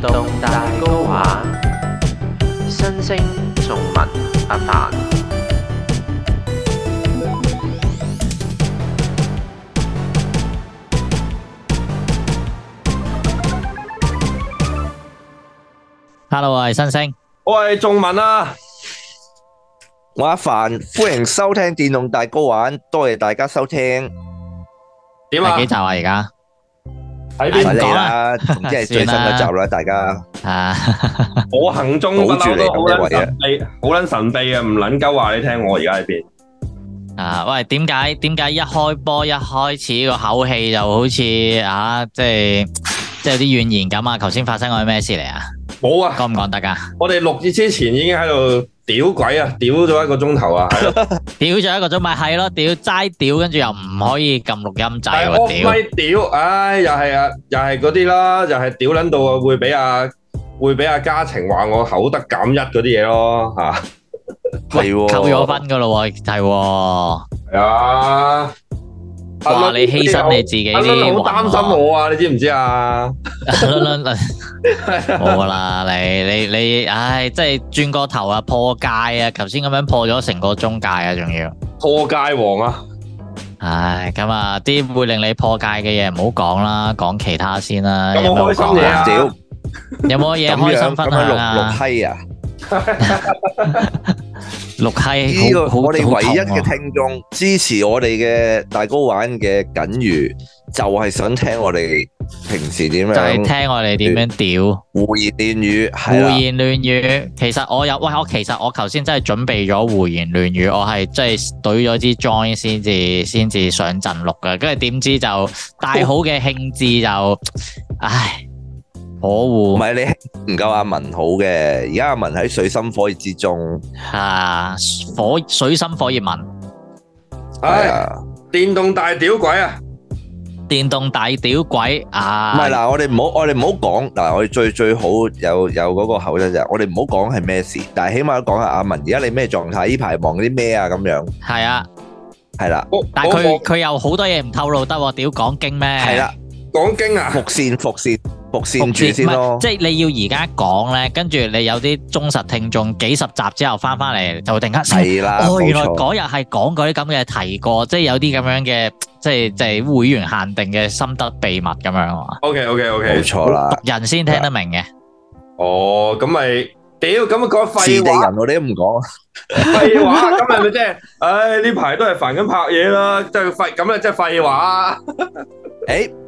電動大 GO 玩，新星仲文阿凡。Hello，我係新星，我係仲文啊，我阿凡，歡迎收聽電動大 GO 玩，多謝大家收聽。點啊？幾集啊？而家？睇邊講啦，即係了最新一集啦，了大家。我、啊、 行蹤好神秘，好撚 神秘啊！唔撚鳩話你聽，我而家喺邊。啊，喂，點解點解一開波一開始個口氣就好似啊，即係即係啲怨言咁啊？頭先發生過啲咩事嚟啊？冇啊，講唔講得噶？我哋錄字之前已經喺度屌鬼啊，屌咗一個鐘頭啊，屌咗一個鐘咪係咯，屌齋屌，跟住又唔可以撳錄音掣喎屌，屌，唉，又係啊，又係嗰啲啦，又係屌捻到啊，會俾阿會俾阿嘉晴話我口德減一嗰啲嘢咯，吓係扣咗分噶咯，係係啊。阿倫，你犧牲你自己啲，阿倫好擔心我啊，你知唔知啊？阿倫，好啦，你你你，唉，即係轉個頭啊，破戒啊，頭先咁樣破咗成個中介啊，仲要破戒王啊！唉，咁啊，啲會令你破戒嘅嘢唔好講啦，講其他先啦。有冇開心嘢啊？有冇嘢開心分享啊？哈哈哈哈哈。六係呢個我哋唯一嘅聽眾，支持我哋嘅大 GO 玩嘅錦魚，就係想聽我哋平時點樣，就係聽我哋點樣屌胡言亂語，胡言亂語。其實我有喂，我其實我頭先真係準備咗胡言亂語，我係真係懟咗支 join 先至先至上陣錄噶，跟住點知就大好嘅興致就唉。可惡，唔係你唔夠阿文好嘅，而家阿文喺水深火熱之中。吓，火水深火熱文，係電動大屌鬼啊！電動大屌鬼啊！唔係嗱，我哋唔好我哋唔好講嗱，我哋最最好有有嗰個口德就係我哋唔好講係咩事，但係起碼都講下阿文而家你咩狀態，呢排忙啲咩啊咁樣？係啊，係啦，但係佢佢又好多嘢唔透露得，屌講經咩？係啦，講經啊，伏線伏線。續住先咯，即係你要而家講咧，跟住你有啲忠實聽眾，幾十集之後翻翻嚟就定刻。係啦，哦，原來嗰日係講嗰啲咁嘅提過，即係有啲咁樣嘅，即係即係會員限定嘅心得秘密咁樣啊？OK OK OK，冇錯啦，人先聽得明嘅。哦，咁咪屌，咁講廢地人，我哋都唔講廢話，咁係咪即係？唉，呢排都係煩緊拍嘢啦，即係廢咁啊，即係廢話。誒。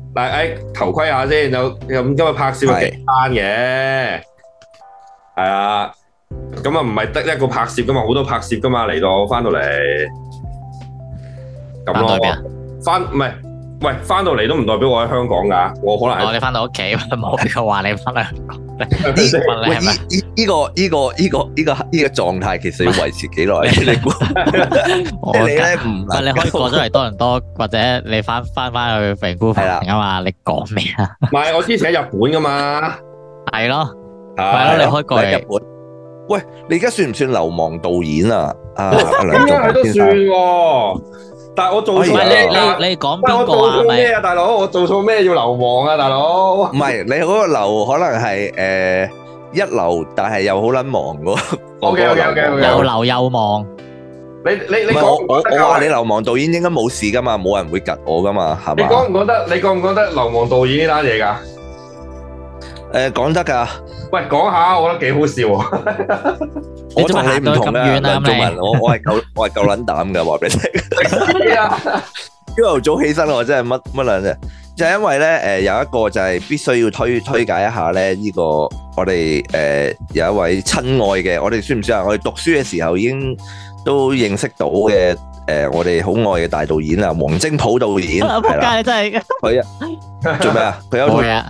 嗱，誒、哎、頭盔下先，又又咁今日拍攝又極翻嘅，係啊，咁啊唔係得一個拍攝噶嘛，好多拍攝噶嘛，嚟到返到嚟，咁咯，返唔係。喂，翻到嚟都唔代表我喺香港噶，我可能我哋翻到屋企冇嘅話，你翻去香港呢？呢呢呢個呢個呢個呢個呢個狀態，其實要維持幾耐？你咧唔？喂，你可以過咗嚟多倫多，或者你翻翻翻去 Vancouver 係啦嘛？你講咩啊？唔係，我之前喺日本噶嘛，係咯，係咯，你可以過嚟日本？喂，你而家算唔算流亡導演啊？啊，咁樣係都算。但係我做錯。唔係你你你講邊個啊？大佬，我做錯咩要流亡啊？大佬，唔係你嗰個流可能係誒一流，但係又好撚忙噶。O K O K O K，又流又忙。你你你講我我我話你流亡導演應該冇事噶嘛，冇人會及我噶嘛，係嘛？你覺唔覺得？你覺唔覺得流亡導演呢單嘢噶？誒，講得噶，喂，講下，我覺得幾好笑。我同你唔同咧，中文，我我係夠我係夠撚膽噶，話俾你聽。朝頭早起身，我真係乜乜卵啫，就係因為咧，誒，有一個就係必須要推推介一下咧，呢個我哋誒有一位親愛嘅，我哋算唔算啊？我哋讀書嘅時候已經都認識到嘅，誒，我哋好愛嘅大導演啊，黃精甫導演，撲街真係。佢啊，做咩啊？佢有。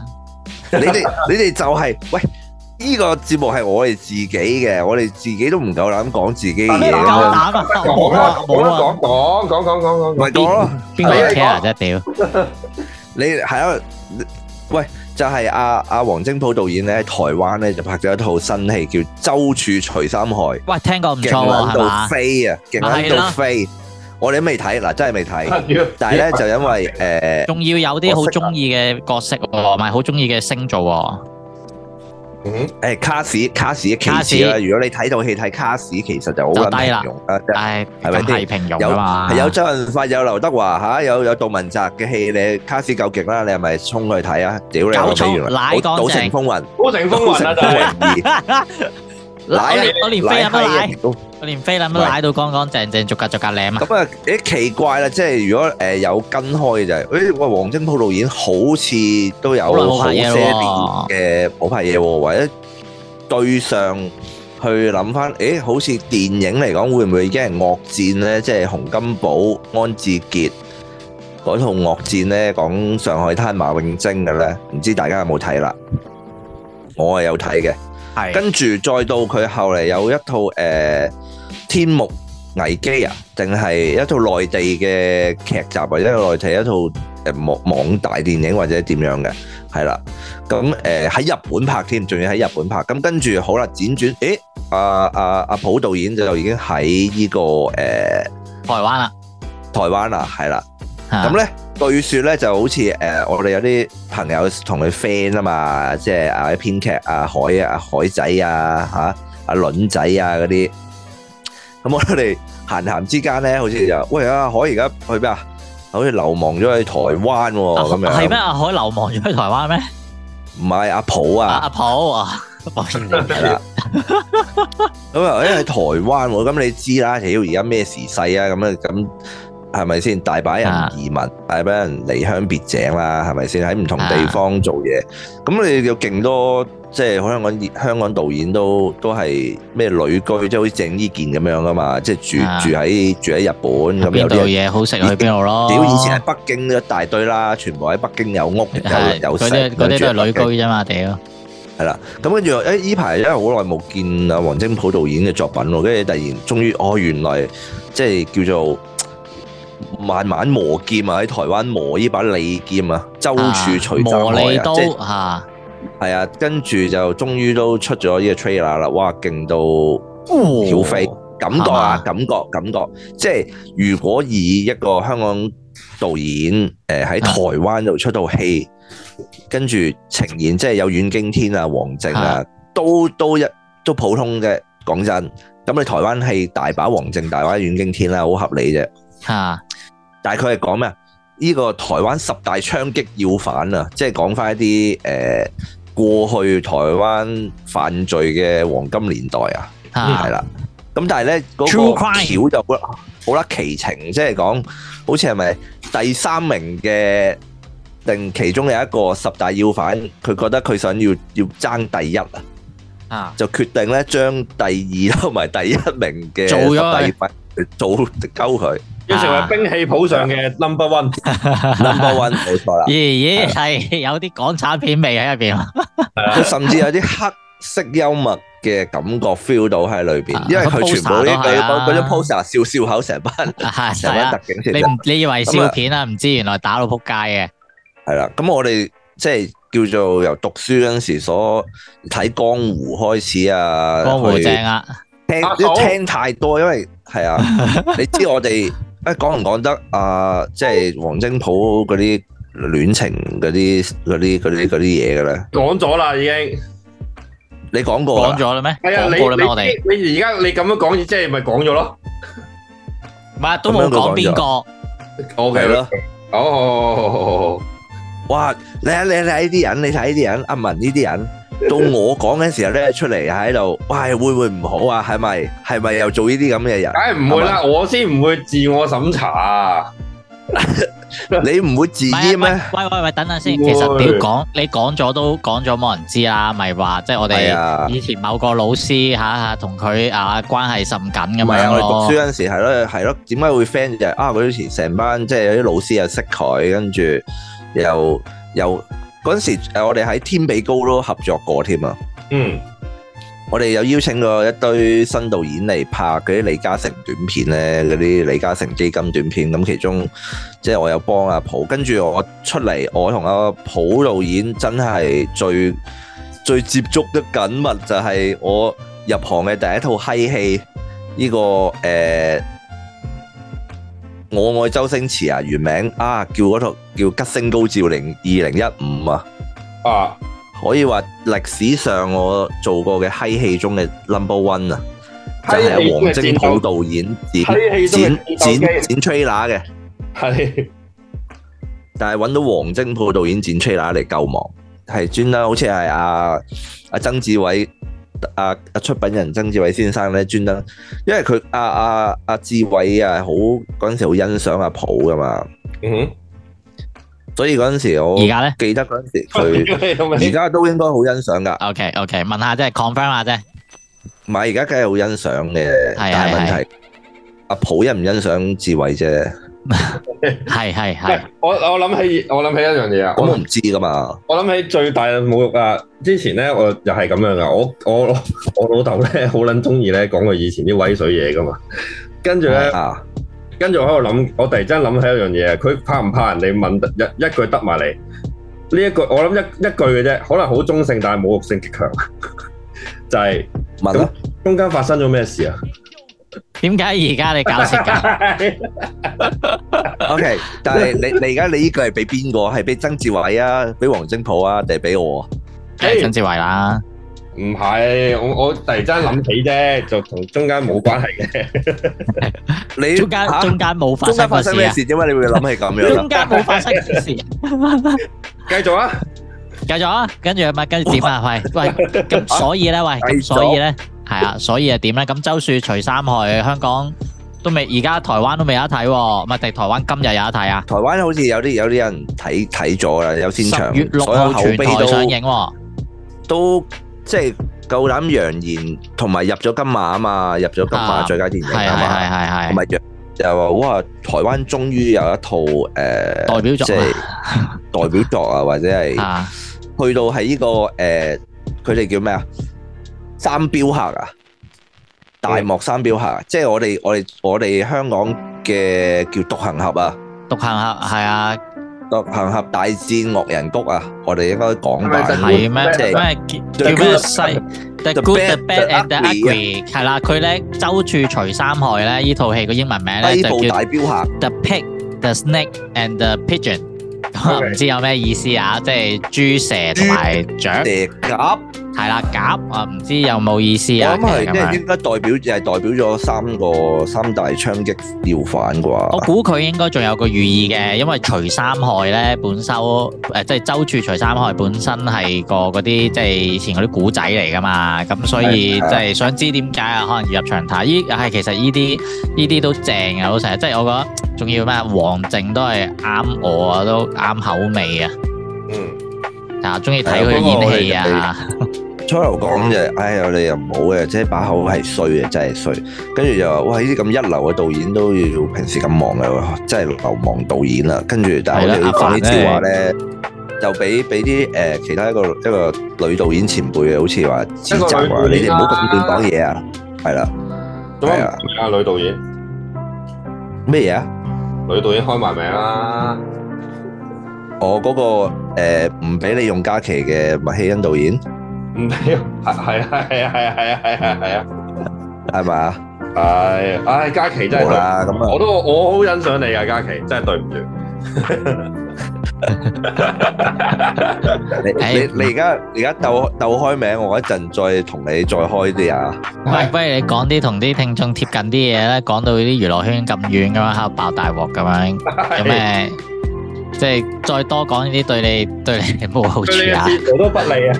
你哋你哋就係喂，呢個節目係我哋自己嘅，我哋自己都唔夠膽講自己嘅嘢，夠膽啊！冇啦冇啦，講講講講講講，咪講咯，邊個 care 啫屌！你係啊？喂，就係阿阿黃精甫導演咧，喺台灣咧就拍咗一套新戲叫《周處除三害》，喂，聽過唔錯到飛啊，勁喺度飛。我哋都未睇，嗱真係未睇。但係咧就因為誒，仲要有啲好中意嘅角色，唔係好中意嘅星座。嗯，誒，卡士，卡士，卡士啦！如果你睇到戲睇卡士，其實就好低啦，就係太平庸啦。係有周潤發，有劉德華，吓有有杜汶澤嘅戲，你卡士夠勁啦！你係咪衝去睇啊？屌你，我衝原來。好賭城風雲，賭城風雲，賭城風雲二。舐啊！我連飛捻都舐，我連飛捻都舐到乾乾淨淨，逐格逐格舐啊！咁啊，誒奇怪啦，即係如果誒有跟開嘅就係，喂，黃精甫導演好似都有好些年嘅冇拍嘢，或者對上去諗翻，誒，好似電影嚟講會唔會已經係惡戰咧？即係洪金寶、安志杰嗰套惡戰咧，講上海灘馬永貞嘅咧，唔知大家有冇睇啦？我係有睇嘅。係，是跟住再到佢後嚟有一套誒、呃《天幕危機》啊，定係一套內地嘅劇集，或者內地一套誒網、呃、網大電影，或者點樣嘅，係啦。咁誒喺日本拍添，仲要喺日本拍。咁跟住好啦，輾轉，誒阿阿阿普導演就已經喺呢、這個誒、呃、台灣啦、啊，台灣啦、啊，係啦。咁咧對，説咧就好似誒、呃，我哋有啲朋友同佢 friend 啊嘛，即係啊啲編劇阿、啊、海啊海仔啊嚇啊倫仔啊嗰啲，咁、嗯、我哋閒閒之間咧，好似就喂啊海而家去邊啊？好似流亡咗去台灣喎、啊、咁、啊、樣係咩？阿、啊、海流亡咗去台灣咩？唔係阿普啊，阿普 了，抱歉你。咁啊，因為台灣咁你知啦，其而家咩時勢啊，咁啊咁。係咪先？大把人移民，大把人離鄉別井啦，係咪先？喺唔同地方做嘢，咁你有勁多，即係香港香港導演都都係咩旅居，即係好似鄭伊健咁樣噶嘛，即係住住喺住喺日本咁。邊度嘢好食去邊度咯？屌，以前喺北京一大堆啦，全部喺北京有屋有人有食。嗰啲嗰啲都係旅居啫嘛，屌。係啦，咁跟住誒呢排因為好耐冇見啊，黃精甫導演嘅作品，跟住突然終於哦原來即係叫做。慢慢磨劍啊！喺台灣磨呢把利劍啊，周處除三害啊，即係嚇啊。跟住就終於都出咗呢個 trailer 啦，哇！勁到翹飛，oh, 感覺啊， 感覺，感覺，即係如果以一個香港導演誒喺、呃、台灣度出套戲，跟住 呈現即係有阮經天啊、王淨啊， 都都一都普通嘅。講真，咁你台灣戲大把王淨大把阮經天、啊啦，好合理啫嚇、啊。 但係佢係講咩啊？呢、這個台灣十大槍擊要犯啊，即係講翻一啲誒、呃、過去台灣犯罪嘅黃金年代啊，係啦、啊。咁但係咧嗰個橋就好啦，奇情即係講，好似係咪第三名嘅定其中有一個十大要犯，佢覺得佢想要要爭第一啊，啊，就決定咧將第二同埋第一名嘅做咗做溝佢。佢成為兵器譜上嘅 number one，number one 冇錯啦。咦咦，係有啲港產片味喺入邊啊！佢甚至有啲黑色幽默嘅感覺 feel 到喺裏邊，因為佢全部啲嗰種 pose 啊，笑笑口成班成班特警先。你唔你以為笑片啊？唔知原來打到仆街嘅。係啦，咁我哋即係叫做由讀書嗰陣時所睇江湖開始啊，江湖正啊，聽聽太多，因為係啊，你知我哋。誒，講唔講得啊？即係黃精甫嗰啲戀情嗰啲嗰啲嗰啲嗰啲嘢嘅咧？講咗啦，已經。你講過。講咗啦咩？係啊，你你你而家你咁樣講，即係咪講咗咯？唔係，都冇講邊個。O K 咯。哦。哇！你你你睇呢啲人，你睇呢啲人，阿文呢啲人。到我講嘅時候咧，出嚟喺度，喂，會唔會唔好啊？係咪？係咪又做呢啲咁嘅人？梗係唔會啦，我先唔會自我審查啊！你唔會自閹咩？喂喂喂，等等先，其實屌講你講咗都講咗，冇人知啦，咪話即係我哋以前某個老師吓吓，同佢啊關係甚緊咁樣咯。我哋讀書嗰陣時係咯係咯，點解會 friend 就係啊，佢以前成班即係有啲老師又識佢，跟住又又。嗰陣時誒，我哋喺天比高都合作過添啊。嗯，我哋有邀請過一堆新導演嚟拍嗰啲李嘉誠短片咧，嗰啲李嘉誠基金短片。咁其中即係、就是、我有幫阿普，跟住我出嚟，我同阿普導演真係最最接觸得緊密就係我入行嘅第一套嗨戲呢個誒。呃我愛周星馳啊，原名啊叫嗰、那、套、個、叫《吉星高照》零二零一五啊，啊一可以話歷史上我做過嘅嬉戲中嘅 number one 啊一，就係有黃精甫導演剪剪剪，剪，剪 trailer 嘅，係，一一但係揾到黃精甫導演剪 trailer 嚟救亡，係專登好似係阿阿曾志偉。阿阿、啊、出品人曾志偉先生咧，專登，因為佢阿阿阿志偉啊，好嗰陣時好欣賞阿普㗎嘛，嗯、哼，所以嗰陣時我而家咧記得嗰陣時佢，而家都應該好欣賞㗎。OK OK，問下即係，confirm 下啫，唔係而家梗係好欣賞嘅，的但係問題的阿普欣唔欣賞志偉啫。係係係，我我諗起我諗起一樣嘢啊！我唔知噶嘛，我諗起最大嘅侮辱啊！之前咧，我又係咁樣噶，我我我老豆咧好捻中意咧講佢以前啲威水嘢噶嘛，跟住咧，跟住我喺度諗，我突然間諗起一樣嘢啊！佢怕唔怕人哋問一一句得埋嚟？呢一句我諗一一句嘅啫，可能好中性，但係侮辱性極強，就係問啦。中間發生咗咩事啊？點解而家你搞笑？O K，但係你你而家你依個係俾邊個？係俾曾志偉啊，俾黃精甫啊，定係俾我啊？係曾志偉啦。唔係，我我突然間諗起啫，就同中間冇關係嘅。你中間中間冇發生咩事啊？點解你會諗起咁樣？中間冇發生事。繼續啊！繼續啊！跟住咪跟住點啊？喂喂，咁所以咧，喂，咁所以咧。係啊，所以係點咧？咁周處除三害，香港都未，而家台灣都未得睇，咪定台灣今日有得睇啊？台灣好似有啲有啲人睇睇咗啦，有先場，所有全台上映，都即係夠膽揚言，同埋入咗金馬啊嘛，入咗金馬最佳電影啊嘛，係係係，同埋又話哇，台灣終於有一套誒，代表作，即係代表作啊，或者係去到係呢個誒，佢哋叫咩啊？三鏢客啊，大漠三鏢客，即係我哋我哋我哋香港嘅叫獨行俠啊，獨行俠係啊，獨行俠大戰惡人谷啊，我哋應該講過。係咩？咩叫咩西？The good, the bad and the ugly 係啦。佢咧周處除三害咧，呢套戲個英文名咧就叫《大鏢客》。The pig, the snake and the pigeon，唔知有咩意思啊？即係豬蛇同埋雀鴿。係啦，夾啊、嗯，唔知有冇意思啊？咁係即係應該代表，係代表咗三個三大槍擊要犯啩？我估佢應該仲有個寓意嘅，因為除三害咧，本身誒、呃、即係周處除三害本身係個嗰啲即係以前嗰啲古仔嚟㗎嘛，咁所以即係的想知點解啊？的可能要入場睇，咦，係其實呢啲呢啲都正啊，好似係即係我覺得仲要咩？王靜都係啱我、嗯、啊，都啱口味啊，嗯，啊中意睇佢演戲啊。初頭講就，哎呀，你又唔好嘅，即係把口係衰嘅，真係衰。跟住就話，哇，呢啲咁一流嘅導演都要平時咁忙嘅，真係流亡導演啦。跟住但係我哋放呢啲話咧，的就俾俾啲誒其他一個一個女導演前輩啊，好似話指責話，你哋唔好咁亂講嘢啊。係啦、啊，係啊，女導演咩嘢啊？女導演開埋名啦。我嗰、那個誒唔俾你用假期嘅麥希恩導演。.唔緊要係係係係係係係係係啊，係嘛？係，唉，嘉琪真係咁啊！我都我好欣賞你啊，嘉琪，真係對唔住。你你而家而家斗斗開名，我一陣再同你再開啲啊。唔係，不如你講啲同啲聽眾貼近啲嘢咧。講到啲娛樂圈咁遠咁樣喺度爆大鑊咁樣，有咩即係再多講啲，對你對你冇好處啊？好多不利啊！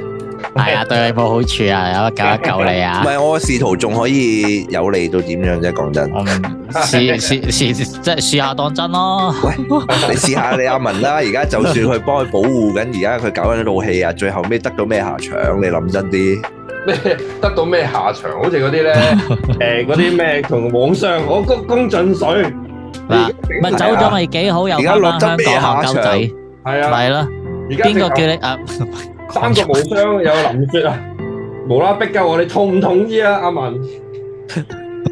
係啊，對你冇好處啊，有得救一救你啊！唔係我仕途仲可以有利到點樣啫，講真。試試試，即係試下當真咯。喂，你試下李亞文啦！而家就算佢幫佢保護緊，而家佢搞緊一套戲啊，最後咩得到咩下場？你諗真啲咩得到咩下場？好似嗰啲咧，誒，嗰啲咩同網上我鞠躬盡瘁嗱，咪走咗咪幾好又翻香港下鳩仔，係啊，咪咯，而家邊個叫你啊？三足個無雙有林雪啊，無啦逼救我，你同唔同意啊？阿文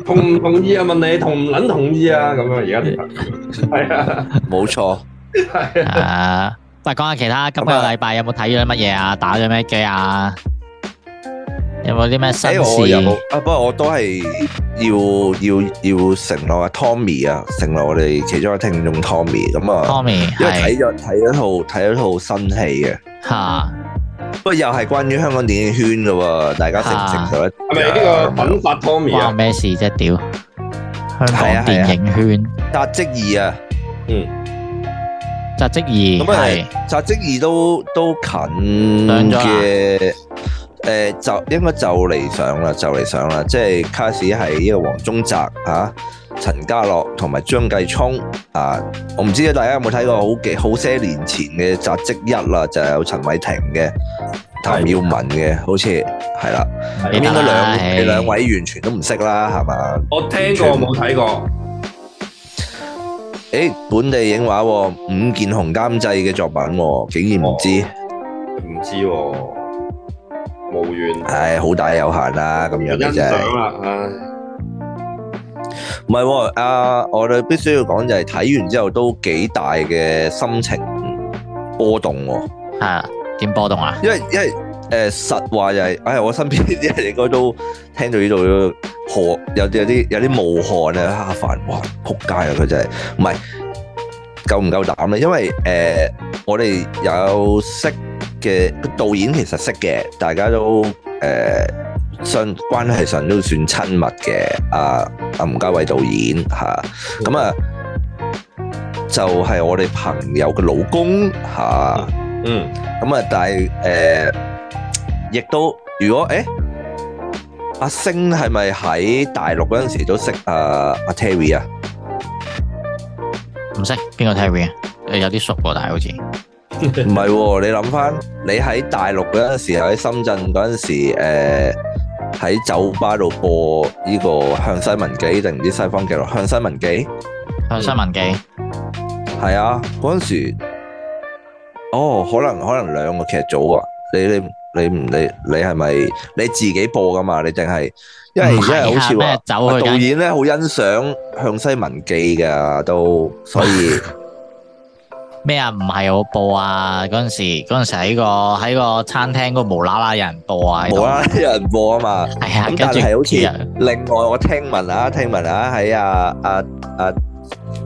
同唔同意啊？問你同唔捻同意啊？咁啊，而家係啊，冇錯，係啊。唔係講下其他，今個禮拜有冇睇咗啲乜嘢啊？打咗咩機啊？有冇啲咩新事啊？不過我都係要要要承諾阿 Tommy 啊，承諾我哋其中一個聽眾 Tommy 咁啊，Tommy 因為睇咗睇咗套睇咗套新戲嘅吓。不過又係關於香港電影圈嘅，大家識唔識佢？係咪、啊啊、呢個品法方面？關咩事啫？屌，香港電影圈紮積兒啊，啊啊嗯，紮積兒咁係紮積兒都都近嘅，誒、呃，就應該就嚟上啦，就嚟上啦，即、就、係、是、卡 a s 係呢個黃宗澤吓。啊陳家樂同埋張繼聰啊，我唔知大家有冇睇過好幾好些年前嘅紮職一啦、啊，就係、有陳偉霆嘅、譚嗎耀文嘅，好似係啦。咁應該兩兩位完全都唔識啦，係嘛？我聽過，冇睇過。誒、欸，本地影畫五件紅監製嘅作品、啊，竟然唔知，唔、哦、知、啊，冇怨、啊，係、哎、好大有限啦、啊，咁樣嘅啫。真唔係，阿、啊、我哋必須要講就係睇完之後都幾大嘅心情波動、啊。吓點、啊、波動啊？因為因為誒、呃，實話就係、是，哎，我身邊啲人應該都聽到呢度，何有有啲有啲冒汗啊，吓范，哇，撲街啊，佢就係唔係夠唔夠膽咧？因為誒、呃，我哋有識嘅個導演其實識嘅，大家都誒。呃相關係上都算親密嘅，阿阿吳家偉導演吓，咁啊就係我哋朋友嘅老公吓，嗯，咁啊，但係誒，亦都如果誒，阿星係咪喺大陸嗰陣時都識誒阿 Terry 啊？唔識邊個 Terry 啊？誒，有啲熟喎，但係好似唔係喎。你諗翻，你喺大陸嗰陣時，喺深圳嗰陣時，誒。喺酒吧度播呢個《向西文記》定唔知西方記錄，《向西文記》嗯？向西文記，係啊！嗰陣時，哦，可能可能兩個劇組啊！你你你唔你你係咪你自己播噶嘛？你定係，因為而家好似話導演咧好欣賞《向西文記》噶都，所以。 咩啊？唔係我播啊！嗰陣時，嗰陣時喺個喺個餐廳嗰無啦啦有人播啊！無啦啦有人播啊嘛！係啊，跟住係好似另外我聽聞啊，聽聞啊喺啊啊啊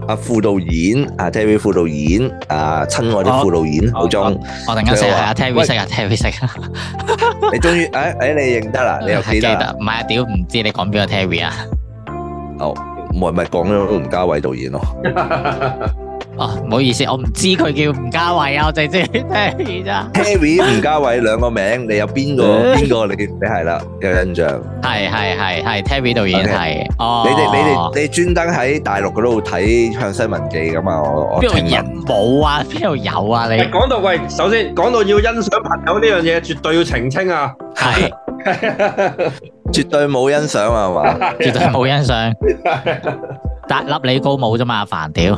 啊副導演啊 Terry 副導演啊親愛的副導演口中，我突然間識下啊 Terry 識啊 Terry 識啊！你終於誒誒你認得啦？你又記得？唔係啊屌唔知你講邊個 Terry 啊？哦，唔係唔係講咗吳家衞導演咯。哦，唔好意思，我唔知佢叫吳家偉啊，我淨係知 Terry 咋。Terry 吳家偉兩個名，你有邊個邊個？你你係啦，有印象。係係係係，Terry 導演係。哦，你哋你哋你專登喺大陸嗰度睇《向西聞記》咁啊，我邊度人冇啊？邊度有啊？你講到喂，首先講到要欣賞朋友呢樣嘢，絕對要澄清啊。係，絕對冇欣賞啊嘛，絕對冇欣賞。但粒你高冇啫嘛，煩屌。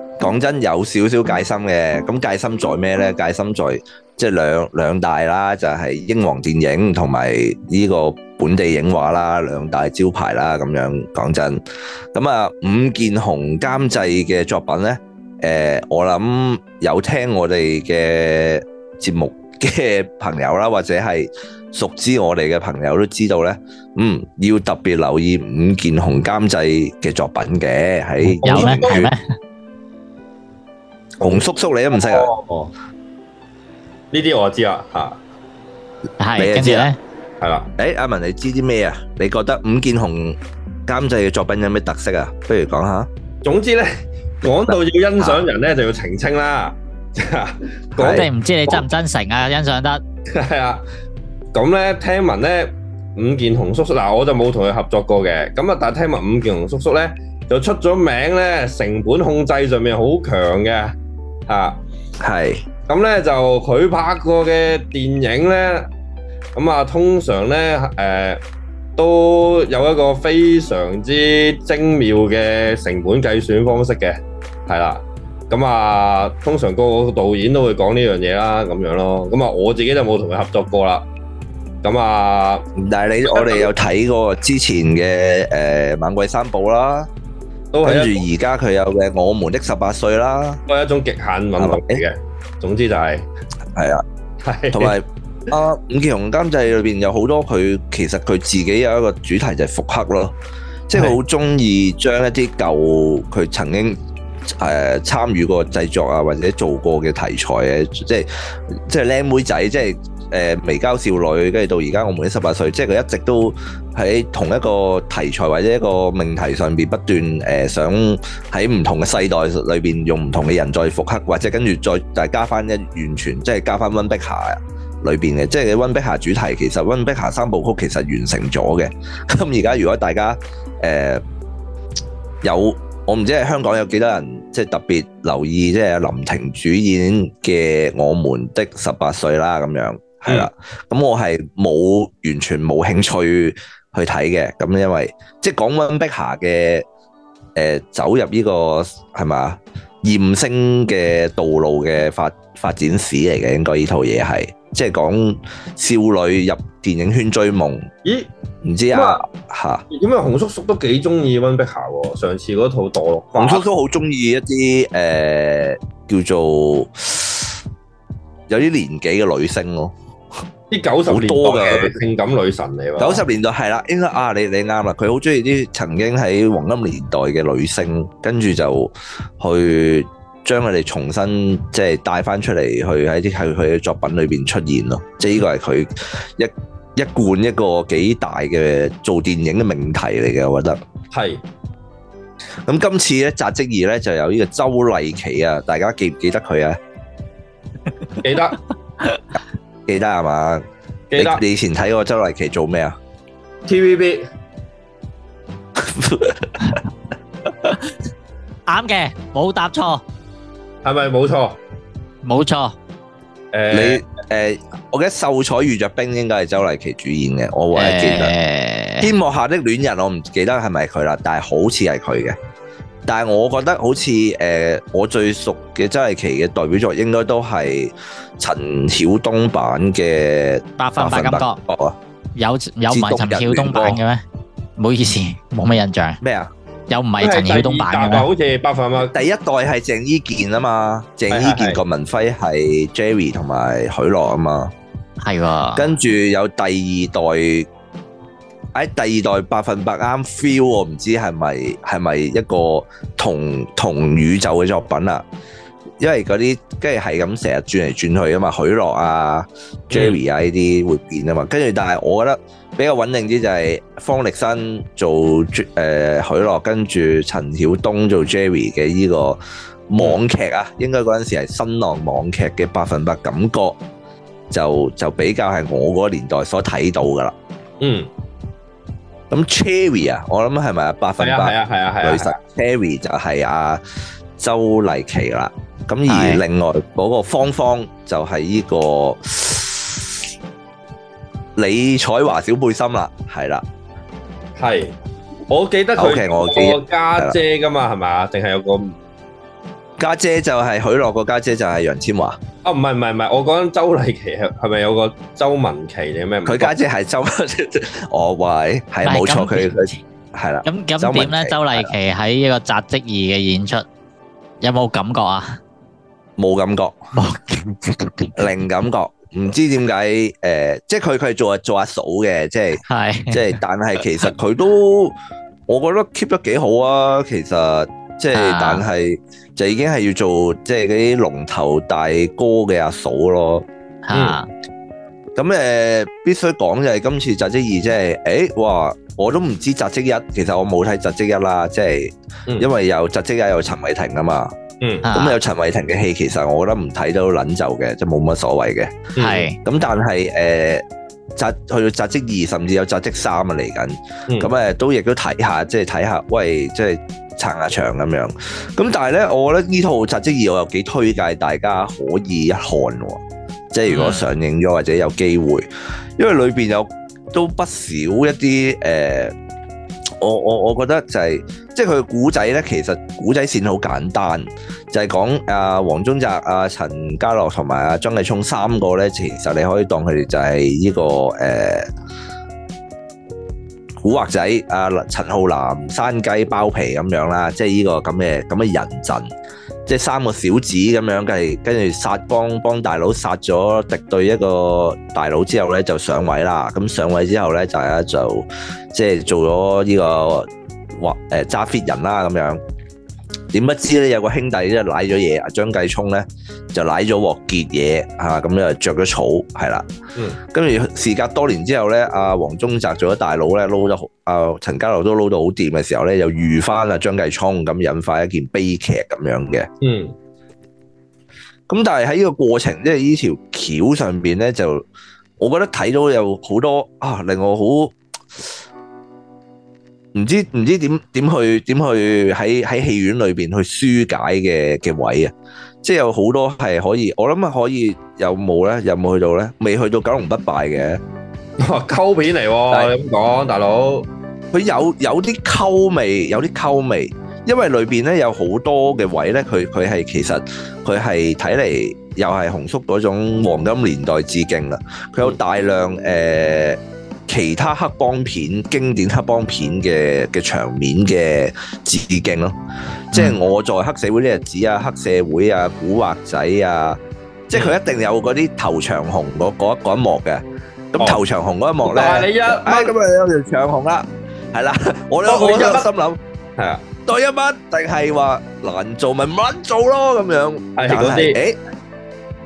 講真有少少戒心嘅，咁戒心在咩呢？戒心在即係兩兩大啦，就係、是、英皇電影同埋呢個本地影畫啦，兩大招牌啦咁樣。講真，咁啊，伍健雄監製嘅作品呢。誒、呃，我諗有聽我哋嘅節目嘅朋友啦，或者係熟知我哋嘅朋友都知道呢，嗯，要特別留意伍健雄監製嘅作品嘅喺。有咩嗎？洪叔叔，你都唔識啊？呢啲我知啦，吓，係。你又知咧？係啦。誒，阿文，你知啲咩啊？你覺得伍健雄監製嘅作品有咩特色啊？不如講下。總之咧，講到要欣賞人咧，就要澄清啦。講定唔知你真唔真誠啊？欣賞得係啊。咁咧，聽聞咧，伍健雄叔叔嗱，我就冇同佢合作過嘅。咁啊，但係聽聞伍健雄叔叔咧，就出咗名咧，成本控制上面好強嘅。吓，係。咁咧就佢拍過嘅電影咧，咁啊通常咧誒，都有一個非常之精妙嘅成本計算方式嘅，係啦。咁啊通常個個導演都會講呢樣嘢啦，咁樣咯。咁啊我自己就冇同佢合作過啦。咁啊，但係你我哋有睇過之前嘅誒《猛鬼三寶》啦。都跟住而家佢有嘅《我們的十八歲》啦，都係一種極限運動嚟嘅。吧總之就係、是、係啊，係。 同埋啊，伍健雄監製裏邊有好多佢其實佢自己有一個主題就係復刻咯，即係好中意將一啲舊佢曾經誒、呃、參與過製作啊或者做過嘅題材啊，即係即係靚妹仔，即係。即誒，微交少女，跟住到而家我們的十八歲，即係佢一直都喺同一個題材或者一個命題上邊不斷，誒想喺唔同嘅世代裏邊用唔同嘅人再復刻，或者跟住再但加翻一完全，即係加翻温碧霞裏邊嘅，即係温碧霞主題，其實温碧霞三部曲其實完成咗嘅。咁而家如果大家誒、呃、有，我唔知喺香港有幾多人即係特別留意，即係林婷主演嘅我們的十八歲啦咁樣。係啦，咁我係冇完全冇興趣去睇嘅，咁因為即係講温碧霞嘅誒、呃、走入呢、這個係嘛艷星嘅道路嘅發發展史嚟嘅，應該呢套嘢係即係講少女入電影圈追夢。咦？唔知啊吓？點解洪叔叔都幾中意温碧霞？上次嗰套墮落。洪叔叔好中意一啲誒、呃、叫做有啲年紀嘅女星咯。啲九十年代嘅性感女神嚟，九十年代係啦，應該啊，你你啱啦，佢好中意啲曾經喺黃金年代嘅女星，跟住就去將佢哋重新即係帶翻出嚟，去喺啲喺佢嘅作品裏邊出現咯。即係呢個係佢一一貫一個幾大嘅做電影嘅命題嚟嘅，我覺得。係是。咁今次咧，扎職二紮職二咧就有呢個周麗淇啊，大家記唔記得佢啊？記得。記得係嘛？記得你，你以前睇過周麗淇做咩啊？TVB 啱嘅，冇答錯，係咪冇錯？冇錯錯。誒、欸，你誒、欸，我記得《秀才遇着兵》應該係周麗淇主演嘅，我係記得《天幕、欸、下的戀人》，我唔記得係咪佢啦，但係好似係佢嘅。但係我覺得好似誒、呃，我最熟嘅周慧奇嘅代表作應該都係陳曉東版嘅《百分百感覺》咁多啊！有有唔係陳曉東版嘅咩？唔 好意思，冇咩印象。咩啊？有唔係陳曉東版嘅？好似百分百。第一代係鄭伊健啊嘛，鄭是伊健、郭文輝係 Jerry 同埋許樂啊嘛，係喎、啊。跟住有第二代。喺第二代百分百啱 feel 喎，唔知係咪係咪一個同同宇宙嘅作品啊？因為嗰啲跟住係咁成日轉嚟轉去啊嘛，許樂啊、Jerry 啊呢啲會變啊嘛。跟住、嗯、但係我覺得比較穩定啲就係方力申做誒、呃、許樂，跟住陳曉東做 Jerry 嘅呢個網劇啊，嗯、應該嗰陣時係新浪網劇嘅百分百感覺，就就比較係我嗰年代所睇到㗎喇，嗯。咁 Cherry 啊，我諗係咪啊，百分百啊，啊，啊，啊。女神 Cherry 就係阿周麗淇啦。咁而另外嗰個芳芳就係呢個李彩華小背心啦，係啦、啊，係，我記得 okay, 我記得。個家姐噶嘛，係咪、啊，定係有個？家姐就係許樂個家姐就係楊千嬅。啊，唔係唔係唔係，我講周麗淇係咪有個周文琪嘅咩？佢家姐係周，我喂，係冇錯，佢佢係啦。咁咁點咧？周麗淇喺呢個紮職2嘅演出，有冇感覺啊？冇感覺，零感覺，唔知點解誒，即係佢佢係做做阿嫂嘅，即係係即係，但係其實佢都，我覺得 keep 得幾好啊，其實。即係，但係就已經係要做即係嗰啲龍頭大哥嘅阿嫂咯。嚇、嗯，咁誒、呃、必須講就係今次紮職二即係，誒、就、哇、是欸，我都唔知紮職一。其實我冇睇紮職一啦，即、就、係、是、因為有紮職一有陳偉霆啊嘛。咁、嗯、有陳偉霆嘅戲，其實我覺得唔睇都撚就嘅，就冇乜所謂嘅。係、嗯。咁、嗯、但係誒紮去到紮職二，甚至有紮職三啊嚟緊。咁誒、嗯嗯、都亦都睇下，即係睇下，喂，即係。撐下場咁樣，咁但係咧，我覺得呢套《紮職2》我又幾推介，大家可以一看喎，哦。即係如果上映咗或者有機會，因為裏邊，有都不少一啲誒、呃，我我我覺得就係、是、即係佢古仔咧，其實古仔線好簡單，就係、是、講阿黃宗澤、阿、啊、陳家樂同埋阿張繼聰三個咧，其實你可以當佢哋就係呢、這個誒。呃古惑仔啊，陳浩南、山雞包皮咁樣啦，即係呢個咁嘅咁嘅人陣，即係三個小子咁樣，跟住跟住殺光，幫大佬殺咗敵對一個大佬之後咧，就上位啦。咁上位之後咧，大家就即係做咗呢個或誒揸 fit 人啦咁樣。點不知咧，有個兄弟咧瀨咗嘢，阿張繼聰咧就瀨咗鑊結嘢，吓，咁又着咗草，係啦，嗯、跟住事隔多年之後咧，阿黃宗澤做咗大佬咧，撈、啊、得，阿陳家樂都撈到好掂嘅時候咧，又遇翻阿張繼聰，咁引發一件悲劇咁樣嘅。嗯。咁但係喺呢個過程，即係呢條橋上邊咧，就我覺得睇到有好多啊，令我好。唔知唔知點點去點去喺喺戲院裏邊去紓解嘅嘅位啊！即係有好多係可以，我諗啊可以有冇咧？有冇去到咧？未去到九龍不敗嘅，溝片嚟但係咁講，大佬佢有有啲溝味，有啲溝味，因為裏邊咧有好多嘅位咧，佢佢係其實佢係睇嚟又係紅叔嗰種黃金年代致敬啦，佢有大量誒。其他黑幫片經典黑幫片嘅嘅場面嘅致敬咯，即係我在黑社會呢日子啊，黑社會啊，古惑仔啊，即係佢一定有嗰啲頭長紅嗰一幕嘅。咁頭、哦、長紅嗰一幕咧，你一咁啊有條長紅啦，係啦，我有 我有心諗，係 啊，得一蚊定係話難做咪唔揾做咯咁樣。誒、係、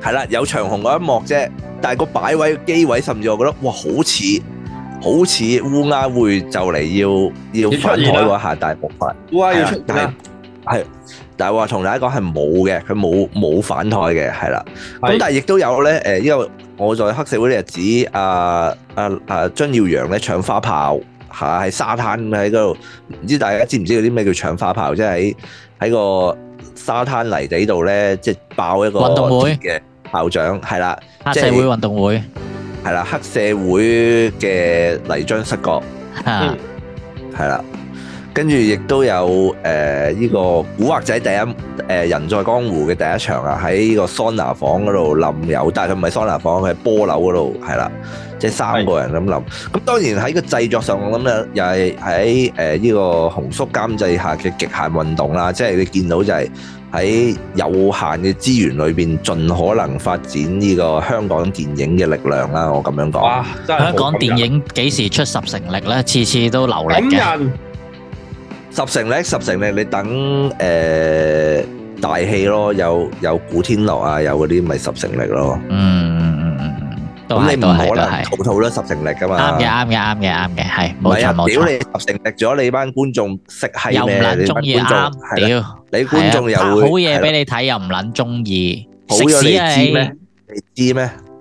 欸、啦，有長紅嗰一幕啫，但係、欸欸、個擺位機位，甚至我覺得哇，好似～好似烏鴉會就嚟要要反台嗰下，大係冇反。烏鴉要出嚟但、啊，但係但係話同大家講係冇嘅，佢冇冇反台嘅，係啦。咁的但係亦都有咧，誒、呃，因為我在黑社會啲日子，阿阿阿張耀揚咧搶花炮，喺、啊、沙灘喺嗰度，唔知大家知唔知嗰啲咩叫搶花炮？即係喺喺個沙灘泥地度咧，即係爆一個運動會嘅校長係啦，黑社會運動會。係啦，黑社會嘅泥漿摔角，係啦、啊，跟住亦都有誒呢、呃這個古惑仔第一誒、呃、人在江湖嘅第一場啊，喺呢個桑拿房嗰度淋油，但係佢唔係桑拿房，佢係波樓嗰度，係啦，即、就、係、是、三個人咁淋。咁的當然喺個製作上，我諗咧又係喺誒呢個洪叔監製下嘅極限運動啦，即係你見到就係、是。喺有限嘅資源裏邊，盡可能發展呢個香港電影嘅力量啦。我咁樣講。哇！香港電影幾時出十成力咧？次次都留力嘅。等人。十成力，十成力，你等誒大戲咯，有有古天樂啊，有嗰啲咪十成力咯。嗯。你唔可能套套都十成力㗎嘛？啱嘅，啱嘅，啱嘅，啱嘅，係唔係啊？屌你十成力咗，你班觀眾食係咩？你班觀眾，屌你觀眾又會拍好嘢俾你睇，又唔撚鍾意，食屎你？你知咩？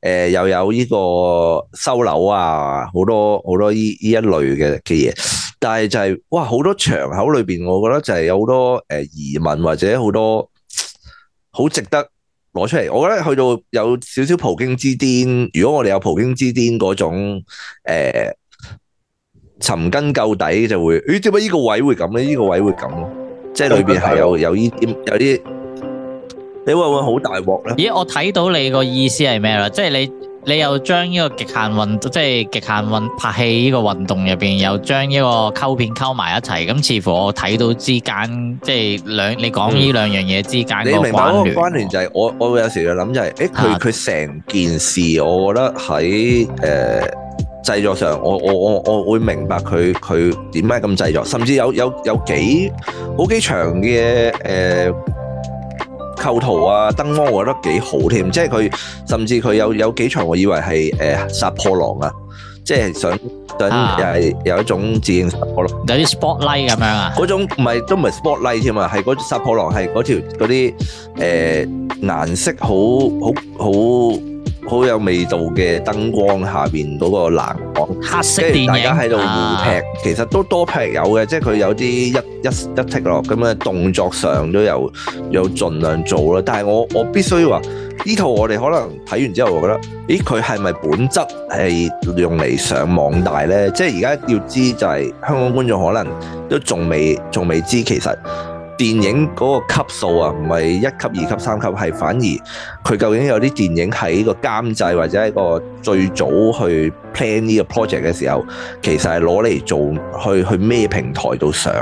誒、呃，又有呢個收樓啊，好多好多呢依一類嘅嘅嘢，但係就係、是、哇，好多場口裏邊，我覺得就係有好多誒疑問或者好多好值得攞出嚟。我覺得去到有少少葡京之巔，如果我哋有葡京之巔嗰種誒尋、呃、根究底就咦、這個，就會誒點解呢個位會咁咧？呢個位會咁，即係裏邊係有有呢啲有啲。你會唔會好大鑊咧？咦！我睇到你個意思係咩啦？即係你你又將呢個極限運，即係極限運拍戲呢個運動入邊，又將呢個溝片溝埋一齊。咁似乎我睇到之間，即係兩你講呢兩樣嘢之間關、嗯，你明白個關聯就係、是、我我有時會就諗就係，誒佢佢成件事，我覺得喺誒、呃、製作上，我我我我會明白佢佢點解咁製作，甚至有有有幾好幾長嘅誒。呃構圖啊，燈光，我覺得幾好添，即係佢甚至佢有有幾場，我以為係誒、呃、殺破狼啊，即係想想係有一種自然殺破狼，有啲 spotlight 咁樣啊，嗰種唔係都唔係 spotlight 添啊，係嗰殺破狼係嗰條嗰啲誒顏色好好好。好有味道嘅燈光下邊嗰個藍光，即係大家喺度互踢，啊、其實都多劈友嘅，即係佢有啲一一一踢落咁嘅動作上都有有盡量做啦。但係我我必須話呢套我哋可能睇完之後，我覺得，咦，佢係咪本質係用嚟上網大呢？即係而家要知就係、是、香港觀眾可能都仲未仲未知其實。電影嗰個級數啊，唔係一級、二級、三級，係反而佢究竟有啲電影喺個監製或者一個最早去 plan 呢個 project 嘅時候，其實係攞嚟做去去咩平台度上，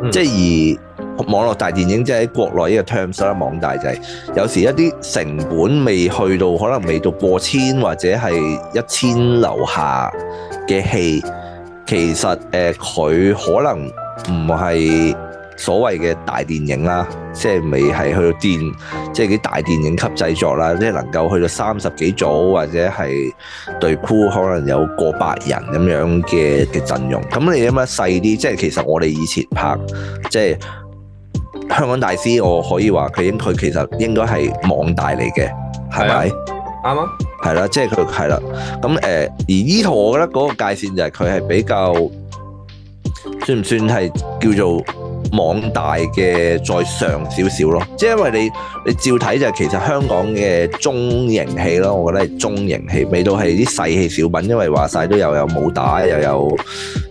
嗯、即係而網絡大電影即係喺國內呢個 terms 啦，網大就係、是、有時一啲成本未去到，可能未到過千或者係一千樓下嘅戲，其實誒佢、呃、可能唔係。所謂嘅大電影啦，即係未係去到電，即係啲大電影級製作啦，即係能夠去到三十幾組或者係隊伍可能有過百人咁樣嘅嘅陣容。咁你諗下細啲，即係其實我哋以前拍即係香港大師，我可以話佢應該佢其實應該係網大嚟嘅，係咪啱啊？係啦吧，即係佢係啦。咁 誒樂、就是，而呢套我覺得嗰個界線就係佢係比較算唔算係叫做？網大嘅再上少少咯，即係因為你你照睇就其實香港嘅中型戲咯，我覺得係中型戲，未到係啲細戲小品，因為話晒都有有武打，又有有，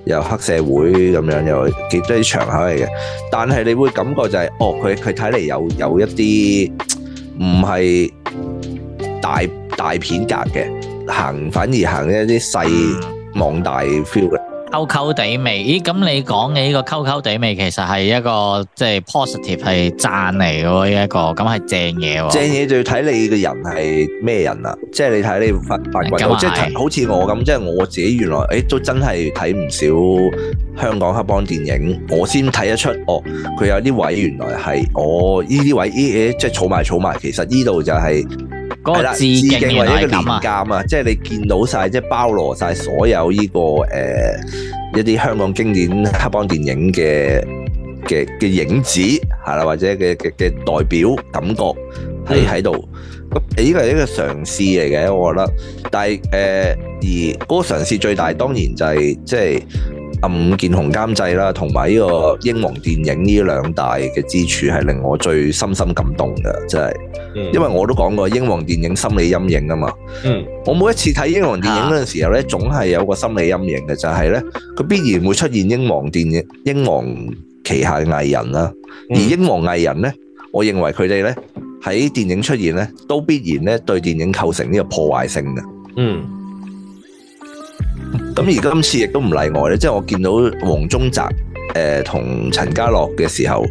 有黑社會咁樣，又幾多啲場口嚟嘅。但係你會感覺就係、是，哦，佢佢睇嚟有有一啲唔係大大片格嘅，行反而行一啲細網大 feel 嘅。溝溝地味，咦？咁、嗯、你講嘅呢個溝溝地味，其實係一個即係 positive 係讚嚟嘅喎，呢、這、一個咁係正嘢喎。正嘢就要睇你嘅人係咩人啊？即係你睇你發發運，即係好似我咁，即係我自己原來，誒，都真係睇唔少香港黑幫電影，我先睇得出，哦，佢有啲位原來係我呢啲位，呢、哎、嘢即係儲埋儲埋，其實呢度就係、是。嗰個致敬或者一個連鑑啊，即係你見到晒，即係包羅晒所有呢、這個誒、呃、一啲香港經典黑幫電影嘅嘅嘅影子，係啦，或者嘅嘅嘅代表感覺係喺度。咁誒的，呢個係一個嘗試嚟嘅，我覺得。但係誒、呃，而嗰個嘗試最大當然就係、是、即係。暗劍、嗯、紅監製啦，同埋呢個英皇電影呢兩大嘅支柱係令我最深深感動嘅，真係，嗯、因為我都講過英皇電影心理陰影啊嘛。嗯。我每一次睇英皇電影嗰陣時候咧，總係有個心理陰影嘅，就係、是、咧，佢必然會出現英皇電影、英皇旗下藝人啦。而英皇藝人咧，我認為佢哋咧喺電影出現咧，都必然咧對電影構成呢個破壞性嘅。嗯。咁、嗯、而家今次亦都唔例外咧，即係我見到黃宗澤誒同陳家樂嘅時候，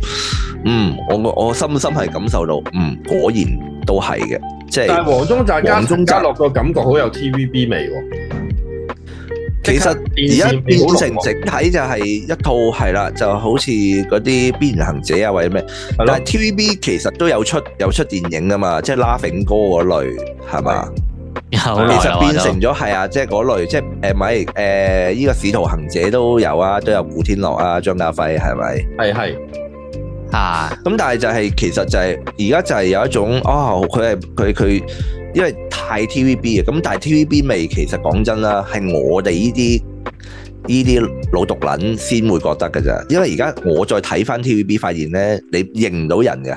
嗯，我我深深係感受到，嗯，果然都係嘅，即係。但黃宗澤、黃宗澤、陳家樂個感覺好有 TVB 味、哦。其實而家變成整體就係一套係啦，就好似嗰啲《邊行者》啊或者咩，的但係 TVB 其實都有出有出電影噶嘛，即係 Laughing 哥嗰類係嘛。其實變成咗係啊，即係嗰類，嗯、即係誒，唔係誒，依、這個使徒行者都有啊，都有古天樂啊，張家輝係咪？係係啊、就是，咁但係就係其實就係而家就係有一種哦，佢係佢佢，因為太 T V B 啊，咁但係 T V B 味，其實講真啦，係我哋呢啲呢啲老獨撚先會覺得嘅咋。因為而家我再睇翻 T V B，發現咧你認唔到人嘅，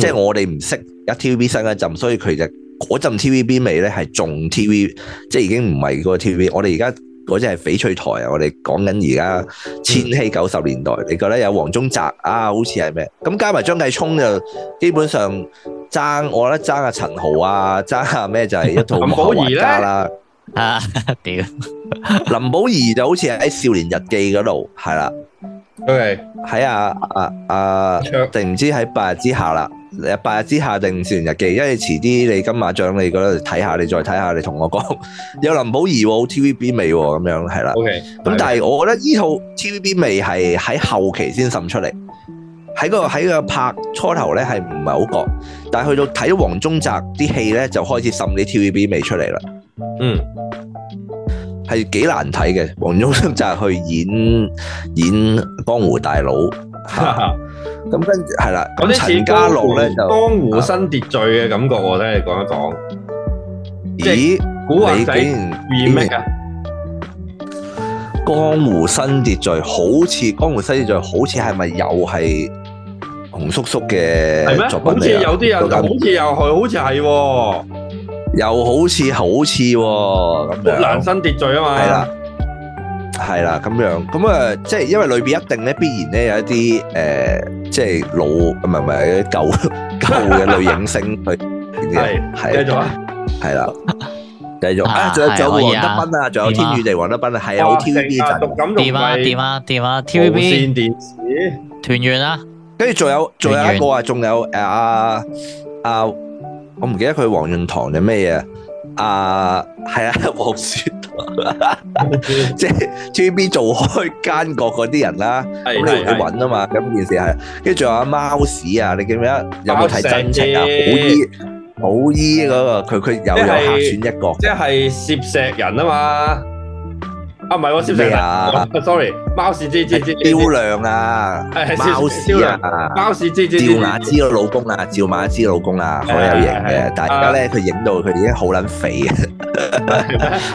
即係、嗯、我哋唔識一 T V B 新一浸，所以佢就。嗰陣 TVB 味咧係仲 TV，B，即係已經唔係嗰個 TV B，我。我哋而家嗰隻係翡翠台啊！我哋講緊而家千禧九十年代，嗯、你覺得有黃宗澤啊？好似係咩？咁加埋張繼聰就基本上爭，我覺得爭阿、啊、陳豪啊，爭阿、啊、咩就係一套 林儀林保怡啦。啊屌！林保怡就好似喺《少年日記》嗰度，係啦，喺啊啊啊，定唔 Okay.、啊啊啊、知喺白日之下啦。白日之下定《年少日記》，因為遲啲你金馬獎你嗰度睇下，你再睇下，你同我講 有林保怡喎，TVB 味喎、啊，咁樣係啦。咁 Okay, 但係我覺得呢套 TVB 味係喺後期先滲出嚟，喺嗰、嗰個喺個拍初頭咧係唔係好覺，但係去到睇黃宗澤啲戲咧就開始滲啲 TVB 味出嚟啦。嗯，係幾難睇嘅，黃宗澤去演演江湖大佬。吓，咁跟住係啦，咁陳家樂咧就江湖新秩序嘅感覺，我聽你講一講。咦，古惑竟然二咩噶？江湖新秩序好似江湖新秩序，好似係咪又係洪叔叔嘅作品，好似有啲人，好似又係，好似係，又好似好似咁，良新秩序啊嘛。係啦，咁樣，咁啊，即係因為裏邊一定咧，必然咧有一啲誒，即係老唔係唔係啲舊舊嘅女影星去，係繼續啊，係啦，繼續啊，仲有仲有黃德斌啊，仲有天與地黃德斌啊，係啊，好 T V B，點啊點啊點啊 T V B，無線電視團圓啦，跟住仲有仲有一個啊，仲有誒阿阿我唔記得佢黃潤堂定咩嘢。啊，係、uh，啊，黃雪堂，即係 TVB 做開奸角嗰啲人啦，咁你 去揾啊嘛，咁 件事係，跟住仲有阿貓屎啊，你記唔記得包 有冇睇真情啊？好姨好姨嗰個，佢佢又有客串是一個，即係攝石人啊嘛。唔係喎，先生。Sorry，貓屎蜘蛛，屌靚啊！貓屎啊，貓屎蜘蛛，趙雅芝嘅老公啦，趙雅芝嘅老公啦，好有型嘅。但係而家咧，佢影到佢已經好撚肥嘅，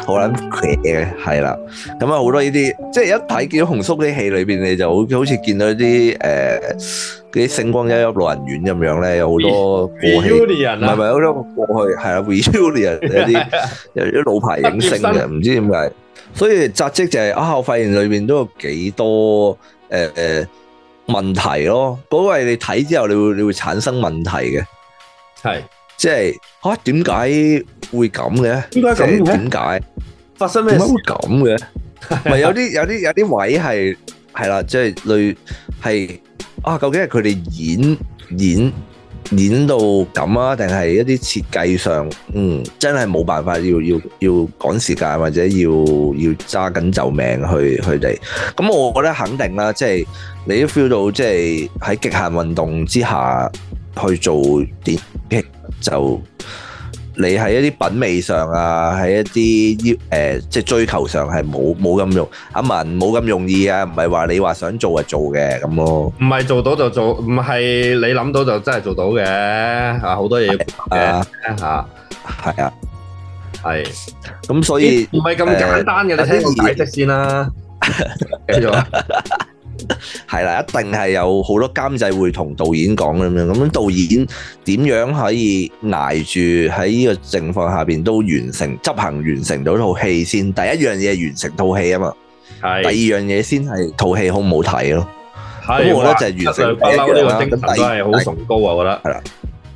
好撚肥嘅，係啦。咁啊，好多呢啲，即係一睇見到紅叔啲戲裏邊，你就會好似見到啲誒。啲星光熠熠、老人院咁樣咧，有好多過氣，唔係唔係好多過去，係啊，reunion 一啲一啲老牌影星嘅，唔知點解。所以紮職就係啊，我發現裏面都有幾多誒誒問題咯。嗰個係你睇之後，你會你會產生問題嘅，係即係嚇點解會咁嘅？點解發生咩？點解會咁嘅？唔係有啲有啲有啲位係係啦，即係類係。啊，究竟係佢哋演演演到咁啊？定係一啲設計上，嗯，真係冇辦法要要要趕時間，或者要要揸緊救命去佢哋。咁，嗯，我覺得肯定啦，即係你都 feel 到，即係喺極限運動之下去做電擊就。你喺一啲品味上啊，喺一啲啲誒，即係追求上係冇冇咁容，阿文冇咁容易啊，唔係話你話想做就做嘅咁咯。唔係做到就做，唔係你諗到就真係做到嘅啊，好多嘢要嘅吓，係啊，係。咁所以唔係咁簡單嘅，你睇個底色先啦。繼續啊！係啦，一定係有好多監製會同導演講咁樣，咁樣導演點樣可以挨住喺呢個情況下邊都完成執行，完成到套戲先。第一樣嘢完成套戲啊嘛，係。第二樣嘢先係套戲好唔好睇咯。咁我覺得就係完成第一呢個，咁第一係好崇高啊，我覺得係啦，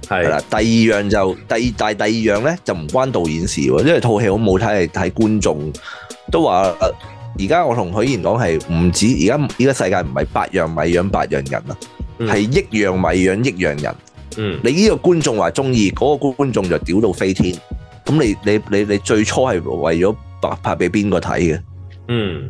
係啦。第二樣就第二但係第二樣咧就唔關導演事喎，因為套戲好唔好睇係睇觀眾都話。而家我同許賢講係唔止而家依家世界唔係八樣米養八樣人啦，係一、嗯、樣米養一樣人。嗯，你呢個觀眾話中意，嗰、嗰個觀眾就屌到飛天。咁你你你你最初係為咗拍拍俾邊個睇嘅？嗯。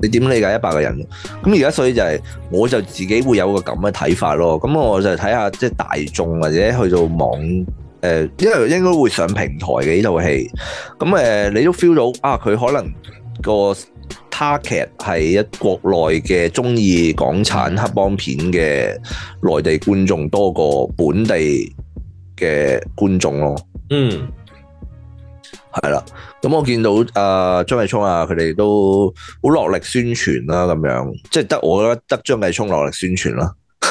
你點理解一百個人？咁而家所以就係，我就自己會有個咁嘅睇法咯。咁我就睇下即係、即係、大眾或者去到網誒，因、呃、為應該會上平台嘅呢套戲。咁誒、呃，你都 feel 到啊？佢可能個 target 係一國內嘅鍾意港產黑幫片嘅內地觀眾多過本地嘅觀眾咯。嗯。係啦，咁我見到阿張繼聰啊，佢哋都好落力宣傳啦，啊，咁樣即係得我覺得張繼聰落力宣傳啦，啊，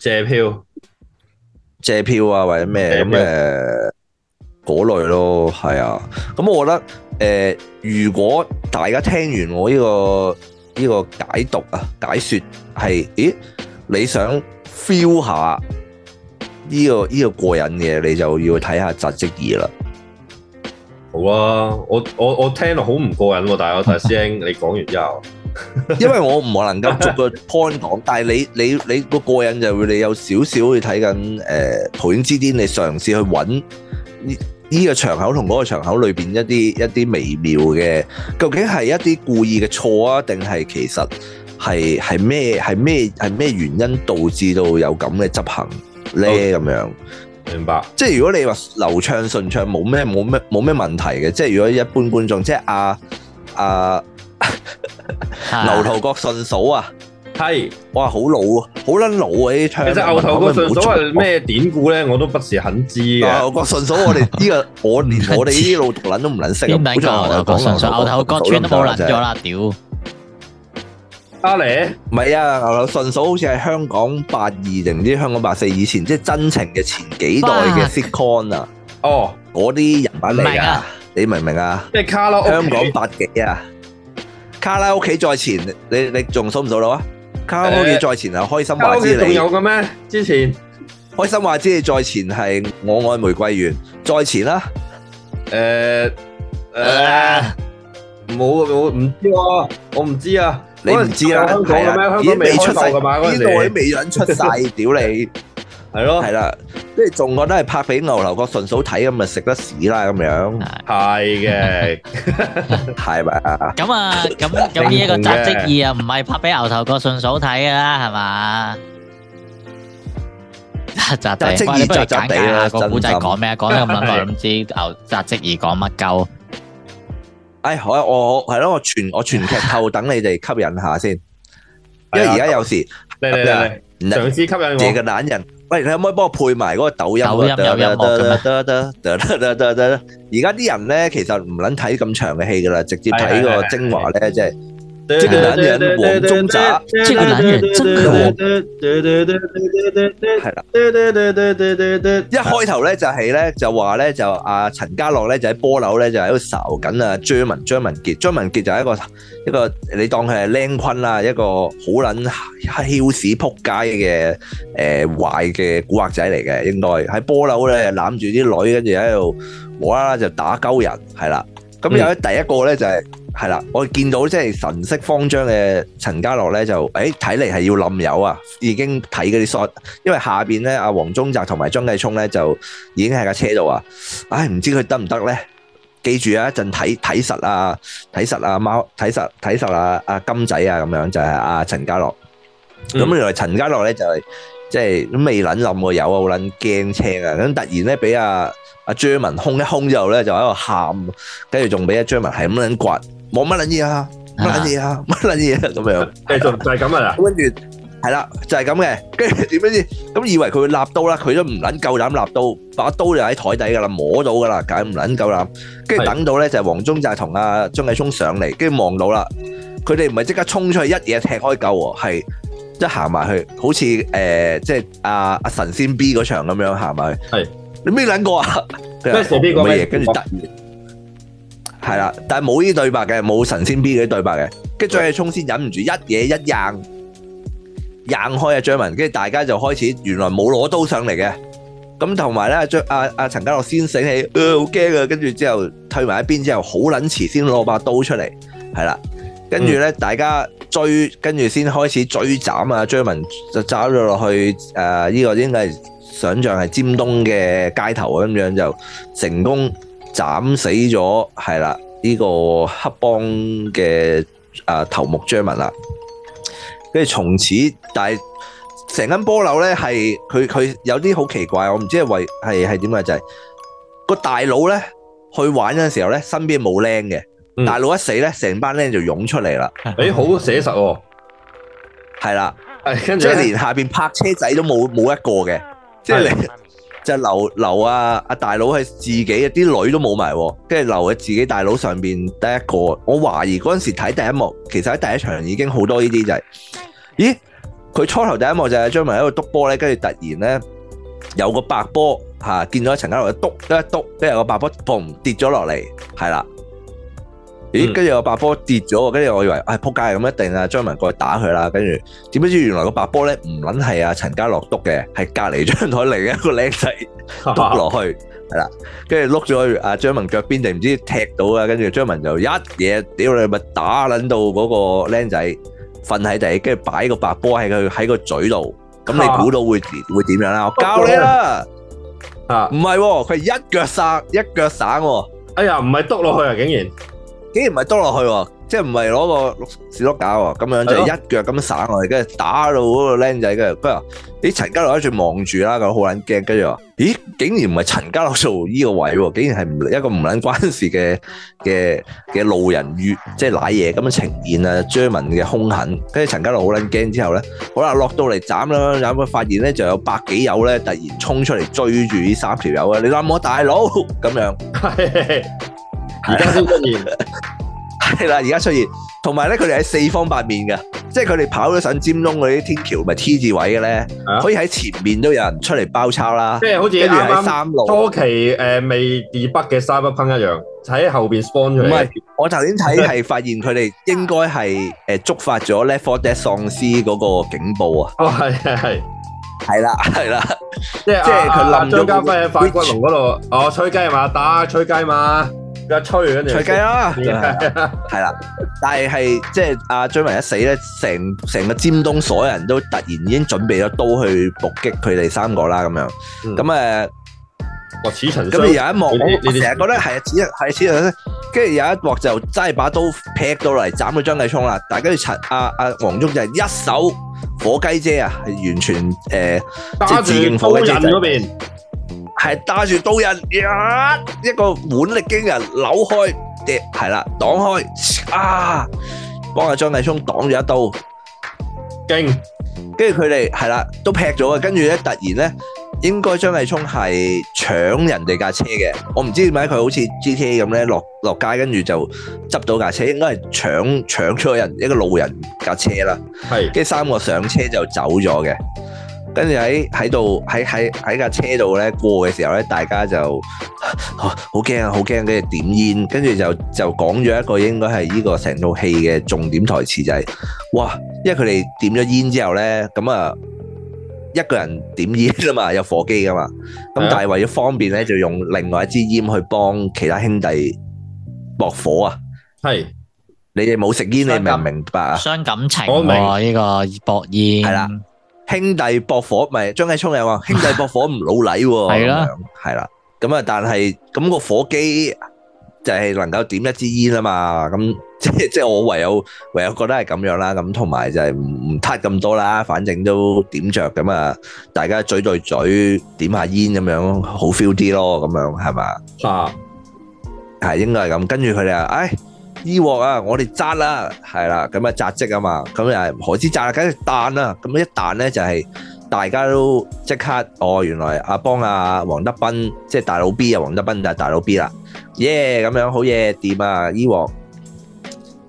借票借票啊，或者咩咁誒嗰類咯，係啊，咁我覺得誒、呃，如果大家聽完我呢、這個呢、這個解讀啊解說係，咦你想 feel 下呢、這個呢、這個過癮嘅，你就要睇下扎職二啦。好啊，我我我聽落好唔過癮喎，但係阿師兄 你講完之後， 因為我唔可能夠逐個 point 講，但係你你你個過癮就會你有少少、呃、去睇緊誒，影之巔你嘗試去搵呢呢個場口同嗰個場口裏邊一啲一啲微妙嘅，究竟係一啲故意嘅錯啊，定係其實係係咩係咩係咩原因導致到有咁嘅執行咧咁 Okay. 樣？明白，即係如果你話流暢順暢冇咩冇咩冇咩問題嘅，即係如果一般觀眾，即係阿阿牛頭角順嫂啊，係、啊， 啊、的哇好老，好老啊，好捻老啊呢啲唱。其實牛頭角順嫂係咩典故咧，我都不是很知嘅、啊。牛頭角順嫂、這個，我哋呢個我連 我哋呢啲老毒撚都唔撚識啊，冇捻咗牛頭角順嫂，牛頭角村都冇捻咗啦，屌！阿黎，唔係啊，啊，純數好似係香港八二定唔知香港八四以前，即係真情嘅前幾代嘅 sitcom 啊。啊哦，嗰啲人物嚟啊，明啊，你明唔明啊？即係卡拉屋企，香港八幾啊？卡拉屋企在前，你你仲數唔數到啊？卡拉屋企在前啊，開心華之里。仲有嘅咩？之前開心華之里在前係我愛玫瑰園，在前啦。誒誒，冇冇唔知，我唔知啊。你唔知啦，香港嘅咩？啲都未出世噶嘛，嗰陣時啲都未引出世，屌你，係咯，係啦，即係仲覺得係拍俾牛頭角順嫂睇咁咪食得屎啦咁樣，係嘅，係咪啊？咁啊，咁咁呢一個紮職二啊，唔係拍俾牛頭角順嫂睇噶啦，係嘛？紮職二，不如簡介下個古仔講咩啊？講得咁撚耐，唔知牛紮職二講乜鳩？唉，好，我我係咯，我全我全劇透等你哋吸引下先，因為而家有時嘗試吸引我哋嘅懶人，喂，你可唔可以幫我配埋個抖音？而家啲人呢，其實唔撚睇咁長嘅戲㗎喇，直接睇個精華呢，即係這個男人黃宗澤，這個男人真可惡。係啦，一開頭咧就係咧就話咧就阿陳家樂咧就喺波樓咧就喺度嘈緊啊，張文張文杰，張文杰就係一個一個你當佢係靚坤啦，一個好撚囂屎扑街嘅誒壞嘅古惑仔嚟嘅，應該喺波樓咧攬住啲女，跟住喺度無啦啦就打鳩人，係啦。咁然後咧第一個咧就係。係啦，我見到即係神色慌張嘅陳家樂咧，就誒睇嚟係要冧油啊，已經睇嗰啲 shot，因為下邊咧阿黃宗澤同埋張繼聰咧就已經喺架車度啊，唉、哎、唔知佢得唔得咧？記住啊，一陣睇睇實啊，睇實啊貓，睇實睇實啊阿金仔啊咁樣就係、是、阿、啊、陳家樂咁。嗯、原來陳家樂咧就係、是、即係未撚冧個油啊，好撚驚車啊，咁突然咧俾阿阿張文空一空之後咧就喺度喊，跟住仲俾阿張文係咁撚掘。冇乜撚嘢啊，乜撚嘢啊，乜撚嘢咁樣，繼續就係咁啊啦。跟住係啦，就係咁嘅。跟住點樣先？咁以為佢會攞刀啦，佢都唔撚夠膽攞刀，把刀就喺台底噶啦，摸到噶啦，梗唔撚夠膽。跟住等到咧就係黃宗澤同阿張繼聰上嚟，跟住望到啦。佢哋唔係即刻衝出去一嘢踢開嚿喎，係一行埋去，好似誒即係阿阿神仙 B 嗰場咁樣行埋去。係你咩撚個啊？咩嘢？跟住突然。係啦，但係冇呢啲對白嘅，冇神仙 B 嗰啲對白嘅，跟住張繼聰先忍唔住一嘢一扔，扔開阿張文，跟住大家就開始原來冇攞刀上嚟嘅，咁同埋咧張阿阿陳家樂先醒起，好驚啊，跟住之後退埋一邊之後，好撚遲先攞把刀出嚟，係啦，跟住咧大家追，跟住先開始追斬啊張文，就揸咗落去誒呢個應該係想象係尖東嘅街頭咁樣就成功。斬死咗係啦，呢個黑幫嘅啊頭目張文啦，跟住從此，但係成間波樓咧係佢佢，有啲好奇怪，我唔知係為係係點嘅，就係個大佬咧去玩嘅時候咧，身邊冇靚嘅，大佬一死咧，成班靚就湧出嚟啦。誒，好寫實喎，係啦，即係連下邊泊車仔都冇冇一個嘅，即係你。就留留啊！阿大佬係自己啲女都冇埋，跟住留喺自己大佬上邊得一個。我懷疑嗰陣時睇第一幕，其實喺第一場已經好多呢啲就係。咦？佢初頭第一幕就係張文喺度篤波咧，跟住突然咧有個白波嚇、啊，見咗陳家樂篤，得一篤，跟住有個白波砰跌咗落嚟，係啦。咦，跟住個白波跌咗，跟住我以為，哎，撲街係咁一定啊！張文過去打佢啦，跟住點知原來個白波咧唔撚係啊陳家樂篤嘅，係隔離張台另一個僆仔篤落去，係啦，跟住碌咗去阿張文腳邊地，唔知踢到啊，跟住張文就一嘢，屌你咪打撚到嗰個僆仔瞓喺地，跟住擺個白波喺佢喺個嘴度，咁你估到會會點樣啦？我教你啦，啊，唔係喎，佢一腳殺一腳散喎，哎呀，唔係篤落去啊，竟然！竟然唔係多落去，即係唔係攞個士多餃咁樣就的一腳咁散落嚟，跟住打到嗰個僆仔，跟住佢話：咦，陳家樂喺度望住啦，咁好撚驚。跟住話：咦，竟然唔係陳家樂做依個位，竟然係一個唔撚關事嘅嘅嘅路人魚，即係賴嘢咁嘅呈現啊！Jermen 嘅凶狠，跟住陳家樂好撚驚之後咧，好啦，落到嚟斬啦，有冇發現咧就有百幾友咧突然衝出嚟追住呢三條友啊！你諗我大佬咁樣？ 而家先出現，係啦，而家出現，同埋咧，佢哋喺四方八面嘅，即係佢哋跑咗上尖東嗰啲天橋，咪 T 字位嘅咧，可以喺前面都有人出嚟包抄啦，即係好似啱啱初期誒未二北嘅沙不烹一樣，喺後邊 spawn 出嚟。唔係，我頭先睇係發現佢哋應該係誒觸發咗 Left 4 Dead 喪屍嗰個警報啊！哦，係係係。係啦，係啦，即係即係佢冧咗家輝喺法國龍嗰度，哦吹雞嘛，打吹雞嘛，咁樣吹，跟住吹雞啦，係啦，但係係即係阿張文一死咧，成成個尖東所有人都突然已經準備咗刀去伏擊佢哋三個啦，咁樣，咁誒，哇此陳，咁有一幕我成日覺得係啊，係此陳，跟住有一幕就揸把刀劈到落嚟斬咗張繼聰啦，但係跟住陳阿阿黃宗澤一手。火雞姐啊，係完全誒，即係自認火雞姐嗰邊，係帶住刀刃，一一個腕力驚人，扭開，係啦，擋開，啊，幫阿張繼聰擋住一刀，勁，跟住佢哋係啦，都劈咗啊，跟住咧突然咧。應該張藝聰係搶人哋架車嘅，我唔知點解佢好似 GTA 咁咧，落落街跟住就執到架車，應該係搶搶咗人一個路人架車啦。係，跟住三個上車就走咗嘅，跟住喺喺度喺喺喺架車度咧過嘅時候咧，大家就好驚啊，好驚，跟住點煙，跟住就就講咗一個應該係呢個成套戲嘅重點台詞就係，哇，因為佢哋點咗煙之後咧，咁啊。一個人點煙啊嘛，有火機噶嘛，咁但係為咗方便咧，就用另外一支煙去幫其他兄弟駁火啊。係，你哋冇食煙，你明唔明白啊？傷感情，我明呢個駁煙係啦，兄弟駁火咪張繼聰又話兄弟駁火唔老禮喎，係啦，係啦，咁啊，但係咁個火機。就係能夠點一支煙啊嘛，咁即係即係我唯有唯有覺得係咁樣啦，咁同埋就係唔唔嘆咁多啦，反正都點著咁啊，大家嘴對嘴點下煙咁樣好 feel 啲咯，咁樣係嘛？係係應該係咁。跟住佢哋啊，唉醫鑊啊，我哋紮啦，係啦，咁啊紮職啊嘛，咁啊何止紮啊，梗係彈啦。咁一彈咧就係大家都即刻哦，原來阿邦啊、黃德斌即係大佬 B 啊，黃德斌就係大佬 B 啦。耶咁樣好嘢，掂啊！呢鑊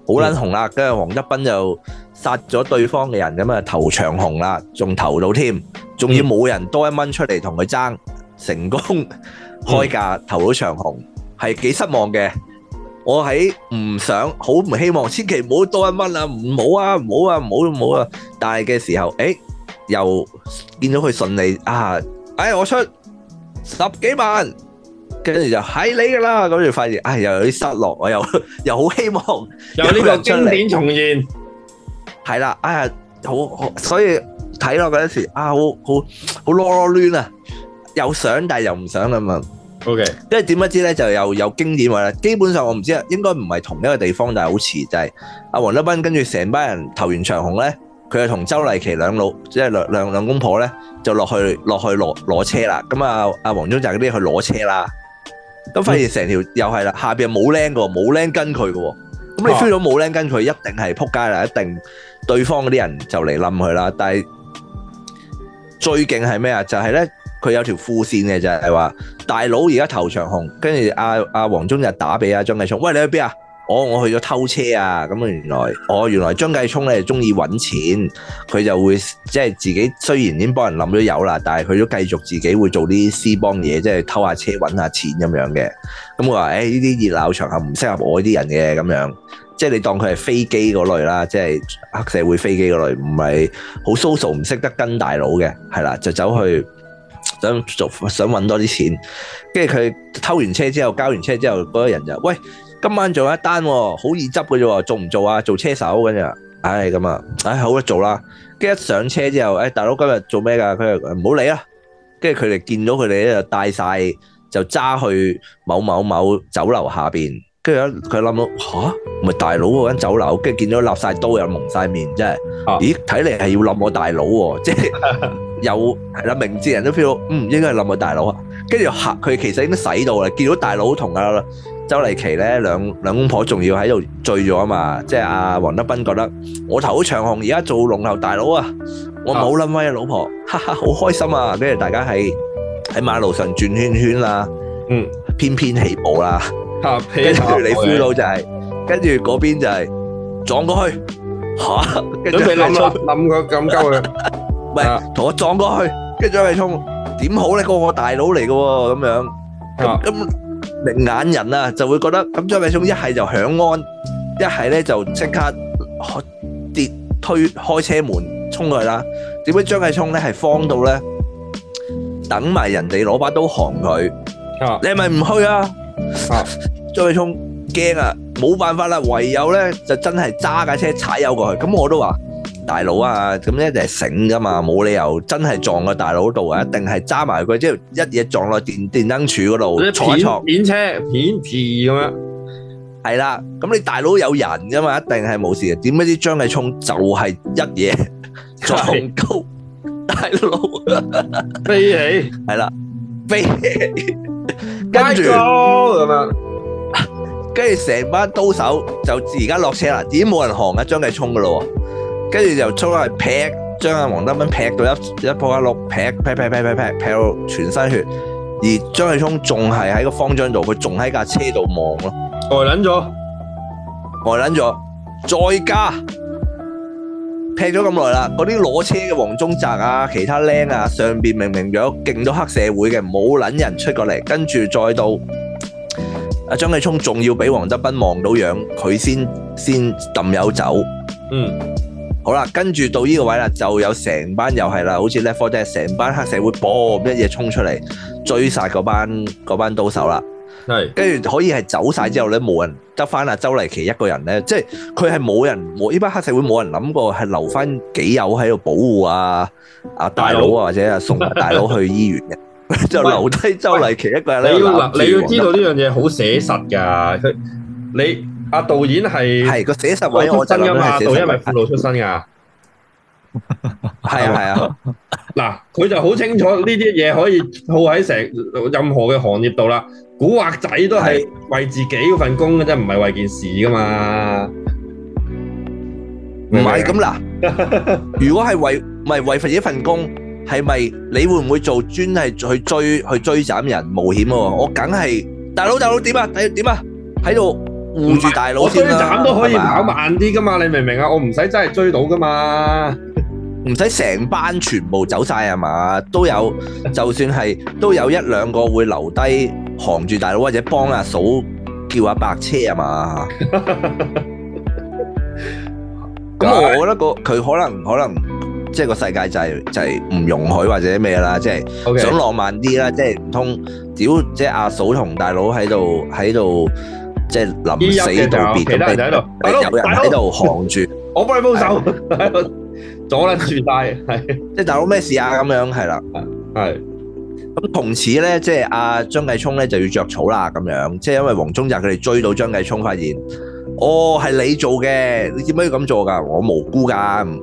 好捻紅啦，跟住黃德斌就殺咗對方嘅人，咁啊投長紅啦，仲投到添，仲要冇人多一蚊出嚟同佢爭，成功開價投到長紅，係幾失望嘅。我喺唔想，好唔希望，千祈唔好多一蚊啦！唔好啊，唔好啊，唔好唔好啊！但係嘅時候，誒，又見到佢順利啊，誒，我出十幾萬。跟住就係你㗎啦，跟住發現，唉、哎，又有啲失落，我又又好希望有呢個經典重現。係啦，哎、呀，好好，所以睇落嗰陣時，啊，好好好囉囉攣啊，有想但係又唔想咁樣。O K，跟住點不知咧，就又有經典話啦。基本上我唔知啊，應該唔係同一個地方，但係好似就係、是、阿黃德斌跟住成班人投完長虹咧，佢就同周麗淇兩老，即、就、係、是、兩兩兩公婆咧，就落去落去攞攞車啦。咁啊，阿黃宗澤嗰邊去攞車啦。咁發現成條又係啦，下邊冇靚嘅，冇靚跟佢嘅，咁你 feel 到冇靚跟佢，一定係撲街啦，一定對方嗰啲人就嚟冧佢啦。但係最勁係咩啊？就係咧，佢有條副線嘅就係話，大佬而家頭長紅，跟住阿阿黃宗澤就打俾阿張繼聰，喂你去邊啊？哦，我去咗偷車啊！咁啊，原來哦原來張繼聰咧中意揾錢，佢就會即係自己雖然已經幫人冧咗油啦，但係佢都繼續自己會做啲私幫嘢，即係偷下車揾下錢咁樣嘅。咁我話誒，呢啲熱鬧場係唔適合我呢啲人嘅咁樣，即係你當佢係飛機嗰類啦，即係黑社會飛機嗰類，唔係好 social，唔識得跟大佬嘅，係啦，就走去想做想揾多啲錢。跟住佢偷完車之後，交完車之後，嗰個人就喂。今晚做一單，好易執嘅啫，做唔做啊？做車手跟住。唉咁啊，唉好啦，做啦。跟住一上車之後，誒大佬今日做咩噶？佢又唔好理啦。跟住佢哋見到佢哋咧，就帶晒就揸去某某某酒樓下邊。跟住佢諗到，吓唔係大佬嗰間酒樓。跟住見到立晒刀又蒙晒面，真係。咦，睇嚟係要冧我大佬喎，即係有係啦，明智人都 feel 到，嗯，應該係冧我大佬啊。跟住吓，佢其實已經使到啦，見到大佬同阿。周麗淇咧，兩兩公婆仲要喺度醉咗啊嘛，即係阿黃德斌覺得我頭好長紅，而家做龍頭大佬啊，我冇諗咩老婆，哈哈好開心啊！跟住大家喺喺馬路上轉圈圈啦，嗯，翩翩起舞啦，跟住你輸到就係，跟住嗰邊就係撞過去，嚇，準備諗諗個緊鳩佢，唔係同我撞過去，跟住再衝，點好咧？個我大佬嚟嘅喎，咁樣咁，眼人啊，就會覺得咁張繼聰一係就響安，一係咧就即刻開跌推開車門衝過去啦。點解張繼聰咧係慌到咧等埋人哋攞把刀行佢？啊、你係咪唔去啊？張繼聰驚啊，冇、 啊、辦法啦、啊，唯有咧就真係揸架車踩油過去。咁我都話。大佬啊，咁一定係醒噶嘛，冇理由真係撞個大佬度啊，一定係揸埋佢，之後一嘢撞落電電燈柱嗰度，坐一坐，片車片字咁樣。係啦，咁你大佬有人噶嘛，一定係冇事嘅。點解啲張繼聰就係一嘢撞高大佬，飛起係啦，飛起，跟住係嘛，跟住成班刀手就自己落車啦，點冇人行啊張繼聰噶咯。跟住就粗佬劈，劈，劈，將阿黃德斌劈到一一鋪一碌，劈劈劈劈劈劈劈到全身血，而張繼聰仲係喺個方丈度，佢仲喺架車度望咯。我撚咗，我撚咗，再加劈咗咁耐啦。嗰啲攞車嘅黃宗澤啊，其他靚啊，上邊明明有勁到黑社會嘅，冇撚人出過嚟。跟住再到阿、啊、張繼聰仲要俾黃德斌望到樣，佢先先揼油走。嗯。好啦，跟住到呢個位啦，就有成班又係啦，好似 Left Four 即係成班黑社會，boom 一嘢衝出嚟追殺嗰班嗰班刀手啦。係，跟住可以係走晒之後咧，冇人得翻阿周麗淇一個人咧，即係佢係冇人，冇呢班黑社會冇人諗過係留翻幾友喺度保護啊啊大佬或者啊送大佬去醫院嘅，就留低周麗淇一個人。你要你要知道呢樣嘢好寫實噶，佢你。啊！導演係係個寫實位出身噶嘛？導演咪副路出身噶，係啊係啊。嗱，佢就好清楚呢啲嘢可以套喺成任何嘅行業度啦。古惑仔都係為自己嗰份工嘅啫，唔係為件事噶嘛。唔係咁嗱，如果係為唔係為為呢份工，係咪你會唔會做專係去追去追斬人冒險喎？我梗係大佬，大佬點啊？睇點啊？喺度。護住大佬先啦，追斬都可以跑慢啲噶嘛，你明唔明啊？我唔使真係追到噶嘛，唔使成班全部走晒啊嘛，都有，就算係都有一兩個會留低，扛住大佬或者幫阿嫂叫阿白車啊嘛。咁我覺得個佢可能可能即係個世界就係就係唔容許或者咩啦，即係想浪漫啲啦，即係唔通屌即係阿嫂同大佬喺度喺度。即係臨死道別，佢哋有人喺度行住，我幫你幫手，喺度阻捻住晒，係即係大佬咩事啊？咁樣係啦，係咁同時咧，即係阿張繼聰咧就要着草啦，咁樣即係因為黃宗澤佢哋追到張繼聰，發現。哦，係你做嘅，你點解要咁做㗎？我無辜㗎，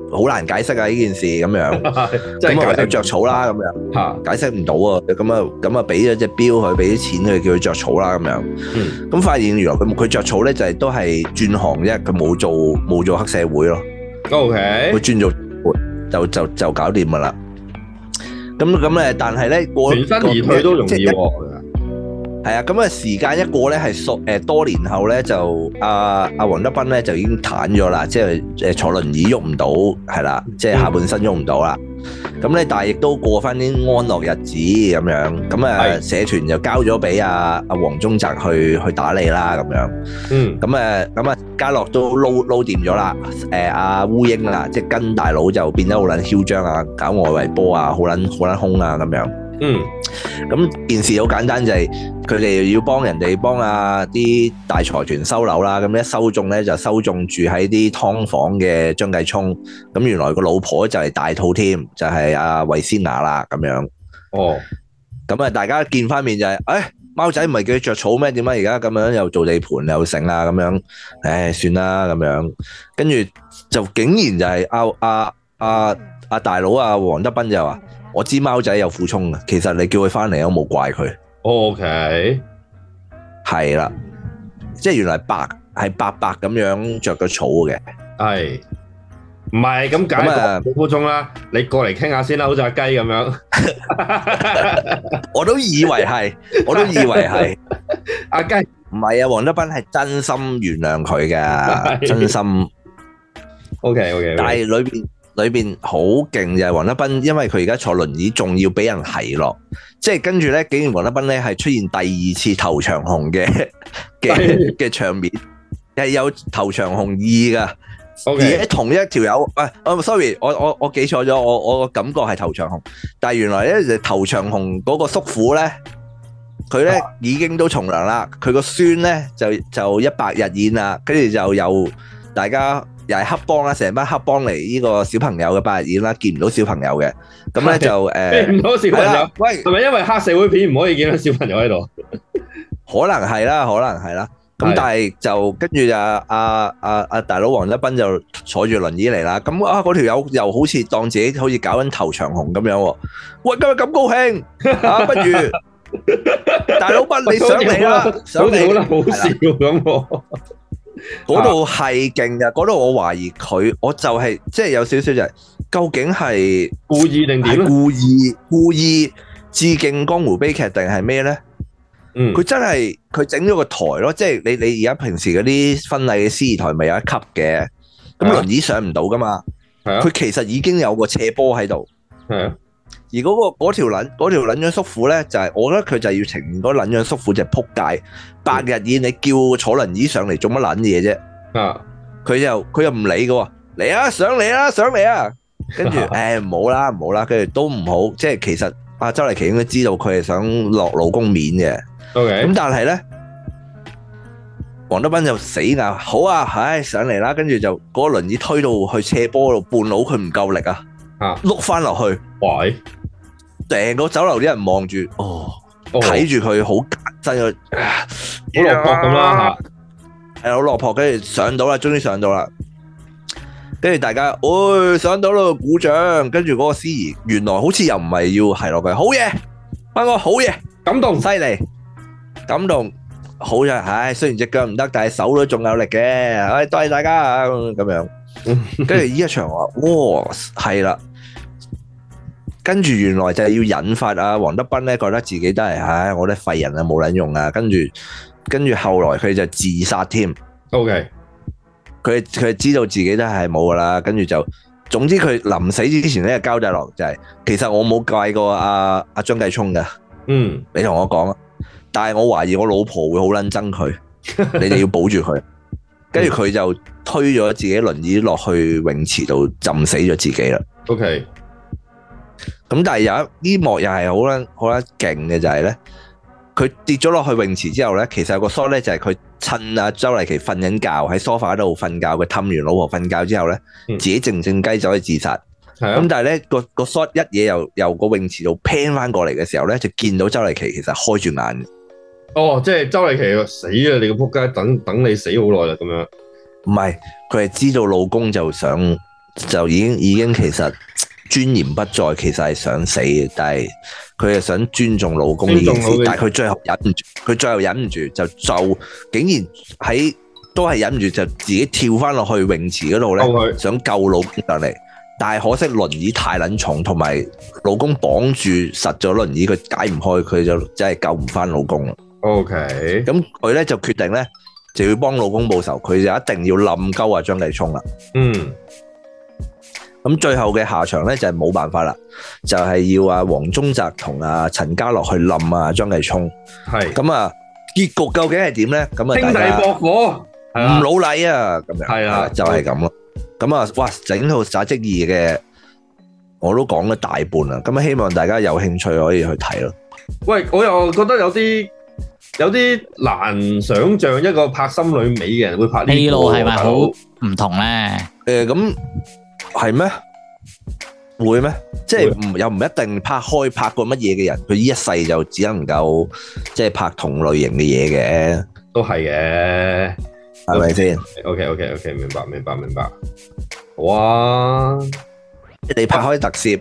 好難解釋啊！呢件事咁樣，即係佢著草啦咁樣，解釋唔到啊！咁啊，咁啊，俾咗隻表佢，俾啲錢佢，叫佢著草啦咁樣。嗯，咁發現原來佢佢著草咧，就係都係轉行啫，佢冇做冇做黑社會咯。O K，佢轉做就就就搞掂㗎啦。咁咁咧，但係咧，全身而退都容易喎。係啊，咁啊，時間一過咧，係數誒多年後咧，就阿阿黃德斌咧就已經攤咗啦，即係誒坐輪椅喐唔到，係啦、啊，即係下半身喐唔到啦。咁咧，但係亦都過翻啲安樂日子咁樣。咁啊，社團就交咗俾阿阿黃宗澤去去打理啦咁樣。嗯。咁啊，咁啊，家樂都撈撈掂咗啦。誒、呃，阿烏蠅啊，即係跟大佬就變得好撚囂張啊，搞外圍波啊，好撚好撚兇啊咁樣。嗯，咁件事好簡單就係、啊，佢哋要幫人哋幫啊啲大財團收樓啦，咁一收中咧就收中住喺啲劏房嘅張繼聰，咁原來個老婆就係大肚添，就係阿衛詩雅啦咁樣。哦，咁啊，大家見翻面就係、是，誒、哎，貓仔唔係叫佢着草咩？點解而家咁樣又做地盤又成啊？咁樣，誒、哎，算啦咁樣，跟住就竟然就係阿阿阿阿大佬啊，黃、啊啊啊啊啊、德斌就話。我知貓仔有苦衷嘅，其實你叫佢翻嚟我冇怪佢。OK，係啦，即係原來白係白白咁樣著個草嘅。係，唔係咁解啊？苦衷啦，你過嚟傾下先啦，好似阿雞咁樣。我都以為係，我都以為係阿雞，唔係啊！黃德斌係真心原諒佢㗎，真心。OK OK，但係裏邊。裏邊好勁就係、是、黃德斌，因為佢而家坐輪椅，仲要俾人提落，即係跟住咧，竟然黃德斌咧係出現第二次頭長紅嘅嘅嘅場面，係有頭長紅二噶。Okay. 而且同一條友，喂、啊、我 sorry，我我我記錯咗，我我個感覺係頭長紅，但係原來咧就頭長紅嗰個叔父咧，佢咧 已經都從良啦，佢個孫咧就就一百日宴啦，跟住就有大家。又係黑幫啦，成班黑幫嚟呢個小朋友嘅百日宴啦，見唔到小朋友嘅，咁咧就誒唔到小朋友，喂，係咪因為黑社會片唔可以見到小朋友喺度？可能係啦，可能係啦。咁但係就跟住就阿阿阿大佬黃德斌就坐住輪椅嚟啦。咁啊嗰條友又好似當自己好似搞緊頭長紅咁樣喎。喂，今日咁高興啊，不如大佬斌，你想嚟啦？好啦，好笑咁。嗰度係勁嘅，嗰度我懷疑佢，我就係即係有少少就係，究竟係故意定點咧？故意故意致敬江湖悲劇定係咩咧？呢，嗯，佢真係佢整咗個台咯，即係你你而家平時嗰啲婚禮嘅司儀台咪有一級嘅，咁輪椅上唔到噶嘛？佢、啊、其實已經有個斜坡喺度。係啊。而嗰個嗰條撚嗰條撚樣叔父咧，就係我覺得佢就係要呈現嗰撚樣叔父就係撲街。白日宴你叫坐輪椅上嚟做乜撚嘢啫？啊！佢又佢又唔理㗎，嚟啊，上嚟啦，上嚟啊！跟住誒，唔好啦，唔好啦，跟住都唔好。即係其實阿周麗琪應該知道佢係想落老公面嘅。O K。咁但係咧，黃德斌就死硬。好啊，唉，上嚟啦，跟住就嗰個輪椅推到去斜坡度半路，佢唔夠力啊！啊，碌翻落去，喂！成個酒樓啲人望住，哦，睇住佢好艱辛啊，好落魄咁啦吓，係好落魄，跟住上到啦，終於上到啦，跟住大家，哎，上到啦，鼓掌，跟住嗰個司儀，原來好似又唔係要係落去，好嘢，不過，好嘢，感動，犀利，感動，好嘅，唉，雖然隻腳唔得，但係手都仲有力嘅，唉，多謝大家啊，咁樣，跟住呢一場話，哇，係啦。跟住原來就係要引發啊，黃德斌咧覺得自己都係唉，我啲廢人啊冇撚用啊，跟住跟住後來佢就自殺添。OK，佢佢知道自己都係冇噶啦，跟住就總之佢臨死之前咧交代落就係，其實我冇怪過阿阿張繼聰噶，嗯，你同我講啊，但係我懷疑我老婆會好撚憎佢，你就要保住佢，跟住佢就推咗自己輪椅落去泳池度浸死咗自己啦。OK。咁但係有一幕呢幕又係好啦好啦勁嘅就係咧，佢跌咗落去泳池之後咧，其實有個 shot 咧就係佢趁阿周麗淇瞓緊覺喺梳化度瞓覺，佢氹完老婆瞓覺之後咧，嗯、自己靜靜雞走去自殺。咁、嗯、但係咧、嗯，那個個 shot 一嘢由由個泳池度 pan 翻過嚟嘅時候咧，就見到周麗淇其實開住眼。哦，即係周麗淇死啊！你個仆街，等等你死好耐啦咁樣。唔係，佢係知道老公就想就已經已經其實。 尊嚴不在，其實係想死嘅，但係佢係想尊重老公呢件事，但係佢最後忍唔住，佢最後忍唔住就就竟然喺都係忍唔住就自己跳翻落去泳池嗰度咧，Okay. 想救老公上嚟，但係可惜輪椅太撚重，同埋老公綁住實咗輪椅，佢解唔開，佢就真係救唔翻老公啦。OK，咁佢咧就決定咧就要幫老公報仇，佢就一定要冧鳩阿張繼聰啦。嗯。咁最後嘅下場咧就係冇辦法啦，就係要阿黃宗澤同阿陳家樂去冧啊張繼聰。係咁啊，結局究竟係點咧？咁啊，兄弟博火唔老禮啊，咁樣係啊，就係咁咯。咁啊，哇，整套《紮職2》嘅我都講咗大半啦。咁啊，希望大家有興趣可以去睇咯。喂，我又覺得有啲有啲難想象，一個拍心裏美嘅人會拍呢啲戲係咪好唔同咧？誒，咁。係咩？會咩？即係唔又唔一定拍開拍過乜嘢嘅人，佢呢一世就只能夠即係拍同類型嘅嘢嘅？都係嘅，係咪先？OK OK OK，明白明白明白。哇！你拍開特攝，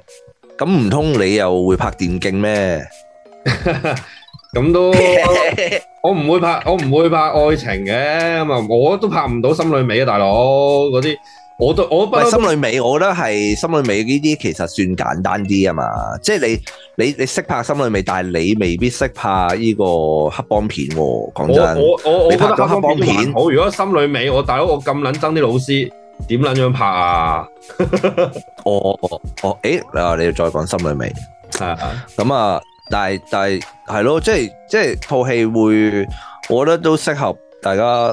咁唔通你又會拍電競咩？咁都我唔會拍，我唔會拍愛情嘅，咁啊我都拍唔到心裏美啊，大佬嗰啲。我我唔係心裏美，我覺得係心裏美呢啲其實算簡單啲啊嘛，即係你你你識拍心裏美，但係你未必識拍呢個黑幫片喎。講真，你講黑幫片好。如果心裏美，我大佬我咁撚憎啲老師，點撚樣拍啊？哦哦哦，誒啊！你要再講心裏美係啊？咁啊，但係但係係咯，即係即係套戲會，我覺得都適合大家。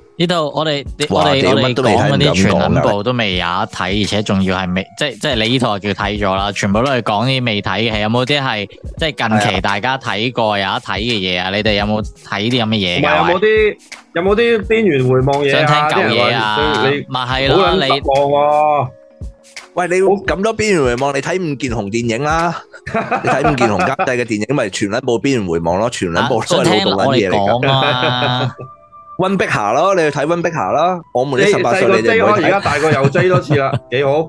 呢度我哋我哋我哋講嗰啲全部都未有得睇，而且仲要係未，即係即係你呢套叫睇咗啦，全部都係講啲未睇嘅，係有冇啲係即係近期大家睇過有得睇嘅嘢啊？你哋有冇睇呢啲咁嘅嘢？唔係有冇啲有冇啲邊緣回望嘢啊？想聽舊嘢啊？你咪係咯，好捻失望喎！喂，你好咁多邊緣回望，你睇唔見紅電影啦？你睇唔見紅家嘅電影咪全部邊緣回望咯，全部都係老品嘢嚟噶。溫碧霞咯，你去睇溫碧霞啦。我唔理十八歲你就可以睇。你細個追，而家大個又追多次啦，幾好。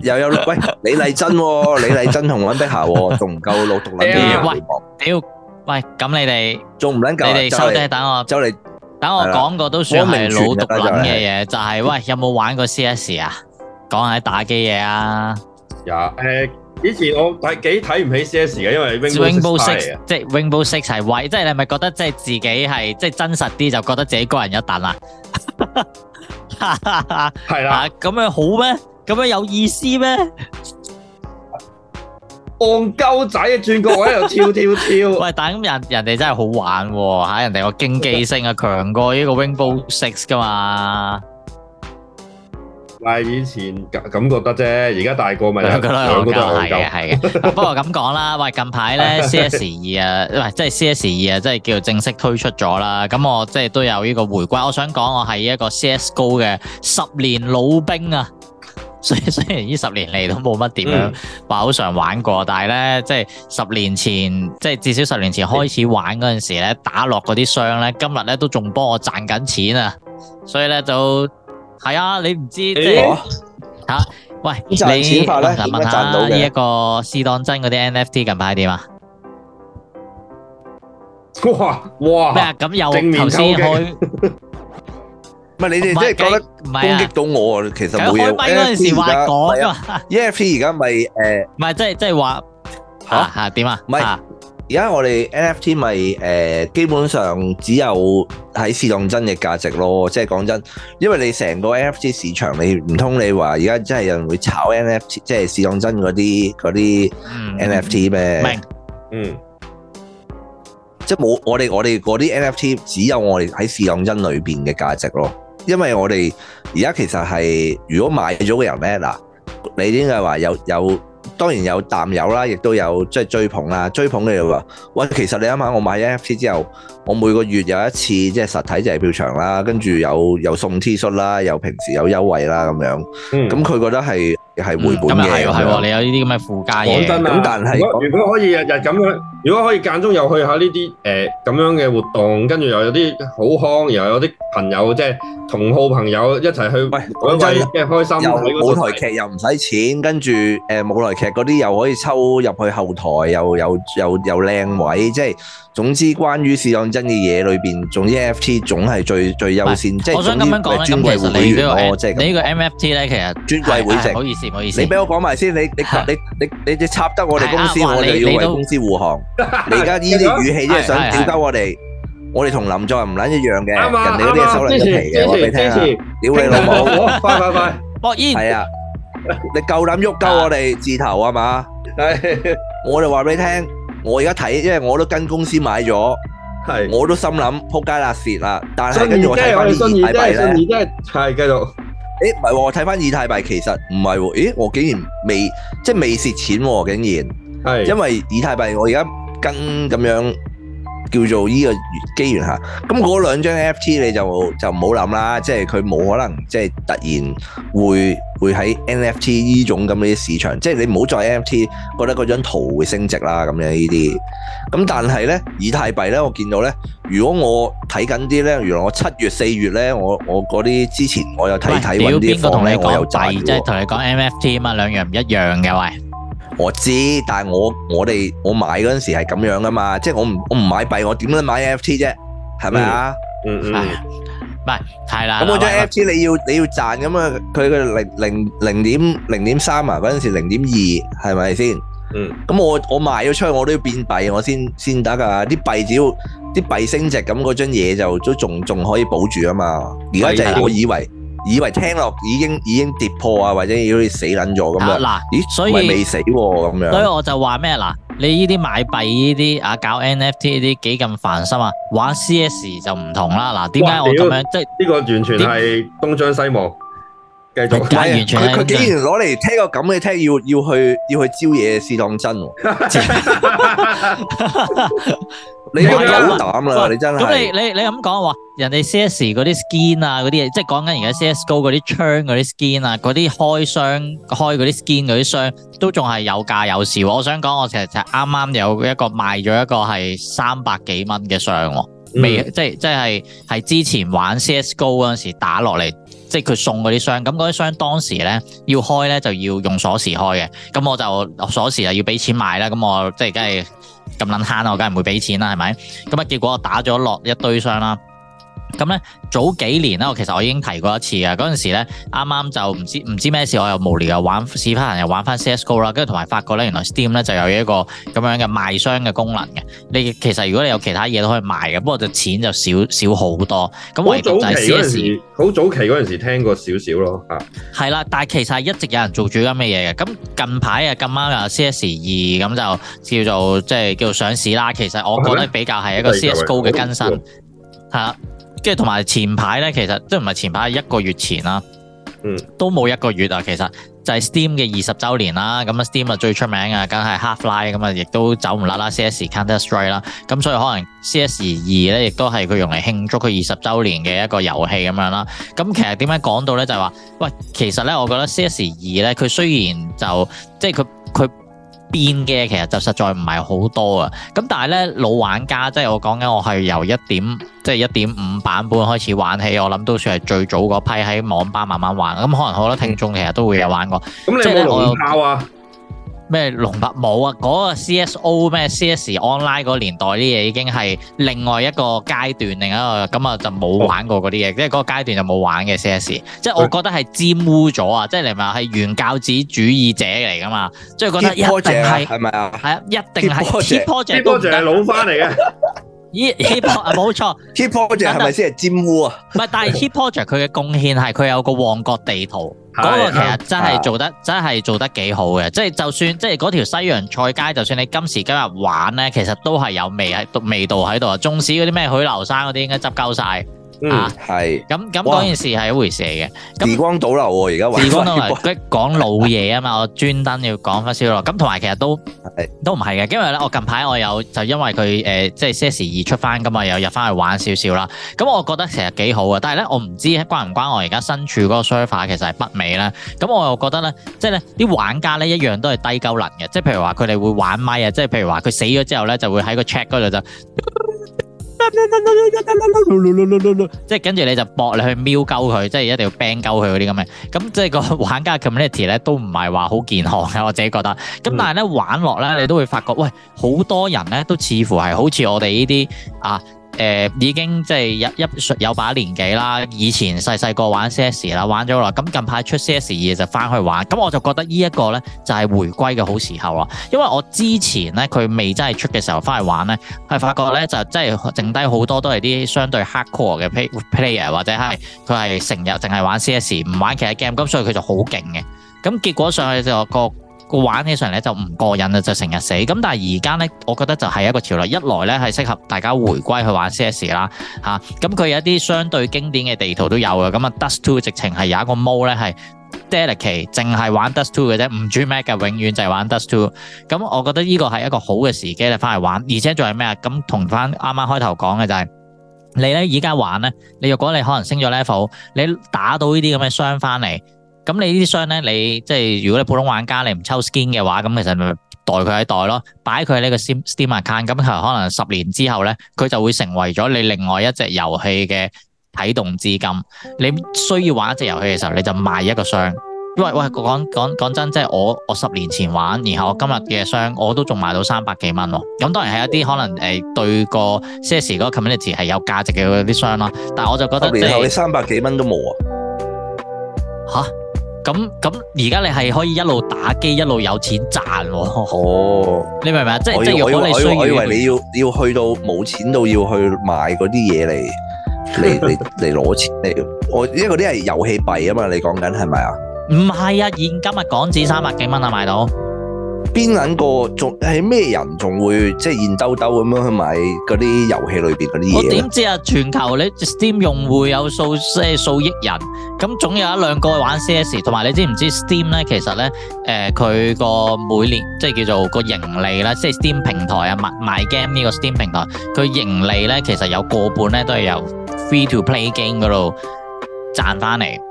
又有喂李麗珍，李麗珍同溫碧霞，仲唔夠老毒撚嘅嘢？喂，屌，喂，咁你哋仲唔撚夠？你哋收低等我。就嚟，等我講個都算係老毒撚嘅嘢，就係喂，有冇玩過 CS 啊？講下啲打機嘢啊。有。以前我係幾睇唔起 CS 嘅，因為 Rainbow Six 即係 Rainbow Six 係喂，即係你係咪覺得即係自己係即係真實啲，就覺得自己個人一啖啦、啊。係 啦的，咁、啊、樣好咩？咁樣有意思咩？戇鳩仔啊，轉個位轉角位度跳跳跳。 喂，但係咁人人哋真係好玩喎、啊，吓、啊、人哋個競技性啊強過呢個 Rainbow Six 噶嘛。係以前感感覺， 覺得啫，而家大個咪兩個都係嘅，係嘅。不過咁講啦，近排咧 CS2 啊，即係 CS2 啊，即係叫正式推出咗啦。咁我即係都有呢個回歸。我想講我係一個 CSGO 嘅十年老兵啊。所以雖然呢十年嚟，都冇乜點樣話好常玩過，嗯、但係呢，即係十年前，即係至少十年前開始玩嗰陣時咧，打落嗰啲箱呢，今日呢都仲幫我賺緊錢啊。所以呢，就。係啊，你唔知即係吓，喂，你點解咧？問下呢一個試當真嗰啲 NFT 近排點啊？哇哇，咩啊？咁又頭先開唔係你哋即係覺得攻擊到我啊？其實開碑嗰陣時話講啫嘛，NFT 而家咪誒，唔係即係即係話吓吓點啊？唔係。而家我哋 NFT 咪誒基本上只有喺試當真嘅價值咯，即係講真，因為你成個 NFT 市場，你唔通你話而家真係有人會炒 NFT，即係試當真嗰啲嗰啲 NFT 咩？明，嗯，即係冇我哋我哋嗰啲 NFT 只有我哋喺試當真裏邊嘅價值咯，因為我哋而家其實係如果買咗嘅人咧，嗱，你應該話有有。當然有淡友啦，亦都有即係追捧啦，追捧你喎。喂，其實你諗下，我買 NFT 之後，我每個月有一次即係實體就係票場啦，跟住有有送 T 恤啦，又平時有優惠啦咁樣。咁佢、嗯、覺得係。係回本嘅，咁又係，係喎，你有呢啲咁嘅附加嘢。講真啊，咁但係，如果如果可以日日咁樣，如果可以間中又去下呢啲誒咁樣嘅活動，跟住又有啲好康，又有啲朋友即係同好朋友一齊去，講真啊，即係開心，又舞台劇又唔使錢，跟住誒舞台劇嗰啲又可以抽入去後台，又有又又靚位，即係總之關於試當真嘅嘢裏邊，總之 F T 總係最最優先，即係我想咁樣講咧，咁其實你呢個你呢個 M F T 咧，其實專櫃會籍。你俾我講埋先，你你你你你插得我哋公司，我就要為公司護航。你而家呢啲語氣，即係想吊低我哋，我哋同林作唔撚一樣嘅，人哋嗰啲係心涼肚皮嘅，我俾你聽下，屌你老母，快快快，博煙係啊，你夠膽喐鳩我哋字頭啊嘛？係，我就話俾你聽，我而家睇，因為我都跟公司買咗，係，我都心諗扑街啦，蝕啦，但係跟住我睇返，係繼續。誒，唔係喎，我睇返以太幣，其實唔係喎，誒、欸，我竟然未，即係未蝕錢喎、啊，竟然，係，是的 因為以太幣我而家更咁樣。叫做依個機緣吓，咁嗰兩張 NFT 你就就唔好諗啦，即係佢冇可能即係突然會會喺 NFT 依種咁啲市場，即係你唔好再 NFT 覺得嗰張圖會升值啦咁樣呢啲。咁但係咧，以太幣咧，我見到咧，如果我睇緊啲咧，原來我七月四月咧，我我嗰啲之前我有睇睇嗰啲貨咧，呢我又賺咗。喂，即係同你講 NFT 啊嘛，兩樣唔一樣嘅喂。我知，但係我我哋我買嗰陣時係咁樣噶嘛，即係我唔我唔買幣，我點樣買 F T 啫？係咪啊？嗯嗯，唔係唉，係啦不。咁嗰張 F T 你要你要賺咁啊？佢個零零零點零點三啊，嗰陣時零點二係咪先？嗯。咁我我賣咗出去，我都要變幣，我先先得啊！啲幣只要啲幣升值張，咁嗰張嘢就都仲仲可以保住啊嘛。而家就係我以為。以為聽落已經已經跌破啊，或者好似死撚咗咁樣，嗱、啊，啊、咦，所以未死喎、啊、咁樣，所以我就話咩嗱，你呢啲買幣呢啲啊，搞 NFT 呢啲幾咁煩心啊，玩 CS 就唔同啦，嗱，點解我咁樣即係呢個完全係東張西望，繼但續解完全係佢竟然攞嚟聽個咁嘅聽，要要去要去招嘢試當真。你，啊、你真係好膽啦！咁你你你咁講話，人哋 C S 嗰啲 skin 啊，嗰啲嘢，即係講緊而家 C S go 嗰啲槍嗰啲 skin 啊，嗰啲開箱開嗰啲 skin 嗰啲箱都仲係有價有市。我想講，我其實就啱啱有一個賣咗一個係三百幾蚊嘅箱，啊未，嗯、即係即係係之前玩 C S go 嗰陣時打落嚟。即係佢送嗰啲箱，咁嗰啲箱當時咧要開咧就要用鎖匙開嘅，咁我就鎖匙就要俾錢買啦，咁我即係梗係咁撚慳啦，我梗係唔會俾錢啦，係咪？咁啊結果我打咗落一堆箱啦。咁咧，早幾年啦，我其實我已經提過一次嘅。嗰陣時咧，啱啱就唔知唔知咩事，我又無聊又玩，試翻人又玩翻 CS GO 啦，跟住同埋發覺咧，原來 Steam 咧就有一個咁樣嘅賣商嘅功能嘅。你其實如果你有其他嘢都可以賣嘅，不過就錢就少少好多。咁我係早嗰陣時，好早期嗰陣時聽過少少咯，吓係啦。但係其實一直有人做主音嘅嘢嘅。咁近排啊，咁啱啊，CS 二咁就叫做即係叫做上市啦。其實我覺得比較係一個 CS GO 嘅更新，係啦。跟住同埋前排咧，其實都唔係前排，係一個月前啦。嗯，都冇一個月啊，其實就係 Steam 嘅二十周年啦。咁啊，Steam 啊最出名啊，梗係 Half-Life 咁啊，亦都走唔甩啦。CS Counter Strike 啦，咁所以可能 CS 二咧，亦都係佢用嚟慶祝佢二十周年嘅一個遊戲咁樣啦。咁其實點解講到咧，就係話，喂，其實咧，我覺得 CS 二咧，佢雖然就即係佢佢，?變嘅其實就實在唔係好多啊，咁但係呢，老玩家，即係我講緊，我係由一點即係一點五版本開始玩起，我諗都算係最早嗰批喺網吧慢慢玩，咁、嗯、可能好多聽眾其實都會有玩過，咁、嗯、你老炮啊。咩龍白帽啊？嗰個 CSO 咩 CS Online 嗰年代啲嘢已經係另外一個階段，另一個咁啊就冇玩過嗰啲嘢，即係嗰個階段就冇玩嘅 CS。即係我覺得係玷污咗啊！即係你咪係原教旨主義者嚟噶嘛？即係覺得一定係係咪啊？係啊，一定係 hip project 係老翻嚟嘅。咦 hippo 啊，冇錯。hip project 係咪先係玷污啊？唔係，但係 hip project 佢嘅貢獻係佢有個旺角地圖。嗰個其實真係做得真係做得幾好嘅的，即係就算即係嗰條西洋菜街，就算你今時今日玩呢，其實都係有味喺，味道喺度啊！縱使嗰啲咩許留山嗰啲應該執鳩曬。啊，係咁，咁嗰件事係一回事嚟嘅。哇那時光倒流喎，啊，而家時光倒流， 講老嘢啊嘛，我專登要講翻少少。咁同埋其實都 都唔係嘅，因為咧，我近排我有就因為佢誒、呃、即係 CS2 出翻㗎嘛，又入翻去玩少少啦。咁、嗯、我覺得其實幾好嘅，但係咧我唔知關唔關我而家身處嗰個 server 其實係北美咧。咁、嗯、我又覺得咧，即係咧啲玩家咧一樣都係低鳩能嘅，即係譬如話佢哋會玩咪啊，即係譬如話佢死咗之後咧就會喺個 check 嗰度就。 即係跟住你就搏，你去瞄鳩佢，即係一定要 ban 鳩佢嗰啲咁嘅，咁即係個玩家 community 咧都唔係話好健康嘅，我自己覺得。咁但係咧玩落咧，你都會發覺，喂，好多人咧都似乎係好似我哋呢啲啊。誒已經即係一一有把年紀啦，以前細細個玩 C.S. 啦，玩咗啦，咁近排出 CS2，就翻去玩咁，我就覺得呢一個呢就係、是、回歸嘅好時候啦。因為我之前呢，佢未真係出嘅時候翻去玩呢，係發覺呢就真係剩低好多都係啲相對 hardcore 嘅 player 或者係佢係成日淨係玩 C.S. 唔玩其他 game，咁所以佢就好勁嘅。咁結果上去就、那個。個玩起上嚟就唔過癮啊，就成日死。咁但係而家咧，我覺得就係一個潮流。一來咧係適合大家回歸去玩 CS 啦，嚇、啊。咁、嗯、佢有一啲相對經典嘅地圖都有嘅。咁、嗯、啊，Dust Two 直情係有一個 mode 咧係 Delicate 淨係玩 Dust Two 嘅啫，唔轉 map 嘅，永遠就係玩 Dust Two。咁、嗯、我覺得呢個係一個好嘅時機嚟，翻嚟玩。而且仲係咩啊？咁同翻啱啱開頭講嘅就係你咧，而家玩咧，你若果你可能升咗 level，你打到呢啲咁嘅箱翻嚟。咁你呢啲箱呢？你即係如果你普通玩家你唔抽 skin 嘅話，咁其實代佢喺袋咯，擺佢喺呢個 Steam a c c o u n t 咁佢可能十年之後呢，佢就會成為咗你另外一隻遊戲嘅啟動資金。你需要玩一隻遊戲嘅時候，你就賣一個箱。因為喂，講講講真，即係我我十年前玩，然後我今日嘅箱我都仲賣到三百幾蚊。咁當然係一啲可能誒對個些時嗰個 community 係有價值嘅啲箱啦。但係我就覺得，十年你三百幾蚊都冇啊？吓？咁咁而家你係可以一路打機，一路有錢賺喎。哦，你明唔明啊？即係要即係，如果你以為你要要去到冇錢到要去買嗰啲嘢嚟嚟嚟嚟攞錢嚟。我因為嗰啲係遊戲幣啊嘛，你講緊係咪啊？唔係啊，現今日港紙三百幾蚊啊，賣到。邊搵個仲係咩人仲會即係現兜兜咁樣去買嗰啲遊戲裏邊嗰啲嘢？我點知啊？全球你 Steam 用戶有數即係數億人，咁總有一兩個玩 CS。同埋你知唔知 Steam 呢，呃、Ste Ste 呢？其實咧，誒佢個每年即係叫做個盈利啦，即係 Steam 平台啊賣賣 game 呢個 Steam 平台，佢盈利咧其實有過半咧都係由 free to play game 嗰度賺翻嚟。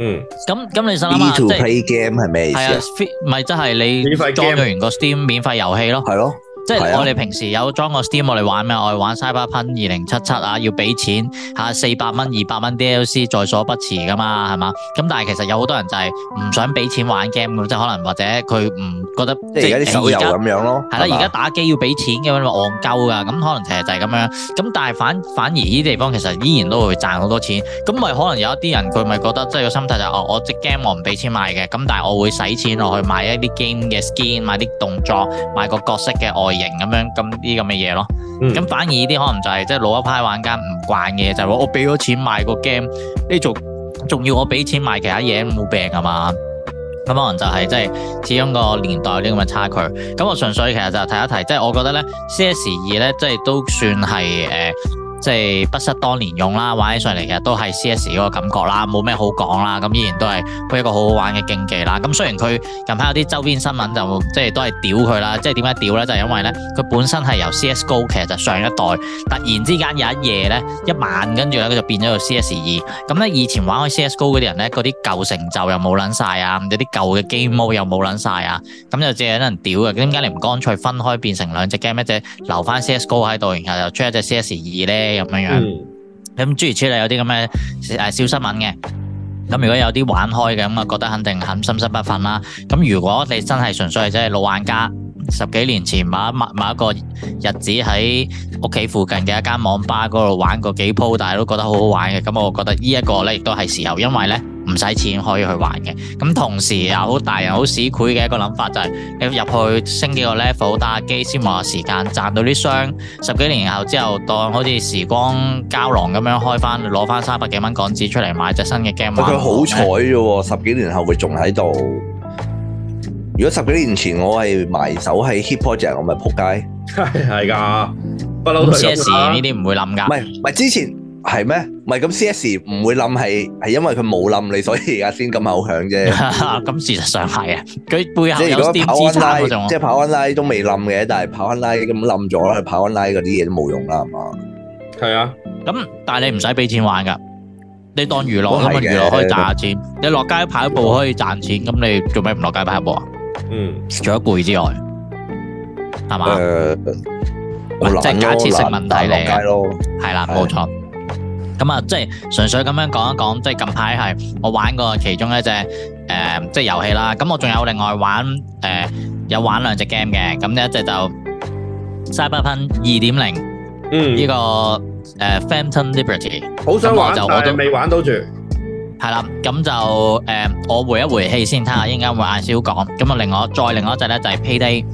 嗯，咁咁你想諗下，即係 play game 係咩意思是啊？咪即係你裝完個 Steam 免費遊戲咯，係咯、啊。即係我哋平時有裝個 Steam 我哋玩咩？我哋玩《Cyberpunk 2077》啊，要俾錢吓，四百蚊，二百蚊 DLC 在所不辭噶嘛，係嘛？咁但係其實有好多人就係唔想俾錢玩 game 咁，即係可能或者佢唔覺得即係而家手遊咁樣咯。係啦在，而家吧打機要俾錢嘅，咁啊戇鳩噶，咁可能其實就係咁樣。咁但係反反而呢啲地方其實依然都會賺好多錢。咁咪可能有一啲人佢咪覺得即係個心態就哦，我即 game 我唔俾錢買嘅，咁但係我會使錢落去買一啲 game 嘅 skin，買啲動作，買個角色嘅外形。型咁樣咁啲咁嘅嘢咯，咁、嗯、反而呢啲可能就係、是、即係老一派玩家唔慣嘅。就是、我我俾咗錢買個 game，你仲仲要我俾錢買其他嘢冇病啊嘛，咁可能就係、是、即係始終個年代有啲咁嘅差距，咁我純粹其實就提一提，即係我覺得咧 CS2 咧即係都算係誒。呃即係不失當年用啦，玩起上嚟其實都係 CS 嗰個感覺啦，冇咩好講啦。咁依然都係佢一個好好玩嘅競技啦。咁雖然佢近排有啲周邊新聞就，就即係都係屌佢啦。即係點解屌咧？就係、是、因為咧，佢本身係由 CSGO 其實就上一代突然之間有一夜咧一晚跟呢，跟住咧佢就變咗個 CS 二。咁咧以前玩開 CSGO 嗰啲人咧，嗰啲舊成就又冇撚晒啊，咁啲舊嘅機模又冇撚晒啊。咁就淨係得人屌嘅。咁點解你唔乾脆分開變成兩隻 game，一隻留翻 CSGO 喺度，然後又出一隻 CS 二咧？咁樣樣，咁，嗯，諸如此類，有啲咁嘅誒小新聞嘅。咁如果有啲玩開嘅，咁啊覺得肯定很心心不忿啦。咁如果你真係純粹係真係老玩家，十幾年前某一某一個日子喺屋企附近嘅一間網吧嗰度玩過幾鋪，但係都覺得好好玩嘅，咁我覺得呢一個咧亦都係時候，因為咧。唔使錢可以去玩嘅，咁同時又好大人好市儈嘅一個諗法就係，你入去升幾個 level 打下機，先話時間賺到啲箱，十幾年後之後當好似時光膠囊咁樣開翻，攞翻三百幾蚊港紙出嚟買隻新嘅 game 玩。佢好彩啫喎，十幾年後佢仲喺度。如果十幾年前我係埋手喺 Hip Project，我咪仆街。係係㗎，不嬲 CS 呢啲唔會諗㗎。唔係唔係，之前。係咩？唔係咁 CS 唔會冧，係係因為佢冇冧你，所以而家先咁口響啫。咁事實上係啊，佢背後有啲支撐。即係跑安拉都未冧嘅，但係跑安拉咁冧咗，佢跑安拉嗰啲嘢都冇用啦，係嘛？係啊，咁但係你唔使俾錢玩噶，你當娛樂咁啊，娛樂可以賺下錢。你落街跑一步可以賺錢，咁你做咩唔落街跑一步啊？嗯，除咗攰之外，係嘛？誒，即係假設性問題嚟嘅，係啦，冇錯。咁啊，即係純粹咁樣講一講，即係近排係我玩過其中一隻誒，即係遊戲啦。咁我仲有另外玩誒，有玩兩隻 game 嘅。咁一隻就《Cyberpunk 二點零》，嗯，依個誒《Phantom Liberty》好想玩，但係就我都未玩到住。係啦，咁就誒，我回一回氣先，睇下應該會晏少講。咁啊，咁我再另外一隻咧就係《Payday》，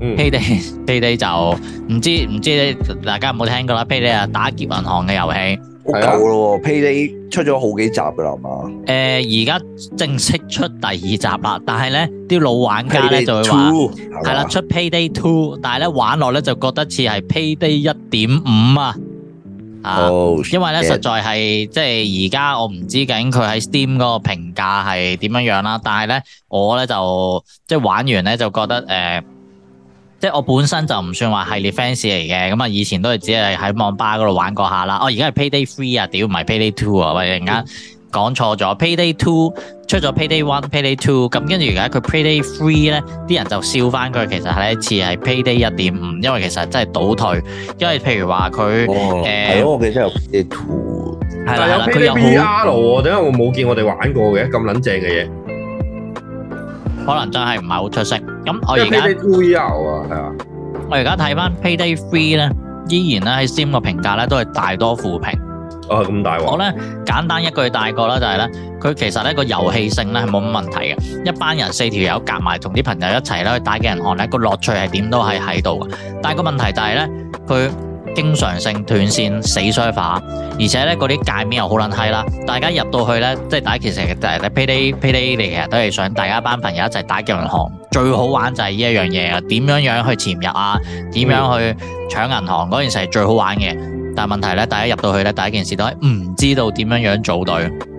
嗯，《Payday》，《Payday》就唔知唔知大家有冇聽過啦，《Payday》就打劫銀行嘅遊戲。夠咯喎，Payday 出咗好幾集噶啦，係嘛、呃？誒，而家正式出第二集啦，但係咧啲老玩家咧 Pay day 就會話，係啦，出 Payday Two，但係咧玩落咧就覺得似係 Payday 一點五啊！啊，oh, 因為咧 shit. 實在係即係而家我唔知究竟佢喺 Steam 嗰個評價係點樣樣啦，但係咧我咧就即係玩完咧就覺得誒。呃即係我本身就唔算話系列 fans 嚟嘅，咁啊以前都係只係喺網吧嗰度玩過下啦。哦，而家係 Payday Three 啊，屌唔係 Payday Two 啊，或突然間講錯咗。嗯、Payday Two 出咗 Payday One、Payday Two，咁跟住而家佢 Payday Three 咧，啲人就笑翻佢，其實係一次係 Payday 一點五，5, 因為其實真係倒退。因為譬如話佢、哦呃、我記得有 Payday Two。係啦，佢有 BR 點解我冇見我哋玩過嘅咁撚正嘅嘢？可能真係唔係好出色。咁我而家 Payday Two 啊，係啊。我而家睇翻 Payday Three 咧，依然咧喺 Steam 個評價咧都係大多負評。啊，咁大鑊。我咧簡單一句帶過啦，就係咧，佢其實咧個遊戲性咧係冇乜問題嘅。一班人四條友夾埋同啲朋友一齊咧去打嘅銀行咧，個樂趣係點都係喺度。但係個問題就係咧，佢。經常性斷線死衰化，而且呢嗰啲界面又好撚閪啦。大家入到去呢，即係第一件事，第第 Payday Payday 啲嚟，其實都係想大家班朋友一齊打劫銀行。最好玩就係呢一樣嘢啊，點樣樣去潛入啊，點樣去搶銀行嗰件事係最好玩嘅。但係問題呢，大家入到去呢，第一件事都係唔知道點樣樣組隊。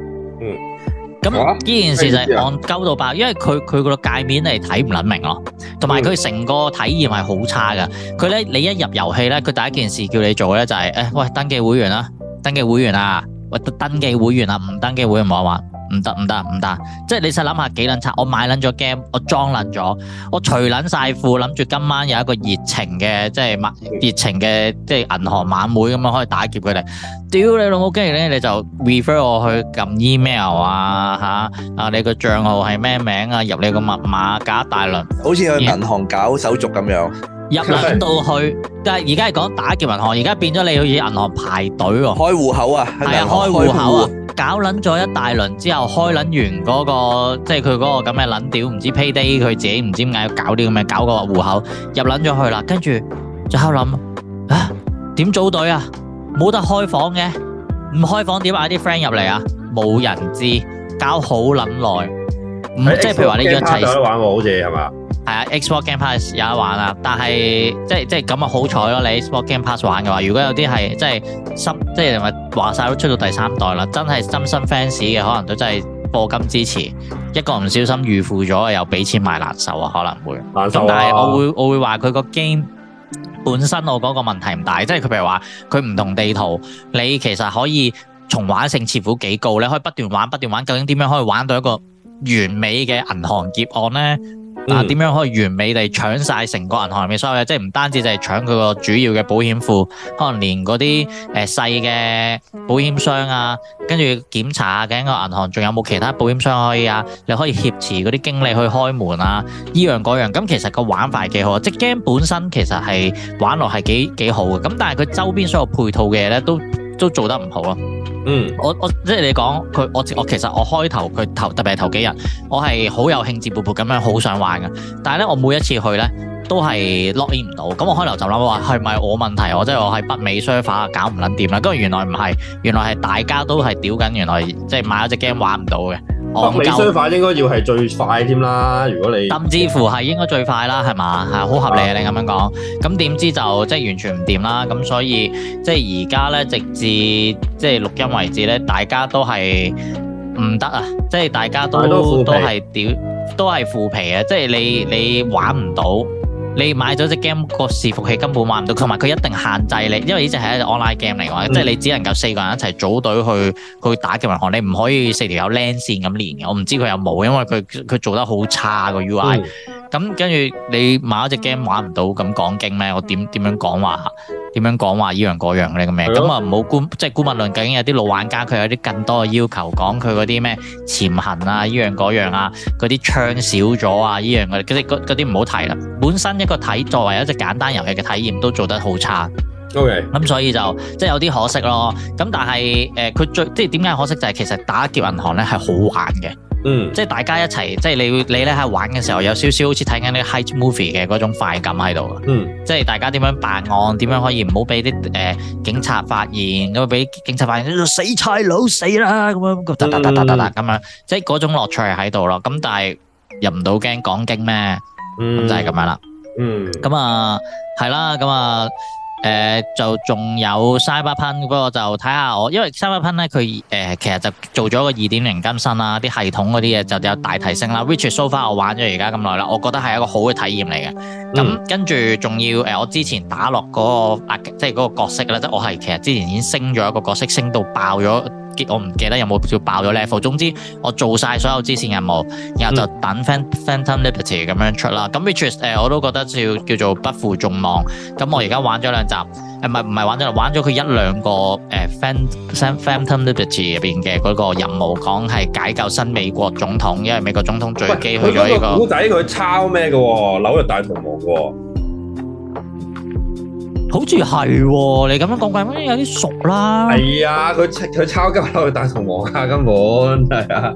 依件事就係戇鳩到爆，因為佢佢個界面你睇唔捻明咯，同埋佢成個體驗係好差嘅。佢咧，你一入遊戲呢，佢第一件事叫你做咧就係，喂，登記會員啦，登記會員啊，登記會員啊，唔登記會員唔玩。唔得唔得唔得，即係你細諗下，幾捻柒？我買捻咗 game，我裝捻咗，我除捻晒褲，諗住今晚有一個熱情嘅，即係乜熱情嘅，即係銀行晚會咁樣可以打劫佢哋。屌你老母，跟住咧你就 refer 我去撳 email 啊吓啊！你個賬號係咩名啊？入你個密碼，搞一大輪，好似去銀行搞手續咁樣。 入捻到去，但係而家係講打劫銀行，而家變咗你要以銀行排隊喎，開戶口啊，係啊，開戶口啊，搞捻咗一大輪之後，開捻完嗰個，即係佢嗰個咁嘅捻屌，唔知 Payday 佢自己唔知點解要搞啲咁嘅搞個戶口入捻咗去啦，跟住最後諗，啊，點組隊啊？冇得開房嘅，唔開房點嗌啲 friend 入嚟啊？冇人知，搞好捻耐。唔即係，譬如話你 Game Pass 有得玩喎，好似係嘛？係啊，Xbox Game Pass 有得玩啊。但係即係即係咁啊，好彩咯。你 Xbox Game Pass 玩嘅話，如果有啲係即係心，即係咪話晒都出到第三代啦？真係真心 fans 嘅，可能都真係播金支持。一個唔小心預付咗，又俾錢買難受啊，可能會咁。但係我會我會話佢個 game 本身我嗰個問題唔大，即係佢譬如話佢唔同地圖，你其實可以重玩性似乎幾高，你可以不斷玩不斷玩。究竟點樣可以玩到一個？完美嘅銀行劫案呢，啊點樣可以完美地搶晒成個銀行嘅所有嘢？嗯、即係唔單止就係搶佢個主要嘅保險庫，可能連嗰啲誒細嘅保險箱啊，跟住檢查下，啊，個銀行仲有冇其他保險箱可以啊？你可以挾持嗰啲經理去開門啊，依樣嗰樣咁，其實個玩法係幾好，即係 game 本身其實係玩落係幾幾好嘅，咁但係佢周邊所有配套嘅嘢咧，都都做得唔好啊。嗯，我即我即係你講我我，其實我開頭佢頭，特別係頭幾日，我係好有興致勃勃咁樣，好想玩㗎。但係咧，我每一次去咧，都係 login 唔到。咁我開頭就諗話，係咪我問題？我真係我係北美 server 搞唔撚掂啦。跟住原來唔係，原來係大家都係屌緊，原來即係買咗隻 game 玩唔到嘅。北美最快應該要係最快添啦，如果你甚至乎係應該最快啦，係嘛？係好合理啊，的你咁樣講。咁點知就即係完全唔掂啦。咁所以即係而家咧，直至即係錄音為止咧，大家都係唔得啊！即係大家都都係屌，都係腐皮啊！即係你你玩唔到。你買咗隻 game 個伺服器根本玩唔到，同埋佢一定限制你，因為呢隻係一隻 online game 嚟嘅話，嗯、即係你只能夠四個人一齊組隊去去打劫銀行，你唔可以四條友 LAN 線咁連嘅。我唔知佢有冇，因為佢佢做得好差個 UI。咁跟住你買咗隻 game 玩唔到，咁講經咩？我點點樣、樣講話？點樣講話依樣嗰樣咧咁樣，咁啊唔好估，即係估物論，究竟有啲老玩家佢有啲更多嘅要求，講佢嗰啲咩潛行啊，依樣嗰樣啊，嗰啲槍少咗啊，依樣嗰啲嗰啲唔好提啦。本身一個體作為一隻簡單遊戲嘅體驗都做得好差。OK，咁所以就即係、就是、有啲可惜咯。咁但係誒，佢、呃、最即係點解可惜就係其實打劫銀行咧係好玩嘅。嗯，即係大家一齊，即係你你咧喺玩嘅時候，有少少好似睇緊啲 heist movie 嘅嗰種快感喺度。嗯，即係大家點樣辦案，點樣可以唔好俾啲誒警察發現，咁啊俾警察發現、呃、死差佬死啦，咁啊咁噠噠噠噠噠咁啊，即係嗰種樂趣喺度咯。咁但係入唔到 game 講經咩？咁就係咁樣啦。嗯，咁啊係啦，咁啊。誒、呃，就仲有 Cyberpunk 嗰、那個就睇下我，因為 Cyberpunk 咧佢誒、呃，其實就做咗個二點零更新啦，啲系統嗰啲嘢就有大提升啦。Which is so fun 我玩咗而家咁耐啦，我覺得係一個好嘅體驗嚟嘅。咁、嗯、跟住仲要誒、呃，我之前打落嗰、那個即係個角色啦，即、就、係、是、我係其實之前已經升咗一個角色，升到爆咗。我唔記得有冇叫爆咗 level，總之我做晒所有支線任務，然後就等《Phantom Liberty》咁樣出啦。咁、嗯《Witcher》誒我都覺得叫叫做不負眾望。咁我而家玩咗兩集，誒唔係唔係玩咗，玩咗佢一兩個誒、呃《Phantom Liberty》入邊嘅嗰個任務，講係解救新美國總統，因為美國總統墜機、這個，去咗佢呢個古仔佢抄咩嘅喎？紐約大屠殺喎？好似係喎，你咁樣講句，有啲熟啦。係啊、哎，佢佢抄襲紐約大逃亡啊，根本係啊。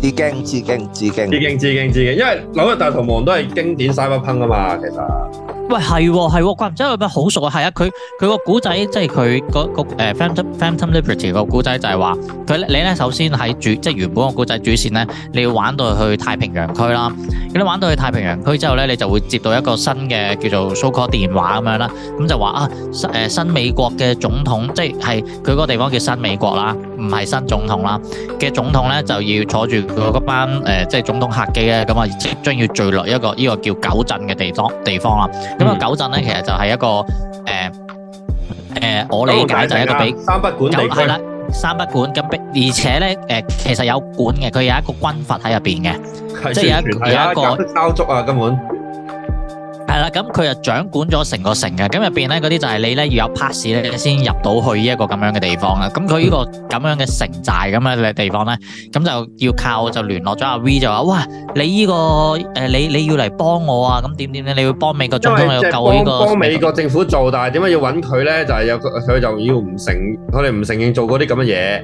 致敬、致敬、致敬、致敬、致敬、致敬，因為紐約大逃亡都係經典西北烹㗎嘛，其實。喂，係喎、哦，係喎、哦，怪唔之得佢好熟啊。係啊，佢佢個古仔即係佢個個 m Phantom Liberty》個古仔就係話佢你咧，首先喺主即係、就是、原本個古仔主線咧，你要玩到去太平洋區啦。咁你玩到去太平洋區之後咧，你就會接到一個新嘅叫做 s o c a l 電話咁樣啦。咁就話啊，新新美國嘅總統，即係佢嗰個地方叫新美國啦，唔係新總統啦嘅總統咧，就要坐住佢嗰班誒即係總統客機咧，咁啊，即將要墜落一個呢個叫九鎮嘅地方地方啦。咁啊，九、嗯、鎮咧，其實就係一個誒誒、呃呃，我理解就係一個比三不管地三不管，而且呢，誒、呃，其實有管嘅，佢有一個軍閥喺入邊嘅，是即係有有一個收足啊，根本。係啦，咁佢就掌管咗成個城嘅，咁入邊咧嗰啲就係你咧要有 pass 咧先入到去呢一個咁樣嘅地方啊。咁佢呢個咁樣嘅城寨咁樣嘅地方咧，咁就要靠就聯絡咗阿 V 就話：哇，你呢、個誒、呃，你你要嚟幫我啊，咁點點咧，你要幫美國總統你要救呢個，幫美國政府做，但係點解要搵佢咧？就係、是、有佢就要唔承，佢哋唔承認做嗰啲咁嘅嘢。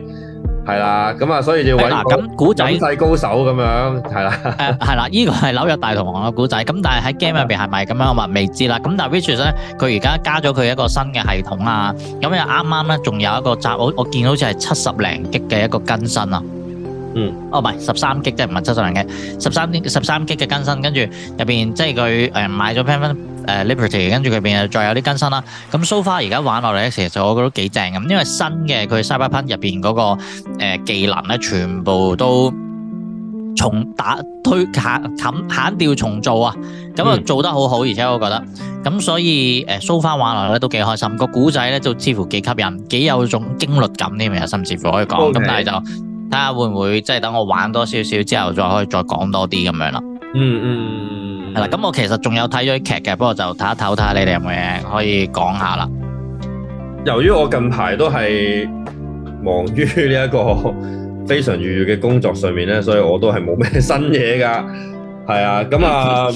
係啦，咁啊，所以要搵古仔高手咁樣，係啦，係啦，依個係《紐約大逃亡》嘅古仔，咁但係喺 game 入邊係咪咁樣，我話未知啦。咁但係 Virtual 咧，佢而家加咗佢一個新嘅系統啊，咁又啱啱咧仲有一個集，我我見好似係七十零 G 嘅一個更新啊。嗯，哦唔係十三 G 即係唔係七十零 G，十三點十三 G 嘅更新，跟住入邊即係佢誒買咗 plan 分。誒 Liberty，跟住佢邊再有啲更新啦。咁 so far 而家玩落嚟咧，其實我覺得幾正嘅，因為新嘅佢 Cyberpunk 入邊嗰個誒技能咧，全部都重打推砍砍掉重做啊。咁啊做得好好，而且我覺得咁，所以誒 so far 玩落嚟咧都幾開心。個古仔咧就似乎幾吸引，幾有種驚慄感添，甚至乎可以講。咁但係就睇下會唔會即係等我玩多少少之後，再可以再講多啲咁樣啦。嗯嗯。係啦，咁我其實仲有睇咗啲劇嘅，不過就睇一睇，睇下你哋有冇嘢可以講下啦。由於我近排都係忙於呢一個非常 busy 嘅工作上面咧，所以我都係冇咩新嘢噶。係啊，咁啊，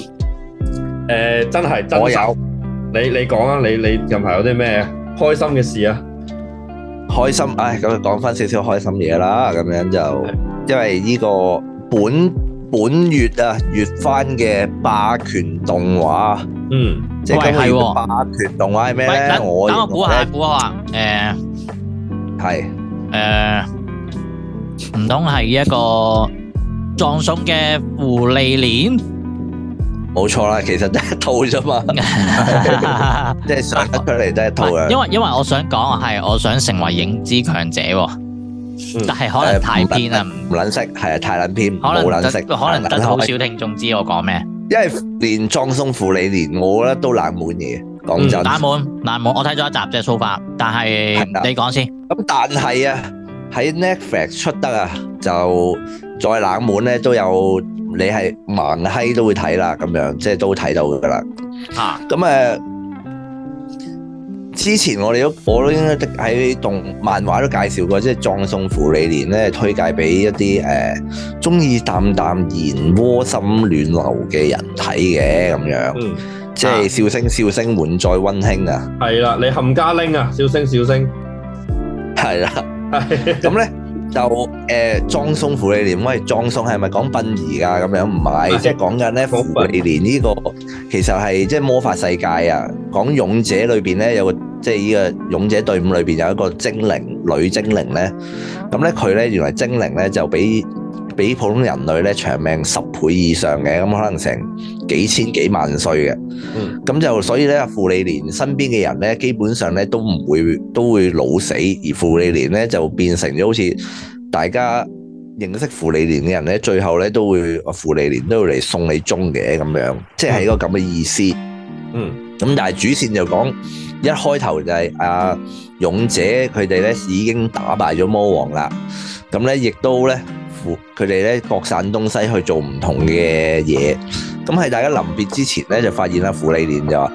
誒，真係我有，你你講啊，你你近排有啲咩開心嘅事啊？開心，唉，咁就講翻少少開心嘢啦。咁樣就因為呢個本。本月啊，月番嘅霸權動畫，嗯，喂，係霸權動畫係咩咧？等我估下，估下，嗯，誒、嗯，係、嗯，誒，唔通係一個葬送嘅芙莉蓮？冇錯啦，其實就係一套啫嘛， 即係上得出嚟都係一套嘅。因為因為我想講係，我想成為影之強者喎。但係可能太偏啦，唔捻識係啊，太捻偏，可能可能得好少聽眾知我講咩，因為連《葬送芙莉蓮》我咧都冷門嘢，講真，冷門冷門，我睇咗一集就《掃法》，但係你講先，咁但係啊喺 Netflix 出得啊，就再冷門咧都有，你係盲閪都會睇啦，咁樣即係都睇到噶啦，啊，咁誒。之前我哋都我都應該喺動漫畫都介紹過，即係葬送芙莉蓮呢，推介俾一啲誒鍾意淡淡然窩心暖流嘅人睇嘅咁樣，嗯啊、即係笑聲笑聲滿載温馨啊，係啦，你冚家拎啊，笑聲笑聲，係啦，咁咧。就誒葬送芙莉蓮，喂葬送係咪講殯儀啊？咁樣唔係，是即係講緊咧芙莉蓮呢個其實係即係魔法世界啊，講勇者裏邊咧有個即係呢個勇者隊伍裏邊有一個精靈女精靈咧，咁咧佢咧原來精靈咧就俾。比普通人類咧長命十倍以上嘅，咁可能成幾千幾萬歲嘅。咁就所以咧，芙莉蓮身邊嘅人咧，基本上咧都唔會都會老死，而芙莉蓮咧就變成咗好似大家認識芙莉蓮嘅人咧，最後咧都會阿芙莉蓮都要嚟送你終嘅咁樣，即係一個咁嘅意思。嗯，咁但係主線就講一開頭就係阿勇者佢哋咧已經打敗咗魔王啦，咁咧亦都咧。佢哋咧各散東西去做唔同嘅嘢，咁喺大家臨別之前咧就發現啦，芙莉蓮就話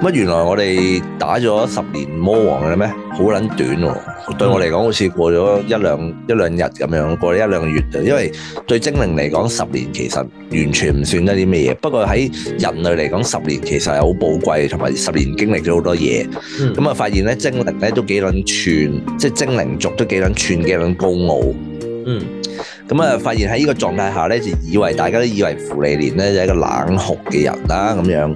乜原來我哋打咗十年魔王嘅咩？好撚短喎！對我嚟講好似過咗一兩一兩日咁樣，過咗一兩個月就，因為對精靈嚟講十年其實完全唔算得啲咩嘢，不過喺人類嚟講十年其實係好寶貴，同埋十年經歷咗好多嘢，咁啊發現咧精靈咧都幾撚寸，即係精靈族都幾撚寸，幾撚高傲，嗯。咁啊！發現喺呢個狀態下咧，就以為大家都以為芙莉蓮咧就係一個冷酷嘅人啦，咁樣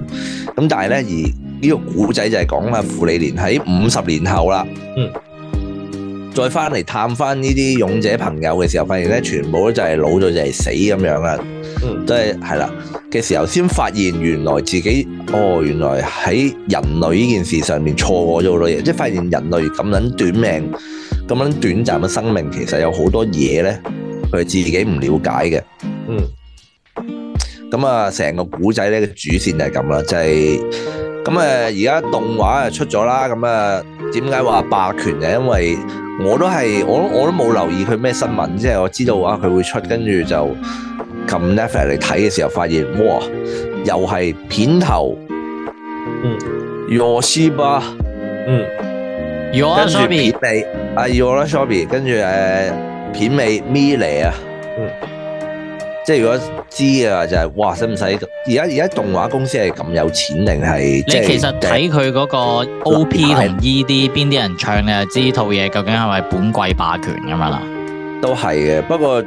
咁，但係咧而呢個古仔就係講啦，芙莉蓮喺五十年後啦，嗯，再翻嚟探翻呢啲勇者朋友嘅時候，發現咧全部都就係老咗就係死咁樣啦，嗯，即係係啦嘅時候，先發現原來自己哦，原來喺人類呢件事上面錯過咗好多嘢，即係發現人類咁撚短命咁撚短暫嘅生命，其實有好多嘢咧。佢自己唔了解嘅，嗯，咁啊，成個古仔咧嘅主線就係咁啦，就係咁誒，而家動畫啊出咗啦，咁啊，點解話霸權咧？因為我都係我我都冇留意佢咩新聞，即係我知道話佢會出，跟住就撳 Netflix 嚟睇嘅時候，發現哇，又係片頭，嗯，YOASOBI 吧，嗯，YOASOBI，跟住片尾，啊 YOASOBI，跟住誒。片尾咪嚟啊！嗯、即係如果知啊，就係、是，哇，使唔使而家而家動畫公司係咁有錢定係？你其實睇佢嗰個 O P 同 E D 邊啲人唱，嘅，知套嘢究竟係咪本季霸權咁樣啦。都係嘅，不過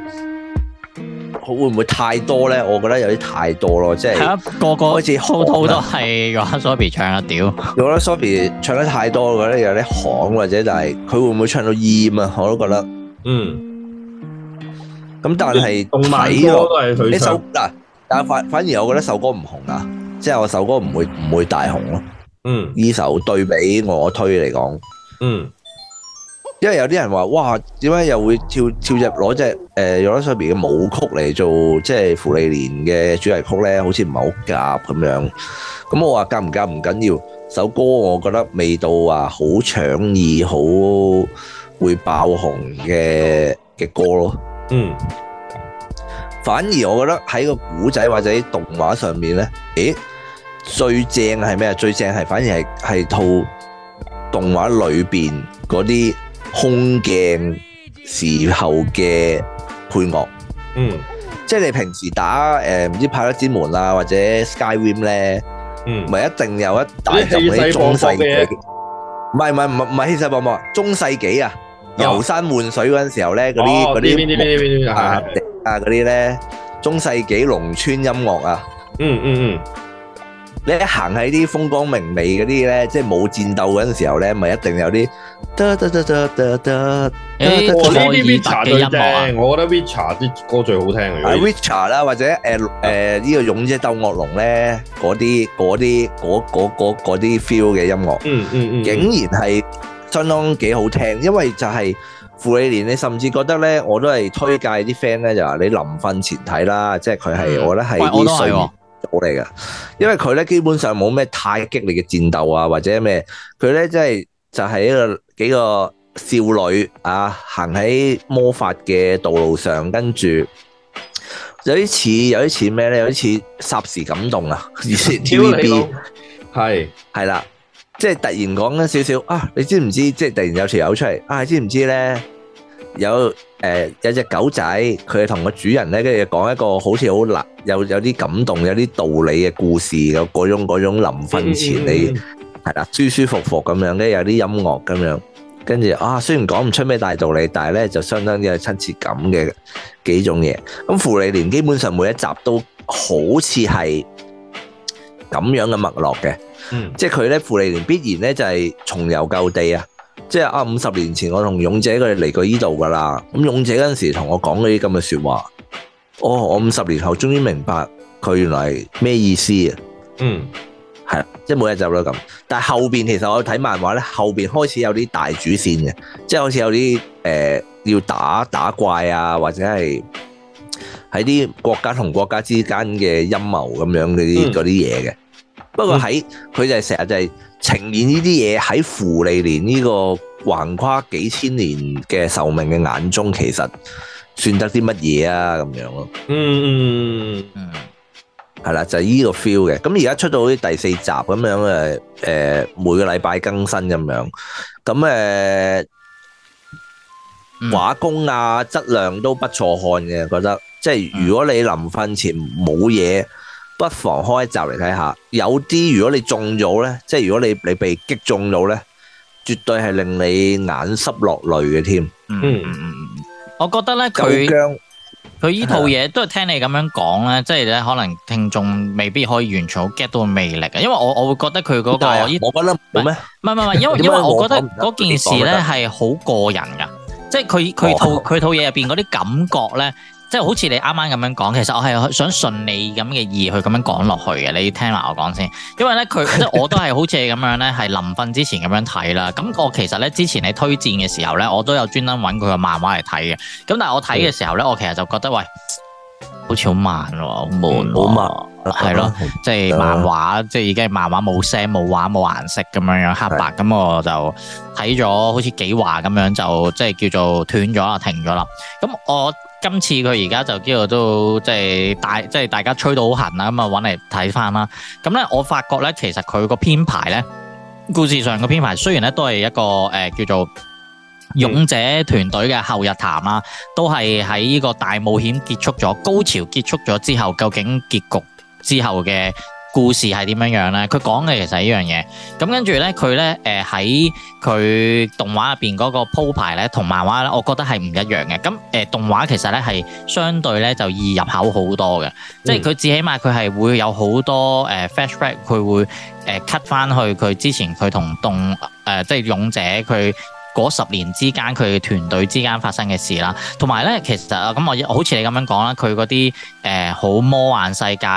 會唔會太多咧？我覺得有啲太多咯，即係、嗯、個個好似好多都係個、so、s o b y 唱得屌，我覺得 s o b y 唱得太多，我覺得有啲亢，或者就係佢會唔會唱到厭啊？我都覺得嗯，嗯。咁但係睇咯，呢首嗱，但係反反而我覺得首歌唔紅啊，即係我首歌唔會唔會大紅咯。嗯，呢首對比我推嚟講，嗯，因為有啲人話哇，點解又會跳跳入攞隻誒上邊嘅舞曲嚟做即係《芙莉蓮》嘅主題曲咧？好似唔係好夾咁樣。咁我話夾唔夾唔緊要，首歌我覺得味道啊好搶耳，好會爆紅嘅嘅歌咯。嗯，反而我覺得喺個古仔或者動畫上面咧，誒，最正係咩啊？最正係反而係係套動畫裏邊嗰啲空鏡時候嘅配樂。嗯，即係你平時打誒唔、呃、知《柏德之門啊》啦或者呢《Skyrim》咧，嗯，唔係一定有一大集嗰啲中世紀，唔係唔係唔係唔係《氣勢磅礴》伯伯，中世紀啊。遊山玩水嗰陣時候咧，嗰啲嗰啲啊啊嗰啲咧，中世紀農村音樂啊，嗯嗯嗯，你一行喺啲風光明媚嗰啲咧，即係冇戰鬥嗰陣時候咧，咪一定有啲，誒，我覺得 Witcher 嘅音樂，我覺得 Witcher 啲歌最好聽啊，Witcher 啦，或者誒誒呢個勇者鬥惡龍咧，嗰啲嗰啲嗰嗰嗰嗰啲 feel 嘅音樂，嗯嗯嗯，竟然係。相當幾好聽，因為就係《芙莉蓮》，你甚至覺得咧，我都係推介啲 friend 咧，就話你臨瞓前睇啦，即係佢係我咧係啲睡倒嚟㗎，因為佢咧基本上冇咩太激烈嘅戰鬥啊，或者咩，佢咧即係就係、是、一個幾個少女啊，行喺魔法嘅道路上，跟住有啲似有啲似咩咧，有啲似霎時感動啊，而且 TVB 係係啦。即係突然講咗少少啊！你知唔知？即係突然有條友出嚟啊！你知唔知咧？有誒、呃、有隻狗仔，佢係同個主人咧，跟住講一個好似好難有有啲感動、有啲道理嘅故事，有嗰種嗰種嗰種臨瞓前你係啦 舒舒服服咁樣咧，有啲音樂咁樣，跟住啊，雖然講唔出咩大道理，但係咧就相當之有親切感嘅幾種嘢。咁《芙莉蓮》基本上每一集都好似係。咁樣嘅脈絡嘅，嗯、即係佢咧，芙莉蓮必然咧就係重遊舊地啊！即係啊，五十年前我同勇者佢哋嚟過呢度噶啦。咁勇者嗰陣時同我講嗰啲咁嘅說話，哦、我我五十年後終於明白佢原來咩意思啊！嗯，係，即係每日就咁。但係後邊其實我睇漫畫咧，後邊開始有啲大主線嘅，即係好似有啲誒、呃、要打打怪啊，或者係喺啲國家同國家之間嘅陰謀咁樣啲嗰啲嘢嘅。嗯嗯 不過喺佢就係成日就係呈現呢啲嘢喺芙莉蓮呢個橫跨幾千年嘅壽命嘅眼中，其實算得啲乜嘢啊咁樣咯、嗯？嗯，係啦， 就係、是、呢個 feel 嘅。咁而家出到啲第四集咁樣誒，誒每個禮拜更新咁樣，咁誒畫工啊質量都不錯看嘅，覺得即係如果你臨瞓前冇嘢。不妨開一集嚟睇下，有啲如果你中咗咧，即係如果你你被擊中咗咧，絕對係令你眼濕落淚嘅添。嗯，我覺得咧佢佢依套嘢都係聽你咁樣講咧，是的 即係咧可能聽眾未必可以完全好 get 到魅力嘅，因為我我會覺得佢嗰個我覺得唔係唔係，因為因為我覺得嗰件事咧係好個人嘅，即係佢佢套佢套嘢入邊嗰啲感覺咧。 即係好似你啱啱咁樣講，其實我係想順你咁嘅意去咁樣講落去嘅。你聽埋我講先，因為咧佢， 即係我都係好似你咁樣咧，係臨瞓之前咁樣睇啦。咁我其實咧之前你推薦嘅時候咧，我都有專登揾佢嘅漫畫嚟睇嘅。咁但係我睇嘅時候咧，是我其實就覺得喂，好似好慢喎、啊，好悶、啊，好、嗯、慢、啊，係咯、 就是，即係漫畫，即係已經係漫畫冇聲、冇畫、冇顏色咁樣樣黑白。咁的我就睇咗好似幾話咁樣，就即係叫做斷咗啦，停咗啦。咁我。今次佢而家就叫做都即係大即係大家吹到好痕啦，咁啊揾嚟睇返啦。咁咧我發覺咧，其實佢個編排咧，故事上嘅編排雖然咧都係一個誒、呃、叫做勇者團隊嘅後日談啦，都係喺呢個大冒險結束咗、高潮結束咗之後，究竟結局之後嘅。故事係點樣樣呢？佢講嘅其實係一樣嘢，咁跟住呢，佢呢誒喺佢動畫入邊嗰個鋪排呢，同漫畫呢，我覺得係唔一樣嘅。咁誒、呃、動畫其實呢，係相對呢就易入口好多嘅、嗯呃呃呃，即係佢至起碼佢係會有好多誒 flashback，佢會誒 cut 翻去佢之前佢同動誒即係勇者佢。嗰十年之間，佢嘅團隊之間發生嘅事啦，同埋咧，其實啊，咁我好似你咁樣講啦，佢嗰啲誒好魔幻世界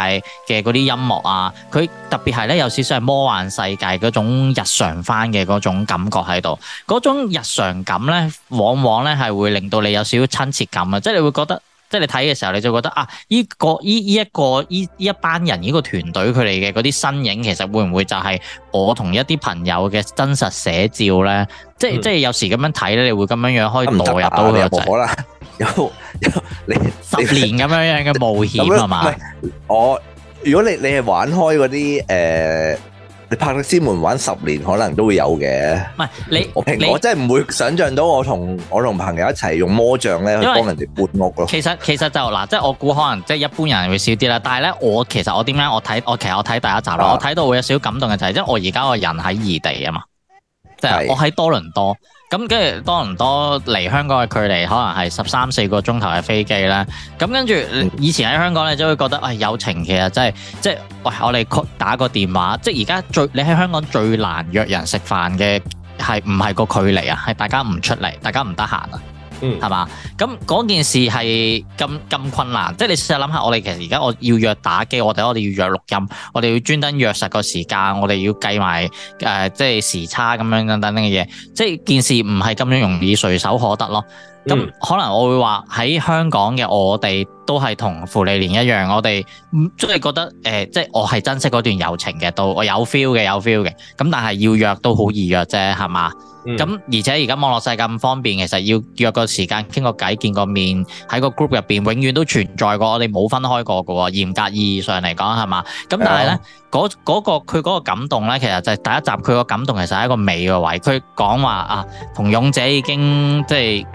嘅嗰啲音樂啊，佢特別係咧有少少係魔幻世界嗰種日常翻嘅嗰種感覺喺度，嗰種日常感咧，往往咧係會令到你有少少親切感啊，即係你會覺得。即係你睇嘅時候，你就覺得啊，依個依依一個依依一班人依個團隊佢哋嘅嗰啲身影，其實會唔會就係我同一啲朋友嘅真實寫照咧？即係、嗯、即係有時咁樣睇咧，你會咁樣樣可以代入到佢個仔、嗯嗯。 有有你十年咁樣樣嘅冒險係嘛？我如果你你係玩開嗰啲誒。欸你拍《律師門》玩十年，可能都會有嘅。唔係你，我我蘋你真係唔會想象到我同我同朋友一齊用魔杖咧為去幫人哋搬屋咯。其實其實就嗱，即係我估可能即係一般人會少啲啦。但係咧，我其實我點解我睇我其實我睇第一集啦，啊、我睇到會有少少感動嘅就係、是，因為我而家個人喺異地啊嘛，即係是我喺多倫多。咁跟住多倫多離香港嘅距離，可能係十三四個鐘頭嘅飛機啦。咁跟住以前喺香港，你就會覺得，哎，友情其實真係，即係，喂，我哋打個電話。即係而家最你喺香港最難約人食飯嘅，係唔係個距離啊？係大家唔出嚟，大家唔得閒啊！嗯，係嘛？咁嗰件事係咁咁困難，即係你試下諗下，我哋其實而家我要約打機，我哋我哋要約錄音，我哋要專登約實個時間，我哋要計埋誒，即係時差咁樣等等嘅嘢，即係件事唔係咁樣容易隨手可得咯。咁、嗯、可能我會話喺香港嘅我哋都係同芙莉蓮一樣，我哋即係覺得誒、呃，即係我係珍惜嗰段友情嘅，都我有 feel 嘅，有 feel 嘅。咁但係要約都好易約啫，係嘛？咁、嗯、而且而家網絡世界咁方便，其實要約個時間傾個偈，見個面喺個 group 入邊，永遠都存在過，我哋冇分開過噶喎。嚴格意義上嚟講，係嘛？咁但係咧，嗰、嗯那個佢嗰、那個、個感動咧，其實就係第一集佢個感動，其實喺一個美嘅位，佢講話啊，同勇者已經即係。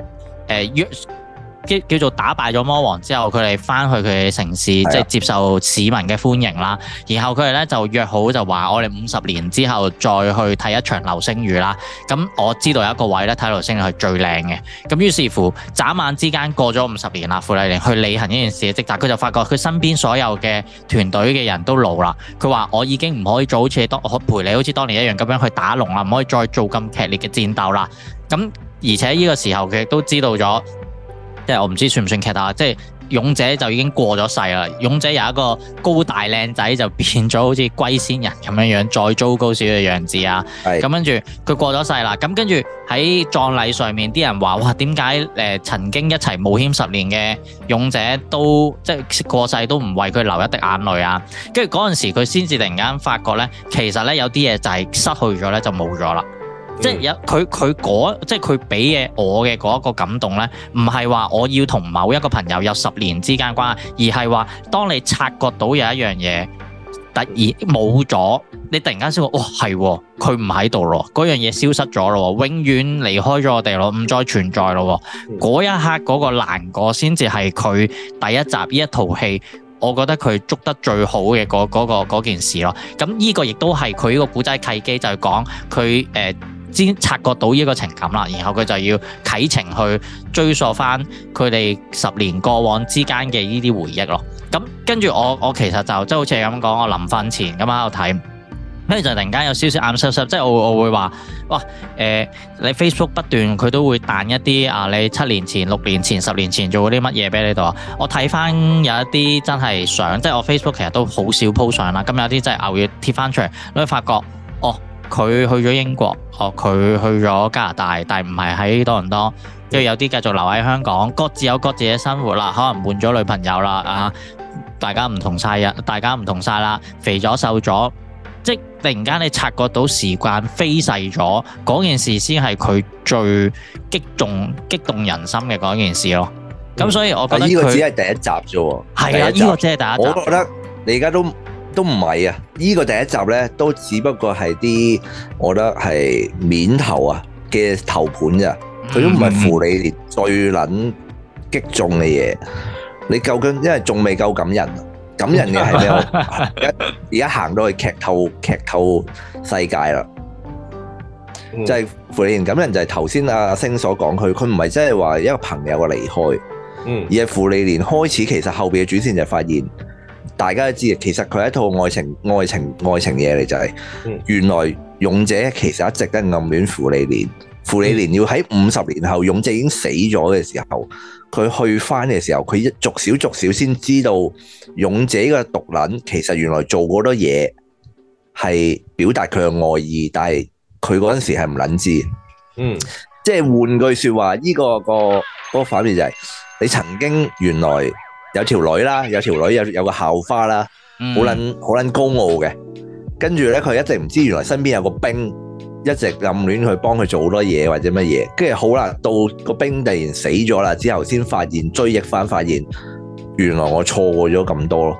誒叫做打敗咗魔王之後，佢哋翻去佢嘅城市，的即係接受市民嘅歡迎啦。然後佢哋咧就約好就話，我哋五十年之後再去睇一場流星雨啦。咁我知道有一個位咧睇流星雨係最靚嘅。咁於是乎，眨眼之間過咗五十年啦。芙莉蓮去履行呢件事嘅職責，但係佢就發覺佢身邊所有嘅團隊嘅人都老啦。佢話我已經唔可以做好似當我陪你好似當年一樣咁樣去打龍啦，唔可以再做咁劇烈嘅戰鬥啦。咁而且呢個時候佢亦都知道咗，即係我唔知算唔算劇透，即係勇者就已經過咗世啦。勇者有一個高大靚仔就變咗好似龜仙人咁樣樣，再糟糕少少嘅樣子啊。咁是跟住佢過咗世啦。咁跟住喺葬禮上面，啲人話：哇，點解誒曾經一齊冒險十年嘅勇者都即係過世都唔為佢流一滴眼淚啊？跟住嗰陣時佢先至突然間發覺呢其實呢，有啲嘢就係失去咗呢，就冇咗啦。即係有佢佢即係佢俾嘅我嘅嗰一個感動呢，唔係話我要同某一個朋友有十年之間嘅關係，而係話當你察覺到有一樣嘢突然冇咗，你突然間先話哦，係，佢唔喺度咯，嗰樣嘢消失咗咯，永遠離開咗我哋咯，唔再存在咯。嗰一刻嗰個難過先至係佢第一集呢一套戲，我覺得佢捉得最好嘅嗰、嗰個嗰、嗰個、件事咯。咁呢個亦都係佢依個古仔契機就，就係講佢誒。先察覺到呢個情感啦，然後佢就要啟程去追溯翻佢哋十年過往之間嘅呢啲回憶咯。咁跟住我，我其實就即係好似咁講，我臨瞓前咁喺度睇，跟住就突然間有少少眼濕濕，即係我我會話，哇誒、呃，你 Facebook 不斷佢都會彈一啲啊，你七年前、六年前、十年前做過啲乜嘢俾你度啊？我睇翻有一啲真係相，即係我 Facebook 其實都好少 po 相上啦，咁有啲真係偶爾貼翻出嚟，你會發覺哦。佢去咗英國，哦佢去咗加拿大，但係唔係喺多倫多，跟住有啲繼續留喺香港，各自有各自嘅生活啦，可能換咗女朋友啦，啊，大家唔同晒日，大家唔同曬啦，肥咗瘦咗，即突然間你察覺到時間飛逝咗，嗰件事先係佢最激動激動人心嘅嗰件事咯。咁所以我覺得佢，呢、嗯、個只係第一集啫喎，係啊，呢個即係第一集，一集我都覺得你而家都。都唔係啊！呢、呢個第一集呢，都只不過係啲，我覺得係面頭啊嘅頭盤咋，佢都唔係芙莉蓮最撚擊中嘅嘢，你究竟因為仲未夠感人。感人嘅係咩？而家行到去劇透劇透世界啦，就係芙莉蓮感人就係頭先阿星所講佢，佢唔係真係話一個朋友嘅離開，而係芙莉蓮開始其實後邊嘅主線就係發現。大家都知其實佢一套愛情、愛情、愛情嘢嚟就係，嗯、原來勇者其實一直都暗戀芙莉蓮，芙莉蓮要喺五十年後勇者已經死咗嘅時候，佢去翻嘅時候，佢逐少逐少先知道勇者嘅毒撚，其實原來做過好多嘢係表達佢嘅愛意，但係佢嗰陣時係唔撚知，嗯，即係換句説話，呢、個、個、個反面就係、是、你曾經原來。有條女啦，有條女有有個校花啦，好捻好捻高傲嘅，跟住咧佢一直唔知，原來身邊有個兵，一直暗戀去幫佢做好多嘢或者乜嘢，跟住好啦，到個兵突然死咗啦之後，先發現追憶翻，發現原來我錯過咗咁多咯，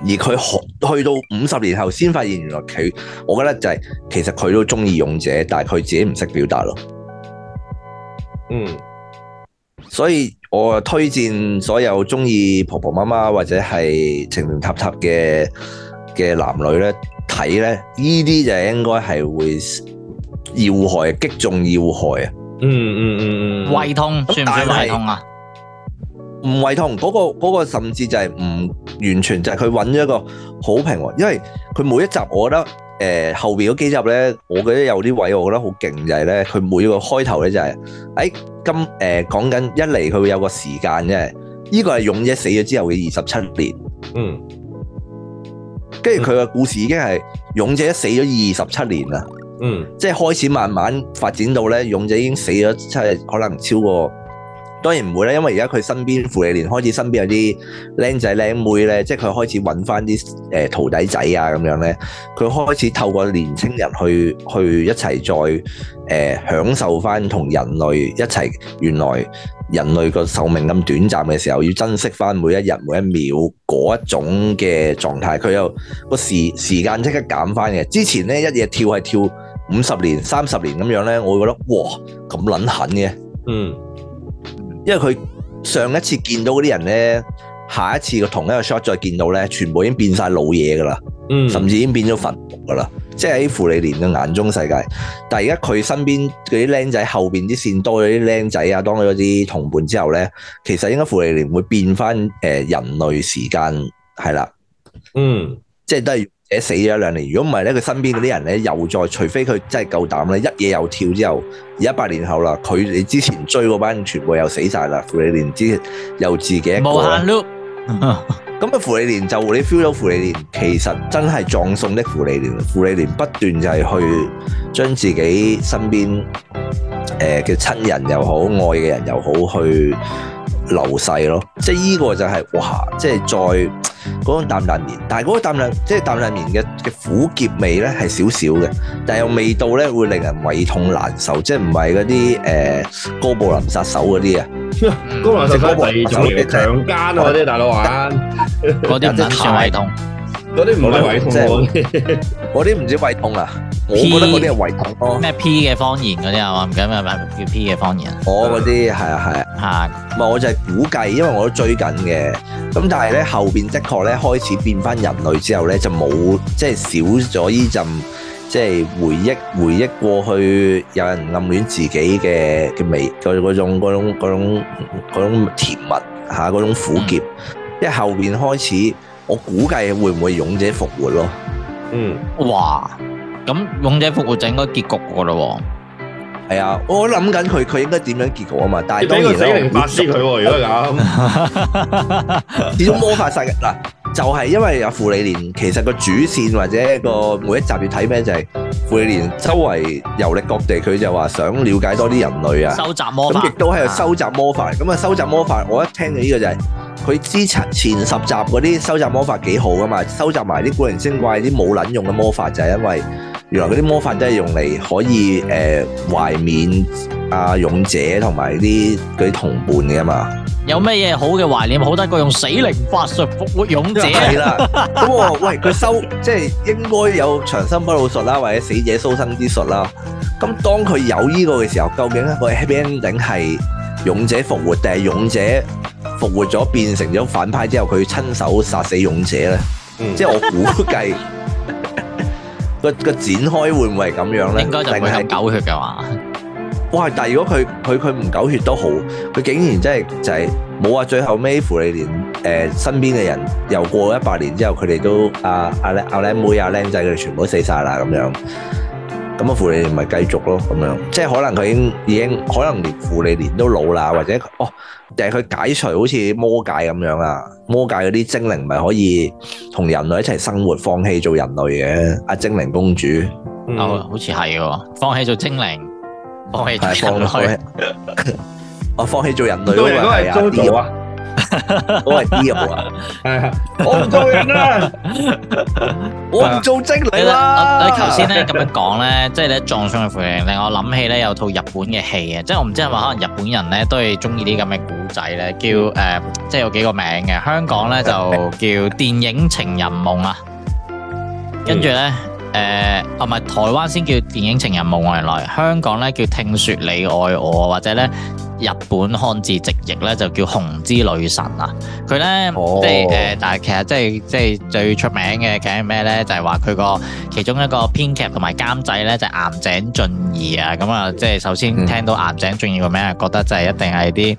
而佢學去到五十年後先發現，原來佢，我覺得就係、是、其實佢都中意勇者，但係佢自己唔識表達咯，嗯，所以。我推薦所有中意婆婆媽媽或者係情情塔塔嘅嘅男女咧睇咧，呢啲就係應該係會要害擊中要害啊、嗯！嗯嗯嗯胃痛但算唔算胃痛啊？唔胃痛，嗰、嗰個、嗰個甚至就係唔完全就係佢揾咗一個好評喎，因為佢每一集我覺得。誒、呃、後邊嗰幾集咧，我覺得有啲位我覺得好勁，就係、是、咧，佢每個開頭咧就係、是，誒、哎、今誒、呃、講緊一嚟，佢會有個時間嘅，呢個係勇者死咗之後嘅二十七年，嗯，跟住佢嘅故事已經係勇者死咗二十七年啦，嗯，即係開始慢慢發展到咧，勇者已經死咗七，可能超過。當然唔會啦，因為而家佢身邊芙莉蓮開始身邊有啲靚仔靚妹咧，即係佢開始揾翻啲誒徒弟仔啊咁樣咧，佢開始透過年青人去去一齊再誒、呃、享受翻同人類一齊原來人類個壽命咁短暫嘅時候，要珍惜翻每一日每一秒嗰一種嘅狀態。佢又個時時間即刻減翻嘅，之前咧一夜跳係跳五十年、三十年咁樣咧，我會覺得哇咁撚狠嘅，嗯。因為佢上一次見到嗰啲人咧，下一次個同一個 shot 再見到咧，全部已經變晒老嘢噶啦，嗯，甚至已經變咗墳墓噶啦。即係喺芙莉蓮嘅眼中世界。但係而家佢身邊嗰啲僆仔後邊啲線多咗啲僆仔啊，當咗啲同伴之後咧，其實應該芙莉蓮會變翻誒人類時間係啦，嗯，即係都係。且死咗兩年，如果唔係咧，佢身邊嗰啲人咧又再，除非佢真係夠膽咧一夜又跳之後，而一百年後啦，佢哋之前追嗰班全部又死晒啦，芙莉蓮之前又自己一個。無限 loop，咁啊，芙莉蓮就你 feel 到芙莉蓮，其實真係葬送的芙莉蓮，芙莉蓮不斷就係去將自己身邊誒嘅親人又好，愛嘅人又好，去流逝咯，即係呢個就係哇，即係再。嗰種淡淡鹽，但係嗰種淡淡即係淡淡鹽嘅嘅苦澀味咧係少少嘅，但係個味道咧會令人胃痛難受，即係唔係嗰啲誒高布林殺手嗰啲啊，高布林殺手係強奸啊啲大佬話，嗰啲真係胃痛。嗰啲唔係胃痛，嗰啲唔知胃痛啊！ 我覺得嗰啲係胃痛咯。咩 P 嘅方言嗰啲啊？唔記得係咪？咩叫 P 嘅方言？我嗰啲係啊係啊嚇！唔係我就係估計，因為我都追緊嘅。咁但係咧後邊的確咧開始變翻人類之後咧就冇即係少咗依陣即係、就是、回憶回憶過去有人暗戀自己嘅嘅味，嗰嗰種嗰種嗰種嗰種甜蜜嚇，嗰種苦澀。因為、嗯、後邊開始。我估計會唔會勇者復活咯？嗯，哇嘩！咁勇者復活就應該結局個咯，係啊！我諗緊佢佢應該點樣結局啊嘛，但係當然死靈法師佢如果係咁， 始終魔法世界嗱。就係因為阿芙莉蓮其實個主線或者個每一集要睇咩，就係芙莉蓮周圍遊歷各地，佢就話想了解多啲人類啊，收集魔法咁，亦都係收集魔法。咁啊，收集魔法我一聽到呢個就係、是、佢之前前十集嗰啲收集魔法幾好噶嘛，收集埋啲古靈精怪啲冇撚用嘅魔法，就係、是、因為原來嗰啲魔法都係用嚟可以誒、呃、懷緬阿、啊、勇者同埋啲佢同伴嘅嘛。有咩嘢好嘅懷念？好得過用死靈法術復活勇者啦。咁我話喂，佢收即係應該有長生不老術啦，或者死者蘇生之術啦。咁當佢有呢個嘅時候，究竟一個 ending 係勇者復活，定係勇者復活咗變成咗反派之後，佢親手殺死勇者咧？嗯、即係我估計個個展開會唔會係咁樣咧？應該就係狗血嘅話。哇！但係如果佢佢佢唔狗血都好，佢竟然真係就係冇話最後尾芙莉蓮誒、呃、身邊嘅人又過咗一百年之後，佢哋都啊啊啊靚妹啊，靚仔佢哋全部都死晒啦咁樣，咁啊芙莉蓮咪繼續咯咁樣，即係可能佢已經已經可能連芙莉蓮都老啦，或者哦定係佢解除好似魔戒咁樣啊，魔戒嗰啲精靈咪可以同人類一齊生活，放棄做人類嘅啊精靈公主，嗯哦、好似係喎，放棄做精靈。放棄，係放，放我放棄做人類棄，如果係做嘅話，我係 D 嘅冇啊。我唔做人啦，我唔做精靈啦。 你頭先咧咁樣講咧，即係你撞上去芙莉蓮，令我諗起咧有套日本嘅戲啊。即係我唔知係咪可能日本人咧都係中意啲咁嘅古仔咧，叫誒，即、呃、係、就是、有幾個名嘅。香港咧就叫電影情人夢啊，跟住咧。 誒，唔係、呃、台灣先叫電影《情人夢》原來，香港咧叫聽說你愛我，或者咧日本漢字直譯咧就叫《紅之女神》啊。佢咧、哦、即係誒，但、呃、係其實即係即係最出名嘅劇係咩咧？就係話佢個其中一個編劇同埋監製咧就係岩井俊二啊。咁啊，即係首先聽到岩井俊二個名，覺得就係一定係啲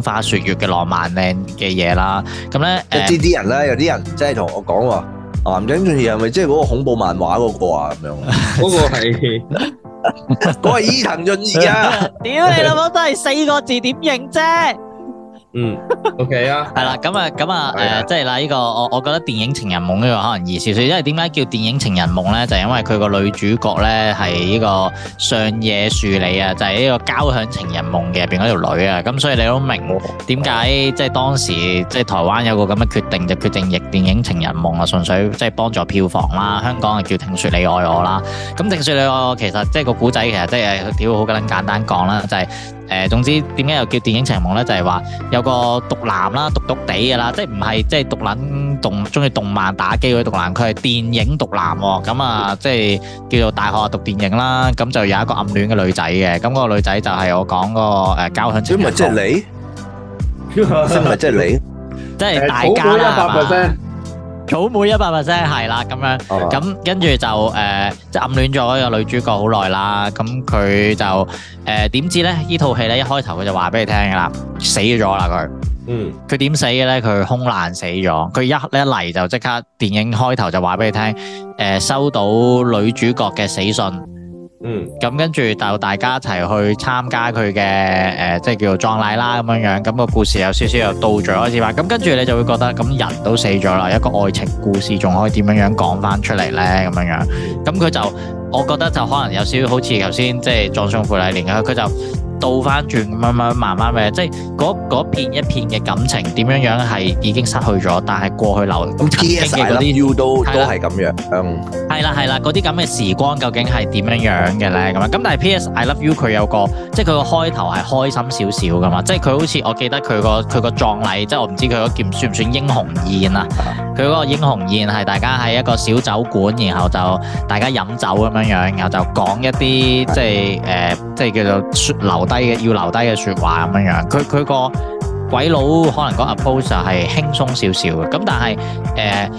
風花雪月嘅浪漫嘅嘢啦。咁咧，一啲啲人咧，有啲人即係同我講。男仔俊二係咪即係嗰個恐怖漫畫嗰個啊？咁樣嗰個係，嗰係伊藤潤二啊！屌、哎、你老母都係四個字點認啫？嗯，OK 啊，係啦，咁啊，咁啊，誒，即係嗱，呢個我我覺得電影情人夢呢個可能易少少，因為點解叫電影情人夢呢？就係因為佢個女主角呢係呢個上野樹里啊，就係呢個交響情人夢嘅入邊嗰條女啊，咁所以你都明點解即係當時即係台灣有個咁嘅決定，就決定譯電影情人夢啊，純粹即係幫助票房啦。香港係叫聽說你愛我啦，咁聽說你愛我其實即係個古仔，其實即係屌好簡單講啦，就係。誒，總之點解又叫電影情夢咧？就係、是、話有個毒男啦，毒毒哋噶啦，即係唔係即係毒撚動鍾意動漫打機嗰啲毒男，佢係電影毒男喎。咁、嗯、啊，即係叫做大學啊讀電影啦，咁、嗯、就有一個暗戀嘅女仔嘅。咁、那、嗰個女仔就係我講嗰個誒交響情人夢。真唔係即係你？真唔係即係你？即係大家啦。草莓一百 percent 係啦，咁樣，咁跟住就誒，即、呃、暗戀咗個女主角好耐啦，咁佢就誒，點、呃、知咧？戲了了 mm. 呢套戲咧，一開頭佢就話俾你聽噶啦，死咗啦佢，嗯，佢點死嘅咧？佢空難死咗，佢一一嚟就即刻，電影開頭就話俾你聽，誒、呃，收到女主角嘅死訊。嗯，咁跟住就大家一齊去參加佢嘅，誒、呃，即係叫做葬禮啦咁樣樣，咁個故事有少少又到咗開始嘛，咁跟住你就會覺得咁人都死咗啦，一個愛情故事仲可以點樣樣講翻出嚟呢？咁樣樣，咁佢就，我覺得就可能有少少好似頭先即係葬送芙莉蓮。啊，佢就。倒翻轉咁樣慢慢咩，即係嗰片一片嘅感情點樣樣係已經失去咗，但係過去留咁嗰啲，都都係咁樣。嗯、um，係啦係啦，嗰啲咁嘅時光究竟係點樣樣嘅咧？咁樣咁，但係 P.S. I Love You 佢有個，即係佢個開頭係開心少少㗎嘛，即係佢好似我記得佢個佢個葬禮，即係我唔知佢嗰件算唔算英雄宴啊？佢嗰個英雄宴係大家喺一個小酒館，然後就大家飲酒咁樣樣，然後就講一啲即係誒，即係、呃、叫做流。低嘅要留低嘅說話咁樣樣，佢佢個鬼佬可能個 approach 就係輕鬆少少嘅咁，但係誒、呃、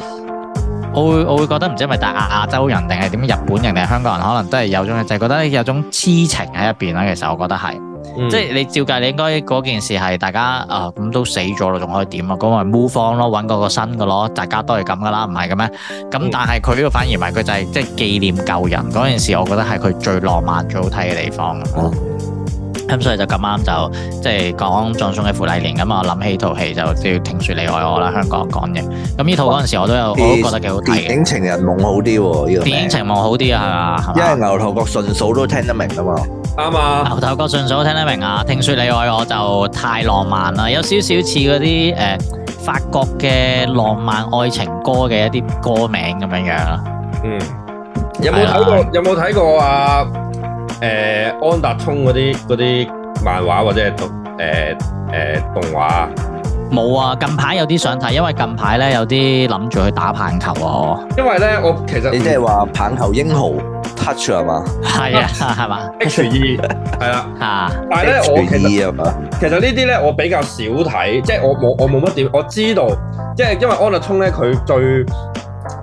我會我會覺得唔知係咪大亞亞洲人定係點日本人定係香港人，可能都係有種就係、是、覺得有種痴情喺入邊啦。其實我覺得係、嗯、即係你照計，你應該嗰件事係大家啊咁都死咗咯，仲可以點啊？咁、那、咪、個、move on 咯，揾個個新嘅咯，大家都係咁噶啦，唔係嘅咩？咁但係佢呢個反而唔係佢就係即係紀念舊人嗰件事，我覺得係佢最浪漫最好睇嘅地方、嗯。咁、嗯、所以就咁啱就即係講葬送嘅芙莉蓮咁啊，諗、嗯、起套戲就叫《聽說你愛我》啦，香港講嘅。咁呢套嗰陣時我都有，我都覺得幾好睇。電影《情人夢》好啲喎，呢個電影《情人夢》好啲啊，係因為牛頭角順數都聽得明啊嘛，啱啊、嗯。牛頭角順數都聽得明啊，《聽說你愛我》就太浪漫啦，有少少似嗰啲誒法國嘅浪漫愛情歌嘅一啲歌名咁樣樣啦。嗯，有冇睇過？吧有冇睇過啊？誒、嗯，安達充嗰啲啲漫畫或者係動誒誒動畫，冇啊！近排有啲想睇，因為近排咧有啲諗住去打棒球哦。因為咧，我其實你即係話棒球英豪 Touch 係嘛？係啊，係嘛？H E 係啦。吓，但係咧我其實 H 2，其實呢啲咧我比較少睇，即係 我冇我冇乜點我知道，即係因為安達充咧佢最。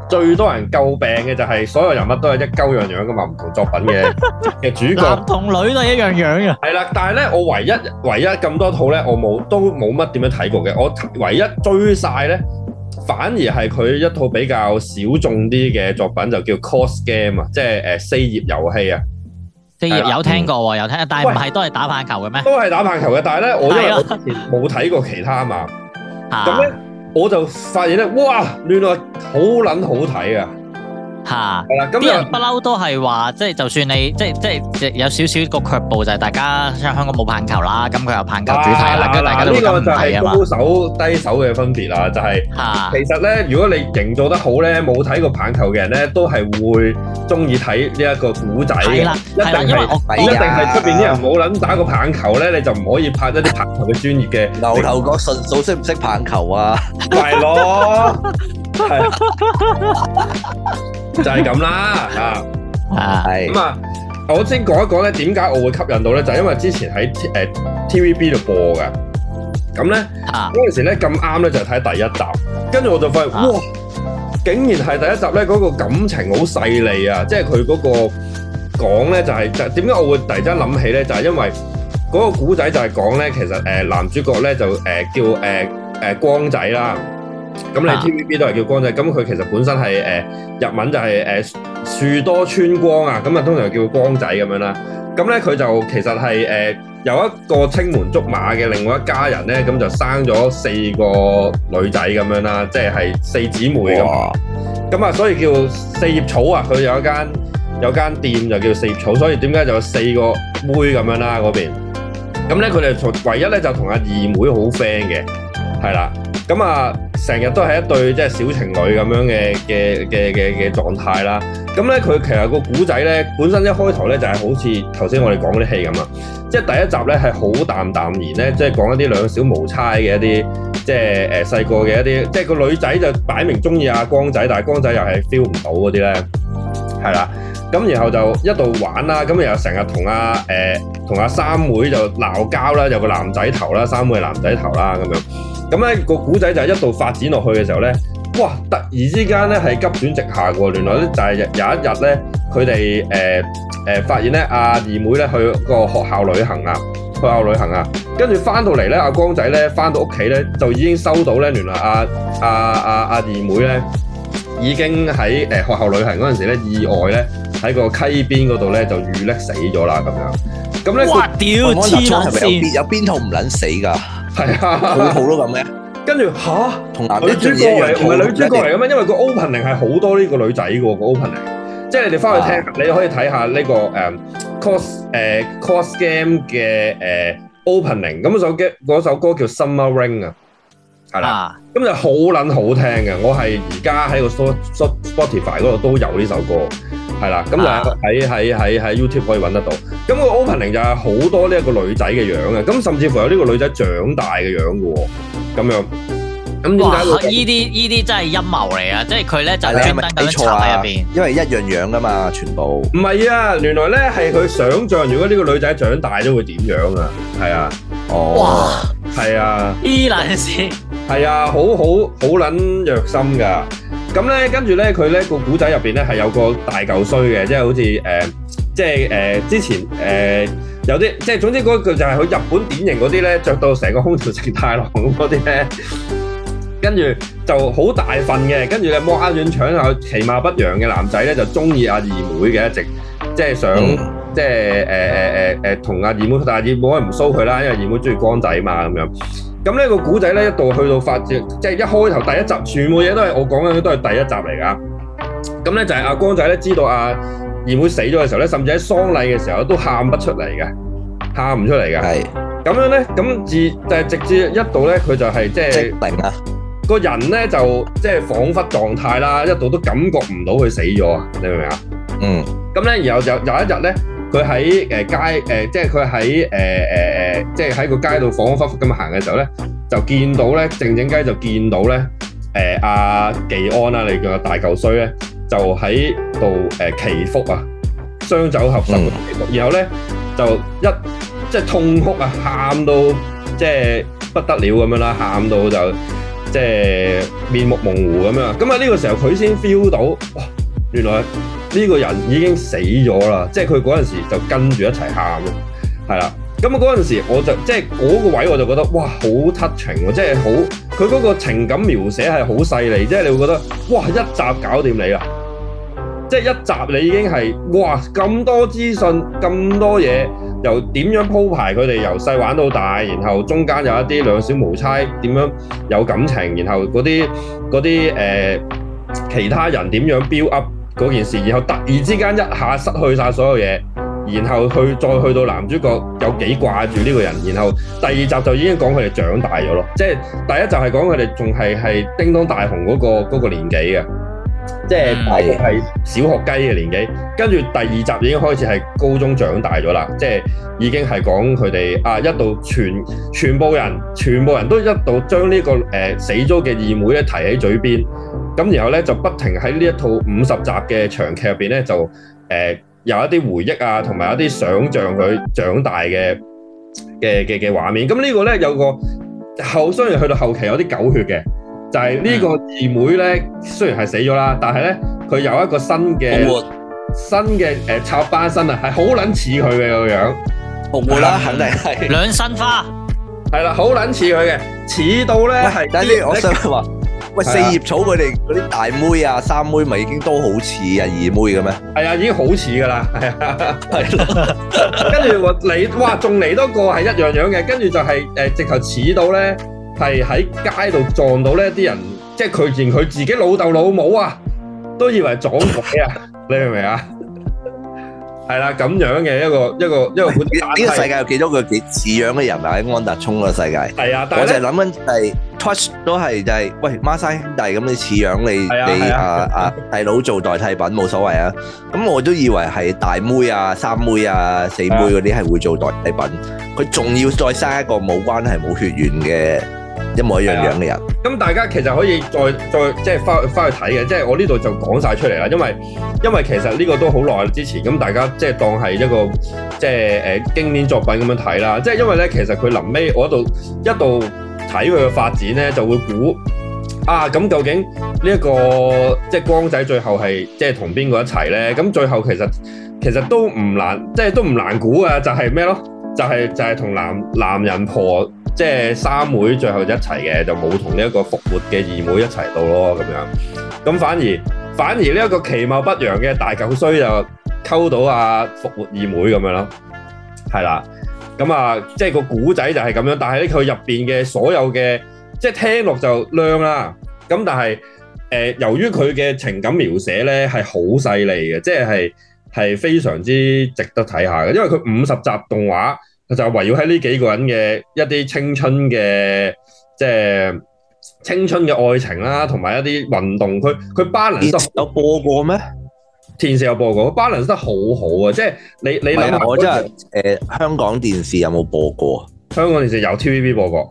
最多人詬病嘅就係所有人物都係一鳩樣樣噶嘛，唔同作品嘅嘅主角，男同女都係一樣樣嘅。係啦，但係咧，我唯一唯一咁多套咧，我冇都冇乜點樣睇過嘅。我唯一追晒咧，反而係佢一套比較小眾啲嘅作品，就叫 Cross Game 啊，即係誒四葉遊戲啊。四葉有聽過，有聽，但係唔係都係打棒球嘅咩？都係打棒球嘅，但係咧，我因為冇睇過其他嘛。咁咧。我就發現嚹，哇！原來好撚好睇啊！吓，啲、啊、人不嬲都係話，即係就算你，即係即係有少少個卻步，就係、是、大家香港冇棒球啦，咁佢有棒球主題啦，啊啊啊、大家呢個就係高手低手嘅分別啦，就係、是，啊、其實咧，如果你營造得好咧，冇睇過棒球嘅人咧，都係會中意睇呢一個古仔嘅，啊、一定係，啊、因為一定係出邊啲人冇諗打過棒球咧，啊、你就唔可以拍一啲棒球嘅專業嘅， 牛頭角純素識唔識棒球啊？係咯。係，Yes. 就係咁啦啊，係。咁啊，我先講一講咧，點解我會吸引到咧？就是、因為之前喺誒、呃、TVB 度播嘅，咁咧，嗰陣、uh. 時咧咁啱咧就睇、是、第一集，跟住我就發現哇，竟然係第一集咧嗰、嗰個感情好細膩啊！即係佢嗰個講咧就係，就點、是、解我會突然間諗起咧？就係、是、因為嗰個古仔就係講咧，其實誒、呃、男主角咧就誒、呃、叫誒誒、呃呃、光仔啦。咁你 TVB 都係叫光仔，咁佢其實本身係誒、呃、日文就係誒樹多穿光啊，咁啊通常叫光仔咁樣啦。咁咧佢就其實係誒、呃、有一個青梅竹馬嘅另外一家人咧，咁就生咗四個女仔咁樣啦，即係係四姊妹咁。咁啊哇，所以叫四葉草啊，佢有一間有間店就叫四葉草，所以點解就有四個妹咁樣啦嗰邊。咁咧佢哋除唯一咧就同阿二妹好 friend 嘅，係啦。咁啊。成日都係一對即係小情侶咁樣嘅嘅嘅嘅嘅狀態啦。咁咧佢其實個古仔咧本身一開頭咧就係好似頭先我哋講嗰啲戲咁啊。即係第一集咧係好淡淡然咧，即係講一啲兩小無猜嘅一啲，即係誒細個嘅一啲。即係個女仔就擺明中意阿光仔，但係光仔又係 feel 唔到嗰啲咧，係啦。咁然後就一度玩啦，咁又成日同阿誒同阿三妹就鬧交啦，有個男仔頭啦，三妹係男仔頭啦咁樣。咁咧個古仔就係一路發展落去嘅時候呢。哇！突然之間咧係急轉直下喎，原來咧就係有一日咧，佢哋誒發現咧阿二妹咧去個學校旅行啊，去學校旅行啊，跟住返到嚟咧，阿光仔咧返到屋企咧就已經收到咧，原來阿、啊啊啊、二妹咧已經喺誒學校旅行嗰時咧意外咧喺個溪邊嗰度咧就遇溺死咗啦咁樣。咁咧，我諗入咗係咪有邊有邊套唔撚死㗎？係啊，好咯咁嘅，跟住吓，同男女主角嚟，唔係女主角嚟咁咩？因為個 opening 係好多呢個女仔嘅喎，個 opening，、啊、即係你哋翻去聽，你可以睇下呢、呢個誒 cos 誒 cos game 嘅誒、uh, opening，咁首歌首歌叫 Summer Ring 啊，係啦、嗯，咁就好、是、撚好聽嘅，我係而家喺個 so so Spotify 嗰度都有呢首歌。係啦，咁就喺 YouTube 可以揾得到。咁個 opening 就係好多呢一個女仔嘅樣嘅，咁甚至乎有呢個女仔長大嘅樣嘅，咁樣。咁點解呢啲真係陰謀嚟啊？即係佢咧就專登咁插喺入邊，因為一樣樣噶嘛，全部。唔係啊，原來咧係佢想象，如果呢個女仔長大咗會點樣？係啊？係、哦、哇啊。哇！係啊。e l a 呢件事係啊，好好好撚虐心噶。咁咧，跟住咧，佢咧個古仔入邊咧係有個大嚿衰嘅，即係好似誒、呃，即係誒、呃、之前誒、呃、有啲，即係總之嗰句就係佢日本典型嗰啲咧，着到成個空條承太郎咁嗰啲咧，跟 住就好大份嘅，跟住嘅摸阿軟腸又其貌不揚嘅男仔咧就中意阿二妹嘅，一直、嗯、即係想即係誒誒誒誒同阿二妹，但係二妹可能唔蘇佢啦，因為二妹中意光仔嘛咁樣。咁呢個古仔咧，一度去到發展，即係一開頭第一集，全部嘢都係我講嘅，都係第一集嚟㗎。咁咧就係阿光仔咧知道阿二妹死咗嘅時候咧，甚至喺喪禮嘅時候都喊不出嚟嘅，喊唔出嚟嘅。係咁是樣咧，咁就直至一度咧，佢就係、是就是、即係、啊、人咧就即係、就是、彷彿狀態啦，一度都感覺唔到佢死咗你明唔明啊？嗯。咁咧。然後有一日咧。佢喺誒街誒，即係佢喺誒誒誒，即係喺個街度恍恍惚惚咁行嘅時候咧，就見到咧，靜靜雞就見到咧，誒阿紀安啦，你叫阿大舊衰咧，就喺度誒祈福啊，雙手合十祈福，然後咧就一即係痛哭啊，喊到即係不得了咁樣啦，喊到就即係面目模糊咁樣，咁啊呢個時候佢先 feel 到，哇，原來。呢個人已經死咗啦，即係佢嗰時就跟住一齊喊，係啦。咁嗰時候我就即係嗰個位我就覺得哇好 touching 喎，即係好佢嗰個情感描寫係好細膩，即係你會覺得哇一集搞掂你啦，即係一集你已經係哇咁多資訊咁多嘢，由點樣鋪排佢哋由細玩到大，然後中間有一啲兩小無猜點樣有感情，然後嗰啲嗰啲其他人點樣 build up 嗰件事，然後突然之間一下失去晒所有嘢，然後去再去到男主角有幾掛住呢個人，然後第二集就已經講佢哋長大咗咯，即係第一集係講佢哋仲係叮噹大雄嗰個嗰個年紀嘅，即係係小學雞嘅年紀，跟住第二集已經開始係高中長大咗啦，即係已經係講佢哋啊一度全全部人全部人都一度將呢個、呃、死咗嘅二妹提喺嘴邊。咁然後咧就不停喺呢一套五十集嘅長劇入邊咧就誒有一啲回憶啊，同埋一啲想象佢長大嘅嘅嘅嘅畫面。咁呢個咧有個後，雖然去到後期有啲狗血嘅，就係呢個二妹咧雖然係死咗啦，但係咧佢有一個新嘅新嘅誒插班生啊，係好撚似佢嘅個樣，復活啦，肯定係兩生花係啦，好撚似佢嘅，似到咧係，等等我想話。喂，四葉草佢哋嗰啲大妹啊、三妹咪已經都好似啊二妹嘅咩？係啊，已經好似噶啦，係啊，係咯、啊。 跟住我嚟，哇，仲嚟多個係一樣樣嘅，跟住就係、是、誒、呃、直頭似到咧，係喺街度撞到咧啲人，即係佢連佢自己老豆老母啊都以為撞鬼啊！ 你明唔明啊？係啦，咁樣嘅一個一個一個判斷。呢個世界有幾多個幾似樣嘅人啊？喺安達充個世界，係啊，我就係諗緊係 Touch 都係就係喂孖生兄弟咁你似樣，你你啊啊大佬做代替品冇所謂啊。咁我都以為係大妹啊、三妹啊、四妹嗰啲係會做代替品，佢仲要再生一個冇關係、冇血緣嘅。一模一樣樣嘅人。咁大家其實可以再再即係返去睇嘅，即係我呢度就講曬出嚟啦。因為其實呢個都好耐之前，咁大家即係當係一個即係經典作品咁樣睇啦。即係因為咧，其實佢臨尾我一度睇佢嘅發展咧，就會估啊，咁究竟呢、這、一個即係光仔最後係即係同邊個一齊呢？咁最後其實其實都唔難，即係都唔難估啊！就係、是、咩咯？就係、是、就係、是、同男，男人婆。即係三妹最後一齊嘅，就冇同呢一個復活嘅二妹一齊到咯，咁樣。咁反而反而呢一個其貌不揚嘅大狗衰就溝到阿、啊、復活二妹咁樣咯，係啦。咁啊，即係個古仔就係咁樣。但係咧，佢入邊嘅所有嘅，即係聽落就靚啦。咁但係誒、呃，由於佢嘅情感描寫咧係好犀利嘅，即係係非常之值得睇下嘅。因為佢五十集動畫，就圍繞喺呢幾個人嘅一啲青春嘅即係青春嘅愛情啦，同埋一啲運動。佢佢 balance 有播過咩？電視有播過，balance 得好好啊！即係你你你我真係誒，香港電視有冇播過？香港電視有 T V B 播過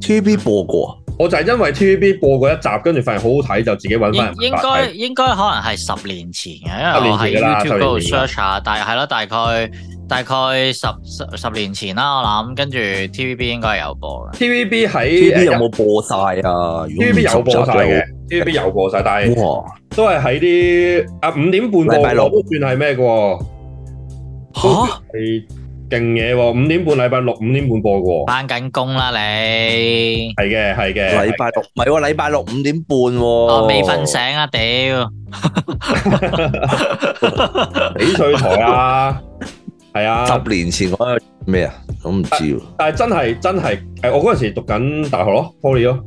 ，T V B 播過。播過我就係因為 T V B 播過一集，跟住發現好好睇，就自己搵返。應該該白應該可能係十年前嘅，因為我喺 YouTube 度 search 但係係咯，大概。大大概十十十年前啦，我諗跟住 TVB 應該有播嘅。TVB 喺 TVB 有冇播晒啊？TVB 有播晒嘅，TVB 有播晒，但係都係喺啲啊五點半播我都算係咩嘅？吓，係勁嘢喎！五點半禮拜六五點半播嘅，翻緊工啦你。係嘅，係嘅。禮拜六唔係禮拜六五點半喎。哦，未瞓醒啊？屌，翡翠台啊！係啊，十年前我咩啊，我唔知喎。但係真係真係，誒，我嗰陣時讀緊大學咯，poly 咯。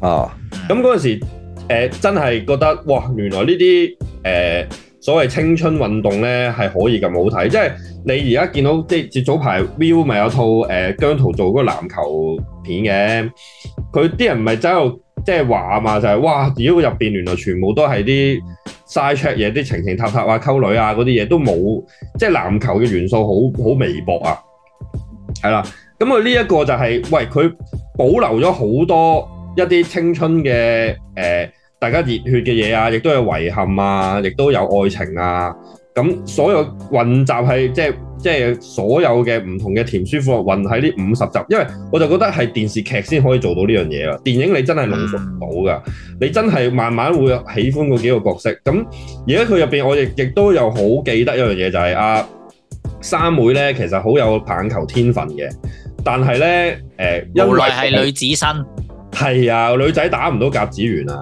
啊，咁嗰陣時，誒、呃，真係覺得哇，原來呢啲誒所謂青春運動咧係可以咁好睇，即係你而家見到即係早排 view 咪有套誒、呃、姜濤做嗰個籃球片嘅，佢啲人咪走度，即係話嘛，就係、是、哇，如果入邊原來全部都係啲。曬 check 嘢啲情情塔塔啊、溝女啊嗰啲嘢都冇，即係籃球嘅元素好好微薄啊，係啦。咁佢呢一個就係、是，喂佢保留咗好多一啲青春嘅誒、呃，大家熱血嘅嘢啊，亦都有遺憾啊，亦都有愛情啊。咁所有混集係即係即係所有嘅唔同嘅甜酸苦辣，混喺呢五十集，因為我就覺得係電視劇先可以做到呢樣嘢啦。電影你真係濃縮唔到㗎，嗯、你真係慢慢會喜歡嗰幾個角色。咁而家佢入邊，我亦亦都有好記得一樣嘢，就係、是、阿、啊、三妹咧，其實好有棒球天分嘅，但係咧誒，因為係女子身，係、嗯、啊，女仔打唔到甲子園啊，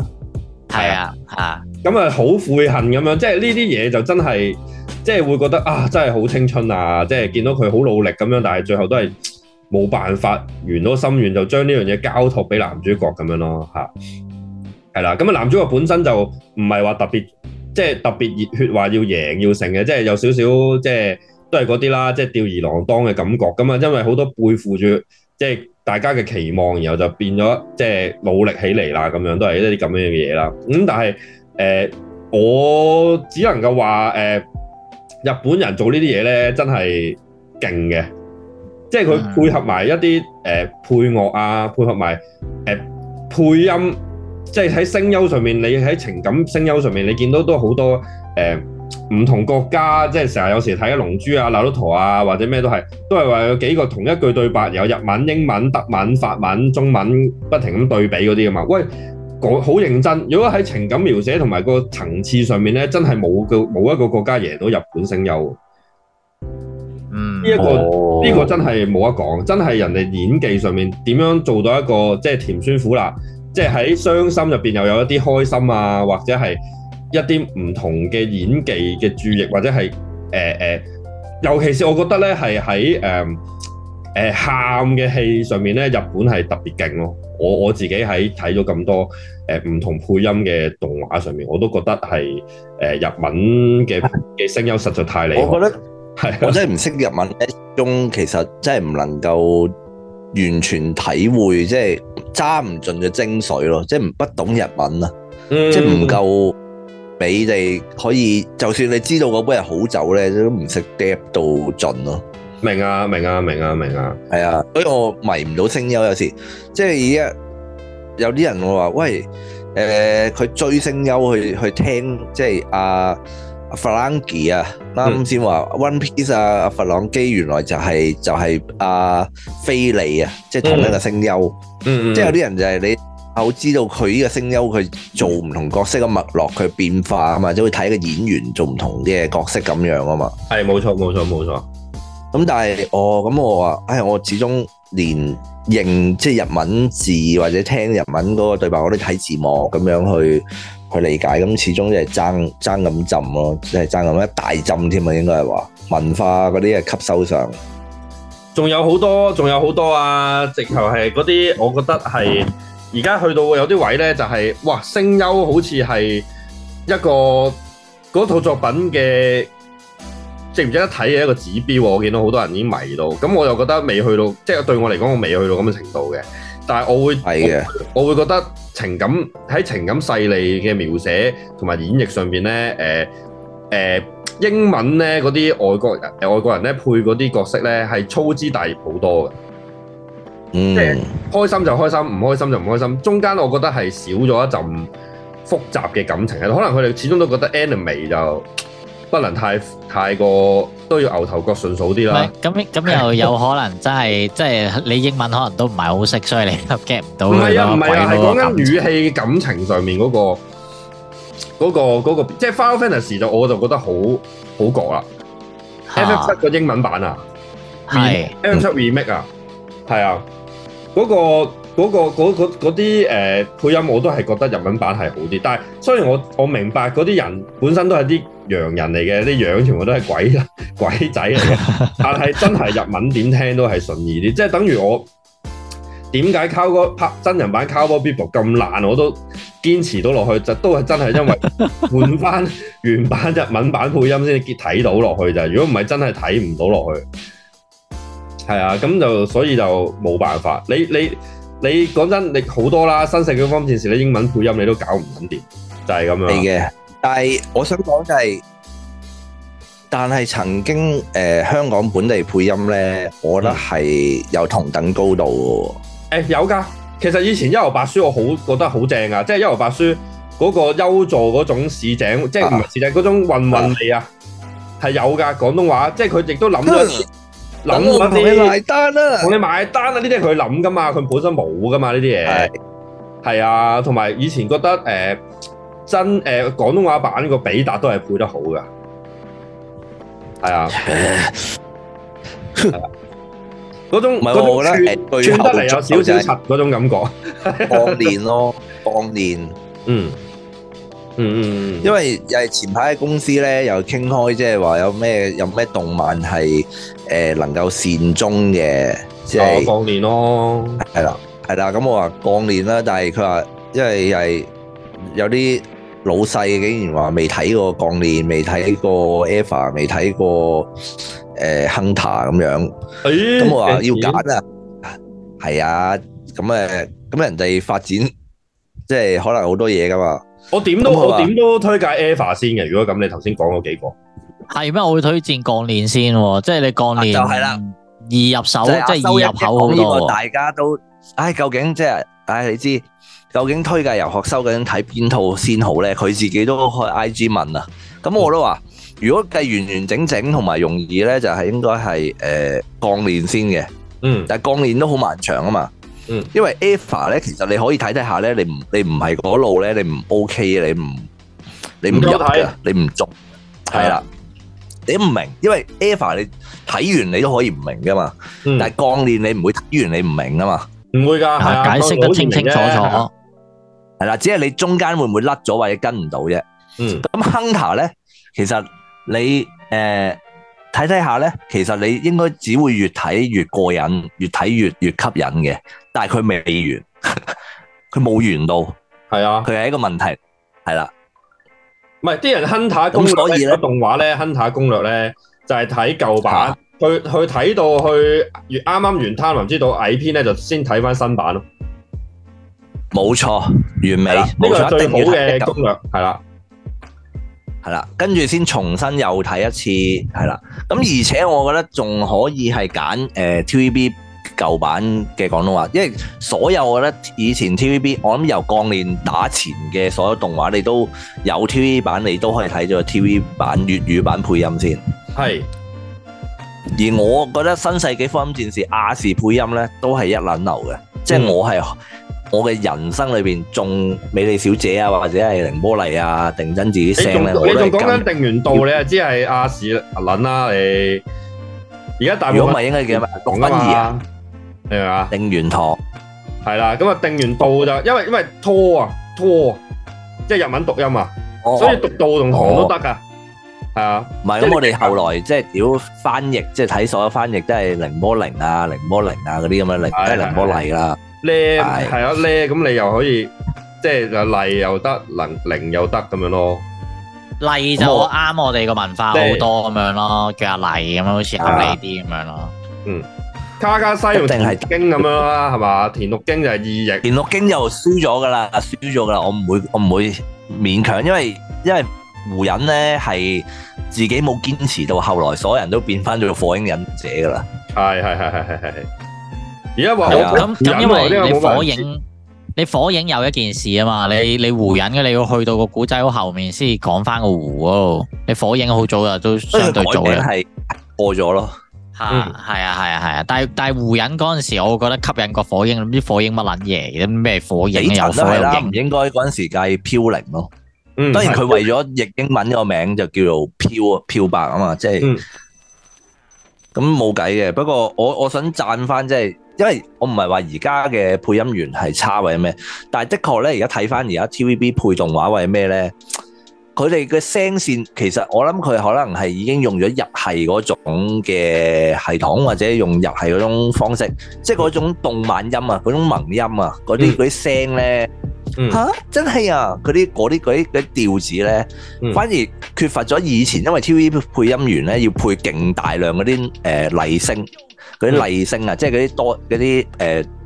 係啊，嚇、啊。咁啊，好、嗯、悔恨咁樣，即係呢啲嘢就真係，即係會覺得啊，真係好青春啊！即係見到佢好努力咁樣，但係最後都係冇辦法完咗心願就將呢樣嘢交託俾男主角咁樣咯，吓，係啦。咁啊，男主角本身就唔係話特別，即係特別熱血，話要贏要成嘅，即係有少少，即係都係嗰啲啦，即係吊兒郎當嘅感覺咁啊、嗯。因為好多背負住，即係大家嘅期望，然後就變咗，即係努力起嚟啦，咁樣都係一啲咁樣嘅嘢啦。咁但係，誒、呃，我只能夠話，誒，日本人做呢啲嘢咧，真係勁嘅，即係佢配合埋一啲誒、呃、配樂啊，配合埋誒、呃、配音，即係喺聲優上面，你喺情感聲優上面，你見到都好多誒唔、呃、同國家，即係成日有時睇《龍珠》啊、《納多圖》啊，或者咩都係，都係話有幾個同一句對白，有日文、英文、德文、法文、中文，不停咁對比嗰啲啊嘛，喂。好認真，如果喺情感描寫同埋個層次上面咧，真係冇個冇一個國家贏到日本聲優。嗯，呢一、這個呢、哦、個真係冇得講，真係人哋演技上面點樣做到一個即係甜酸苦辣，即係喺傷心入邊又有一啲開心啊，或者係一啲唔同嘅演技嘅注意，或者係誒誒，尤其是我覺得咧係喺誒。誒喊嘅戲上面咧，日本係特別勁咯。我我自己喺睇咗咁多誒唔同配音嘅動畫上面，我都覺得係誒日文嘅嘅聲音實在太厲害。我覺得係我真係唔識日文咧，中其實真係唔能夠完全體會，即係揸唔盡嘅精髓咯。即係唔不懂日文啊，即係唔夠俾你可以，就算你知道嗰杯係好酒咧，都唔識釀到盡咯。明啊，明啊，明啊，明啊，係啊，所以我迷唔到聲優有時，即係而家有啲人會話喂，誒、嗯，佢追聲優去去聽，即係阿弗朗基啊，啱先話 One Piece 啊，阿弗朗基原來就係就係阿菲利啊，即係同一個聲優，即係有啲人就係你好知道佢呢個聲優佢做唔同角色嘅脈絡佢變化啊嘛，或者會睇個演員做唔同嘅角色咁樣啊嘛，係冇錯冇錯冇錯。咁但係、哦、我咁我話，唉、哎，我始終連認即係日文字或者聽日文嗰個對白，我都睇字幕咁樣去去理解。咁始終即係爭爭咁浸咯，即係爭咁一大浸添啊！應該係話文化嗰啲係吸收上，仲有好多，仲有好多啊！直頭係嗰啲，我覺得係而家去到有啲位咧、就是，就係哇，聲優好似係一個嗰套作品嘅。值唔值得睇嘅一個指標，我見到好多人已經迷到，咁我又覺得未去到，即係對我嚟講，我未去到咁嘅程度嘅。但係我會，係嘅，我會覺得情感喺情感細膩嘅描寫同埋演繹上邊咧，誒誒英文咧嗰啲外國人，誒外國人咧配嗰啲角色咧係粗枝大葉好多嘅，即係開心就開心，唔開心就唔開心。中間我覺得係少咗一陣複雜嘅感情，可能佢哋始終都覺得 enemy 就。不能太太過都要牛頭角順嫂啲啦。咁咁又有可能真係，即係你英文可能都唔係好識，所以你錄嘅唔係啊，唔係啊，係講緊語氣感情上面嗰個嗰個嗰個，即係《Final Fantasy》就我就覺得好好講啦。FF 七個英文版啊，係 FF 七 Remake 啊，係啊，嗰個。嗰啲誒配音我都係覺得日文版係好啲，但係雖然我我明白嗰啲人本身都係啲洋人嚟嘅，啲樣全部都係鬼鬼仔嚟嘅，但係真係日文點聽都係順耳啲，即係等於我點解靠個拍真人版《Cowboy Bebop》咁爛，我都堅持到落去，就都係真係因為換返原版日文版配音先至睇到落去啫。如果唔係真係睇唔到落去，係啊，咁就所以就冇辦法。你你。你講真，你好多啦，新世紀方面，視你英文配音，你都搞唔撚掂，就係、是、咁樣。嘅，但係我想講就係，但係曾經誒、呃、香港本地配音咧，我覺得係有同等高度嘅。誒、嗯欸，有噶，其實以前《幽遊白書》我好覺得好正啊，即係《幽遊白書》嗰個幽助嗰種市井，即係唔係市井嗰種混混。味啊，係、啊、有噶廣東話，即係佢亦都諗咗、嗯。嗯諗嗰同你埋單啦、啊，同你埋單啦，呢啲係佢諗噶嘛，佢本身冇噶嘛，呢啲嘢係啊，同埋以前覺得誒、呃，真誒廣、呃、東話版個比達都係配得好噶，係啊，嗰 種唔係不種我咧，最得嚟，有少少柒嗰種感覺，放電咯，放電，嗯嗯嗯， 因為又係前排嘅公司咧，又傾開即係話有咩有咩動漫係。誒，能夠善終嘅，即係鋼練咯，係啦，係啦，咁我話鋼練啦，但係佢話，因為係有啲老細竟然話未睇過鋼練，未睇過 Eva，未睇過誒 Hunter 咁樣，咁我話要揀啊，係啊，咁誒，咁人哋發展，即係可能好多嘢噶嘛，我點都好我點都推介 Eva 先嘅，如果咁，你頭先講咗幾個？係咩？我會推薦鋼鏈先，哦，即係你鋼鏈就係啦，易入手，即係易入口好多。大家都，唉、哎，究竟即、就、係、是，唉、哎，你知究竟推介遊學收緊睇邊套先好咧？佢自己都開 I G 問啊。咁我都話，嗯、如果計完完整整同埋容易咧，就係、是、應該係誒鋼鏈先嘅。嗯，但係鋼鏈都好漫長啊嘛。嗯，因為 a v e r 咧，其實你可以睇睇下咧，你唔你唔係嗰路咧，你唔 OK，你唔你唔入嘅，你唔中係啦。對你唔明？因為《Ever》你睇完你都可以唔明噶嘛，但係《鋼煉》你唔會睇完你唔明噶嘛，唔會噶，解釋得清清楚楚。係啦，只係你中間會唔會甩咗或者跟唔到啫。嗯。咁《Hunter》咧，其實你誒睇睇下咧，其實你應該只會越睇越過癮，越睇越越吸引嘅。但係佢未完，佢冇完到。係啊，佢係一個問題。係啦。唔係啲人 Hunter 所以咧攻略動畫咧 Hunter 攻略咧就係、是、睇舊版，啊、去去睇到去完啱啱完貪婪之島蟻篇咧，就先睇翻新版咯。冇錯，完美，冇錯，最好嘅攻略係啦，係啦，跟住先重新又睇一次係啦。咁而且我覺得仲可以係揀誒 TVB。呃 TV 舊版嘅廣東話，因為所有我覺得以前 TVB，我諗由鋼煉打前嘅所有動畫，你都有 TV 版，你都可以睇咗 TV 版粵語版配音先。係。而我覺得新世紀福音戰士亞視配音咧，都係一撚流嘅，即係我係我嘅人生裏邊，仲美麗小姐啊，或者係凌波麗啊，定真子啲聲咧，你仲講緊定完道，你係知係亞視撚啦你。而家大如果咪應該叫咩？國賓二啊，明嘛？定完堂，係啦，咁啊定完道就，因為因為拖啊拖，即係日文讀音啊，所以讀道同堂都得噶，係啊。唔係咁，我哋後來即係屌翻譯，即係睇所有翻譯都係零魔靈啊，零魔靈啊嗰啲咁嘅零，即係零魔麗啦。叻係啊，叻咁你又可以即係就麗又得，零零又得咁樣咯。例就啱我哋個文化我好多咁樣咯，是叫阿例咁樣好似合理啲咁樣咯。嗯，卡卡西定係經咁樣啦，係嘛？田六經就係意譯，田六經又輸咗噶啦，啊，輸咗噶啦，我唔會，我唔會勉強，因為因為胡隱咧係自己冇堅持到，後來所有人都變翻做火影忍者噶啦。係係係係係係係。而家話我咁咁，因為呢個火影。火影你火影有一件事啊嘛，你你湖人嘅，你要去到個古仔好後面先講翻個湖喎。你火影好早噶，都相對早嘅。火影係過咗咯。吓，係啊係啊係啊。但係但係湖人嗰陣時，我覺得吸引過火影，唔知火影乜撚嘢，咩火影又火影。唔應該嗰陣時計漂靈咯。嗯。當然佢為咗譯英文個名就叫做漂漂白啊嘛，即係。嗯。咁冇計嘅，不過我我想贊翻即係。因為我唔係話而家嘅配音員係差或者咩，但係的確咧，而家睇翻而家 TVB 配動畫或者咩咧？佢哋嘅聲線其實我諗佢可能係已經用咗入係日系嗰種嘅系統，或者用日系嗰種方式，即係嗰種動漫音啊，嗰種萌音啊，嗰啲嗰啲聲咧。吓、嗯？真係啊，嗰啲嗰啲啲啲調子咧，嗯、反而缺乏咗以前，因為 TV 配音員咧要配勁大量嗰啲誒麗聲，嗰啲麗聲啊，即係嗰啲多嗰啲誒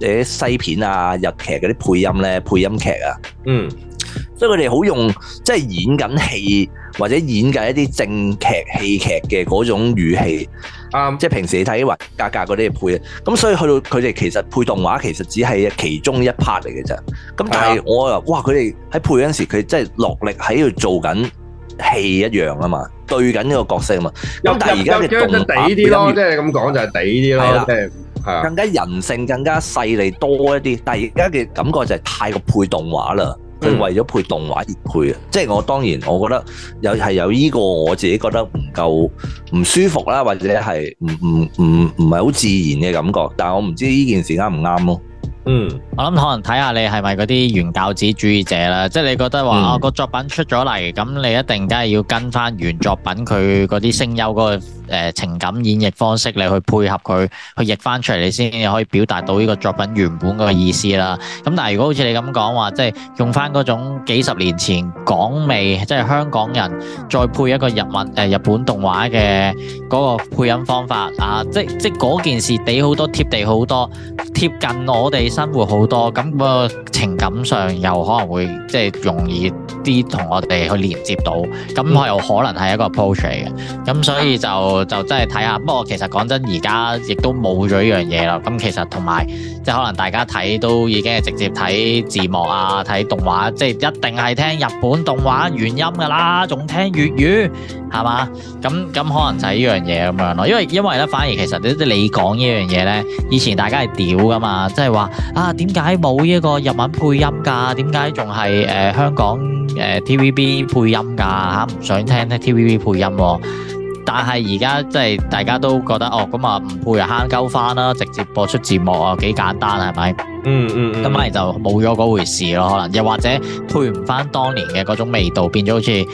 嗰啲西片啊、日劇嗰啲配音咧，配音劇啊，嗯。所以佢哋好用，即係演緊戲或者演緊一啲正劇、戲劇嘅嗰種語氣，啱。Um, 即係平時你睇華格格嗰啲嘅配，咁所以去到佢哋其實配動畫其實只係其中一 part 嚟嘅啫。咁但係我又，的哇！佢哋喺配嗰陣時，佢真係落力喺度做緊戲一樣啊嘛，對緊呢個角色啊嘛。咁但係而家嘅動畫，你更加人性、更加細膩多一啲，但係而家嘅感覺就係太過配動畫啦。佢為咗配動畫而配啊！即係我當然，我覺得有係有呢個，我自己覺得唔夠唔舒服啦，或者係唔唔唔唔係好自然嘅感覺。但係我唔知呢件事啱唔啱咯。嗯，我諗可能睇下你係咪嗰啲原教旨主義者啦，即係你覺得話個作品出咗嚟，咁、嗯、你一定梗係要跟翻原作品佢嗰啲聲優嗰、嗰個。誒、呃、情感演繹方式，你去配合佢去譯翻出嚟，你先可以表達到呢個作品原本個意思啦。咁但係如果好似你咁講話，即係用翻嗰種幾十年前港味，即係香港人再配一個日文誒、呃、日本動畫嘅嗰個配音方法啊，即即嗰件事底好多貼地好多，貼近我哋生活好多，咁個情感上又可能會即係容易啲同我哋去連接到，咁我又可能係一個 approach 嘅，咁所以就。就真係睇下，不過其實講真，而家亦都冇咗呢樣嘢啦。咁其實同埋，即係可能大家睇都已經係直接睇字幕啊，睇動畫，即係一定係聽日本動畫原音噶啦，仲聽粵語係嘛？咁咁可能就係呢樣嘢咁樣咯。因為因為咧，反而其實你你講呢樣嘢咧，以前大家係屌噶嘛，即係話啊，點解冇呢個日文配音噶？點解仲係誒香港誒、呃、TVB 配音噶吓？啊、唔想聽咧 TVB 配音。但係而家即係大家都覺得哦咁啊唔配啊慳鳩翻啦，直接播出字幕，啊幾簡單係咪、嗯？嗯嗯咁反就冇咗嗰回事咯，可能又或者配唔翻當年嘅嗰種味道，變咗好似誒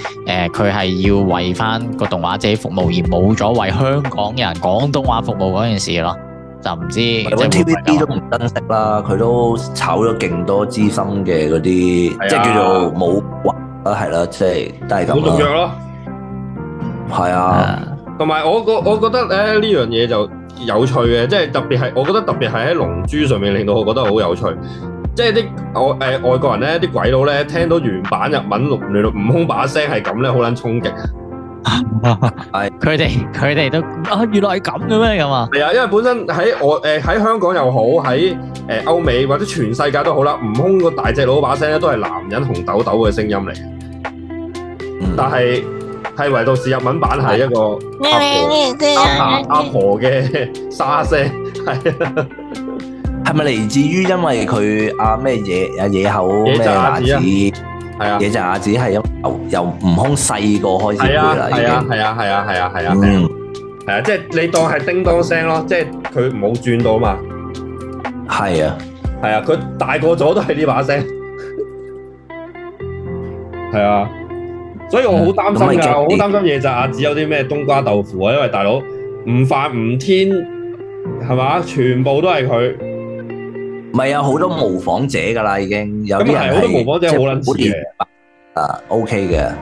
佢係要為翻個動,動畫自己服務而冇咗為香港人廣東話服務嗰件事咯，就唔知。T V B 都唔珍惜啦，佢都炒咗勁多資深嘅嗰啲，嗯是啊、即係叫做冇啊係啦，即係都係咁樣。就是係啊，同埋我個我覺得咧呢樣嘢就有趣嘅，即係特別係，我覺得特別係喺《龍珠》上面令到我覺得好有趣，即係啲外誒外國人咧，啲鬼佬咧，聽到原版日文《龍》裏頭，悟空把聲係咁咧，好撚衝擊啊！係，佢哋佢哋都啊，原來係咁嘅咩咁啊？係啊，因為本身喺我誒喺香港又好，喺誒歐美或者全世界都好啦，悟空個大隻佬把聲咧都係男人紅豆豆嘅聲音嚟嘅，但係。係唯到時日文版係一個阿阿婆嘅沙聲。係啊，係咪嚟自於因為佢阿咩野阿野口咩阿子，係啊，係野仔阿子係由由悟空細個開始嚟啦，已經啊係啊係啊係啊係啊，嗯，是啊，即係你當係叮噹聲咯，即係佢冇轉到嘛，係啊，係啊，佢大個咗都係呢把聲，係啊。所以我好擔心㗎，嗯、我好擔心嘢就係阿子有啲咩冬瓜豆腐啊，因為大佬唔快唔天，係嘛？全部都係佢，唔係、啊、有好多模仿者㗎啦，已經有啲人係好多模仿者好撚似嘅，啊 OK 嘅。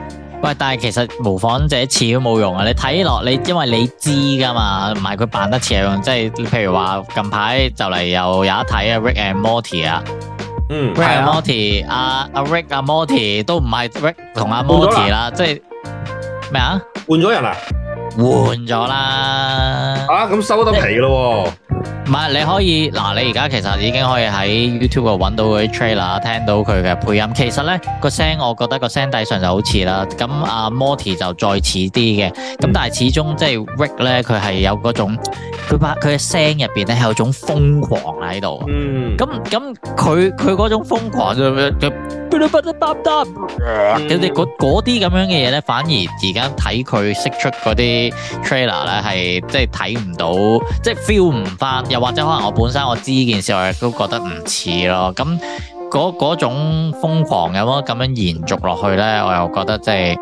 喂，但係其實模仿者似都冇用啊！你睇落你，因為你知㗎嘛，唔係佢扮得似呀即係，譬如話近排就嚟又有一睇啊，Rick and Morty 啊。嗯，係 Ray 啊，Morty，阿阿 Rick，阿 Morty 都唔係 Rick 同阿 Morty 啦，即係咩啊？換咗人啦？換咗啦！啊，咁收得皮咯？欸唔係，你可以嗱、啊，你而家其實已經可以喺 YouTube 度搵到嗰啲 trailer，聽到佢嘅配音。其實呢個聲，我覺得個聲底上就好似啦。咁阿 Morty 就再似啲嘅，咁但係始終即係 Rick 呢，佢係有嗰種，佢把佢嘅聲入邊呢係有種瘋狂喺度。嗯，咁咁佢佢嗰種瘋狂你哋嗰啲咁樣嘅嘢咧，反而而家睇佢釋出嗰啲 trailer 咧，係即係睇唔到，即係 feel 唔翻，又或者可能我本身我知呢件事，我亦都覺得唔似咯。咁嗰嗰種瘋狂有冇咁樣延續落去咧？我又覺得即係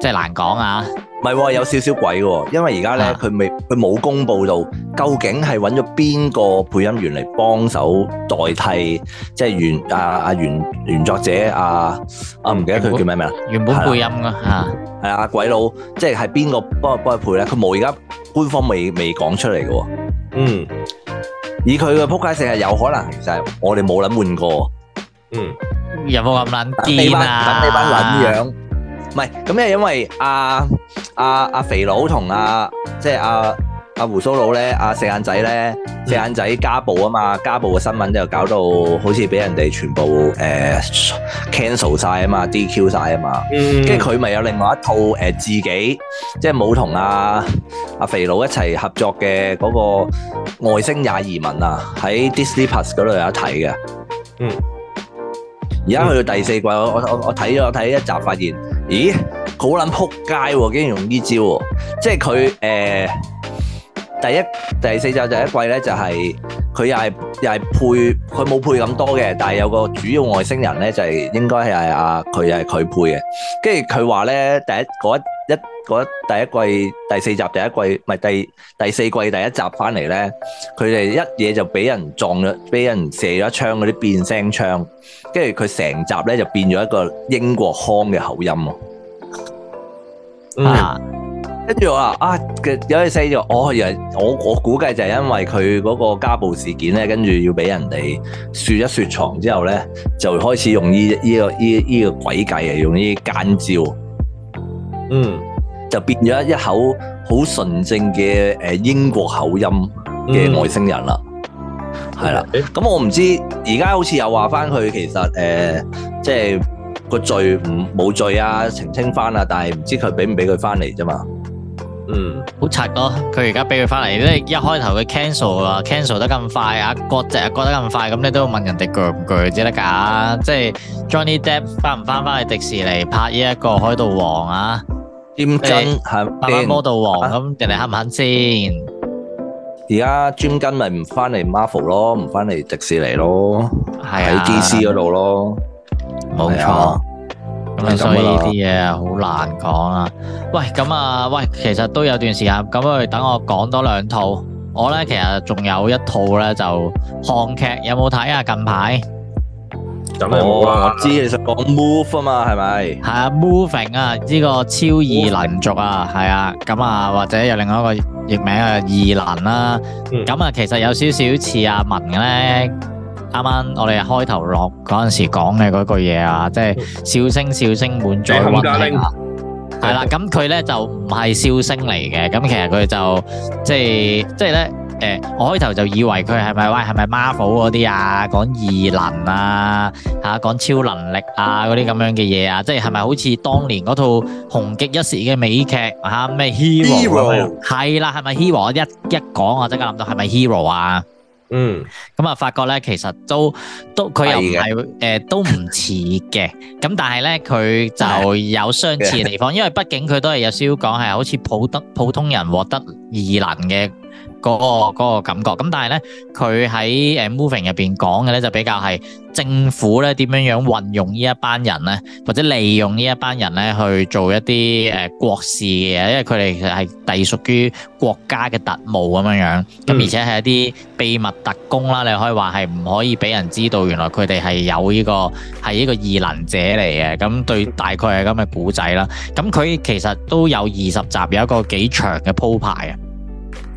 即係難講啊！唔係喎，有少少鬼喎，因為而家咧佢未佢冇公布到究竟係揾咗邊個配音員嚟幫手代替，即係原阿阿原原作者阿我唔記得佢叫咩名，原本配音㗎嚇，係啊鬼佬，即係係邊個幫幫佢配咧？佢冇而家官方未未講出嚟嘅喎。嗯，以佢嘅撲街性係有可能，其實我哋冇諗換過。嗯，有冇咁撚癲啊？你班撚樣？唔係，咁又因為阿阿阿肥佬同阿即係阿阿鬍鬚佬咧，阿、啊、四眼仔咧，嗯、四眼仔家暴啊嘛，家暴嘅新聞就搞到好似俾人哋全部誒、呃、cancel 晒啊嘛，DQ 晒啊嘛，跟住佢咪有另外一套誒、啊、自己即係冇同阿阿肥佬一齊合作嘅嗰個外星也移民啊，喺 Disney Plus 嗰度有得睇嘅。嗯，而家去到第四季，嗯、我我我睇咗我睇一集，發現。咦，好撚撲街竟、啊、然用呢招，啊、即係佢誒第一第四集第一季咧，就係佢又係又係配佢冇配咁多嘅，但係有個主要外星人咧，就係、是、應該係啊佢又係佢配嘅，跟住佢話咧第一個一。一第一季第四集第一季，唔係第第四季第一集翻嚟咧，佢哋一嘢就俾人撞咗，俾人射咗一槍嗰啲變聲槍，跟住佢成集咧就變咗一個英國腔嘅口音咯。嗯，跟住話啊，嘅、啊、有啲細細，哦，以為我我估計就係因為佢嗰個家暴事件咧，跟住要俾人哋説一説床之後咧，就開始用呢、呢、呢個呢呢、呢個鬼、呢個呢個呢個、計嚟用呢啲奸招。嗯。就變咗一口好純正嘅誒英國口音嘅外星人啦，係啦。咁我唔知而家好似又話翻佢其實誒，即、呃、係、就是、個罪冇罪啊，澄清翻、嗯、啊。但係唔知佢俾唔俾佢翻嚟啫嘛。嗯，好柒咯！佢而家俾佢翻嚟咧，一開頭佢 cancel 啊，cancel 得咁快啊，割席啊割得咁快，咁你都要問人哋攰唔攰先得㗎？即係 Johnny Depp 翻唔翻翻去迪士尼拍呢一個《海盜王》啊？尖筋係，阿媽 m 王咁，啊、人哋肯唔肯先？而家尖筋咪唔翻嚟 Marvel 咯，唔翻嚟迪士尼咯，喺 D、啊、C 嗰度咯，冇錯。咁所以呢啲嘢好難講啊。喂，咁啊，喂，其實都有段時間咁，我等我講多兩套。我咧其實仲有一套咧，就韓劇有冇睇啊？近排？我知，其實講 move 啊嘛，係咪？係啊，moving 啊，呢個超異能族啊，係啊，咁啊，或者有另外一個譯名啊，異能啦。咁啊，其實有少少似阿文咧，啱啱我哋開頭落嗰陣時講嘅嗰句嘢啊，即係笑聲笑聲滿載溫馨。係啦，咁佢咧就唔係笑聲嚟嘅，咁其實佢就即係即係咧。就是就是就是誒、呃，我開頭就以為佢係咪喂，係咪 Marvel 嗰啲啊，講異能啊，吓、啊、講超能力啊，嗰啲咁樣嘅嘢啊，即係係咪好似當年嗰套紅極一時嘅美劇啊咩 Hero 係啦，係咪 Hero 一一講我即刻諗到係咪 Hero 啊？嗯 Hero，咁啊，嗯、發覺咧其實都都佢又唔係誒，都唔似嘅，咁是的、呃、但係咧佢就有相似嘅地方，因為畢竟佢都係有少少講係好似普得普通人獲得異能嘅。嗰個、嗰個那個感覺，咁但係呢，佢喺誒 Moving 入邊講嘅呢，就比較係政府呢點樣樣運用呢一班人呢，或者利用呢一班人呢去做一啲誒、呃、國事嘅嘢，因為佢哋其實係隸屬於國家嘅特務咁樣樣，咁、嗯、而且係一啲秘密特工啦，你可以話係唔可以俾人知道，原來佢哋係有呢、這個係呢個異能者嚟嘅，咁對大概係咁嘅古仔啦。咁佢其實都有二十集，有一個幾長嘅鋪排啊。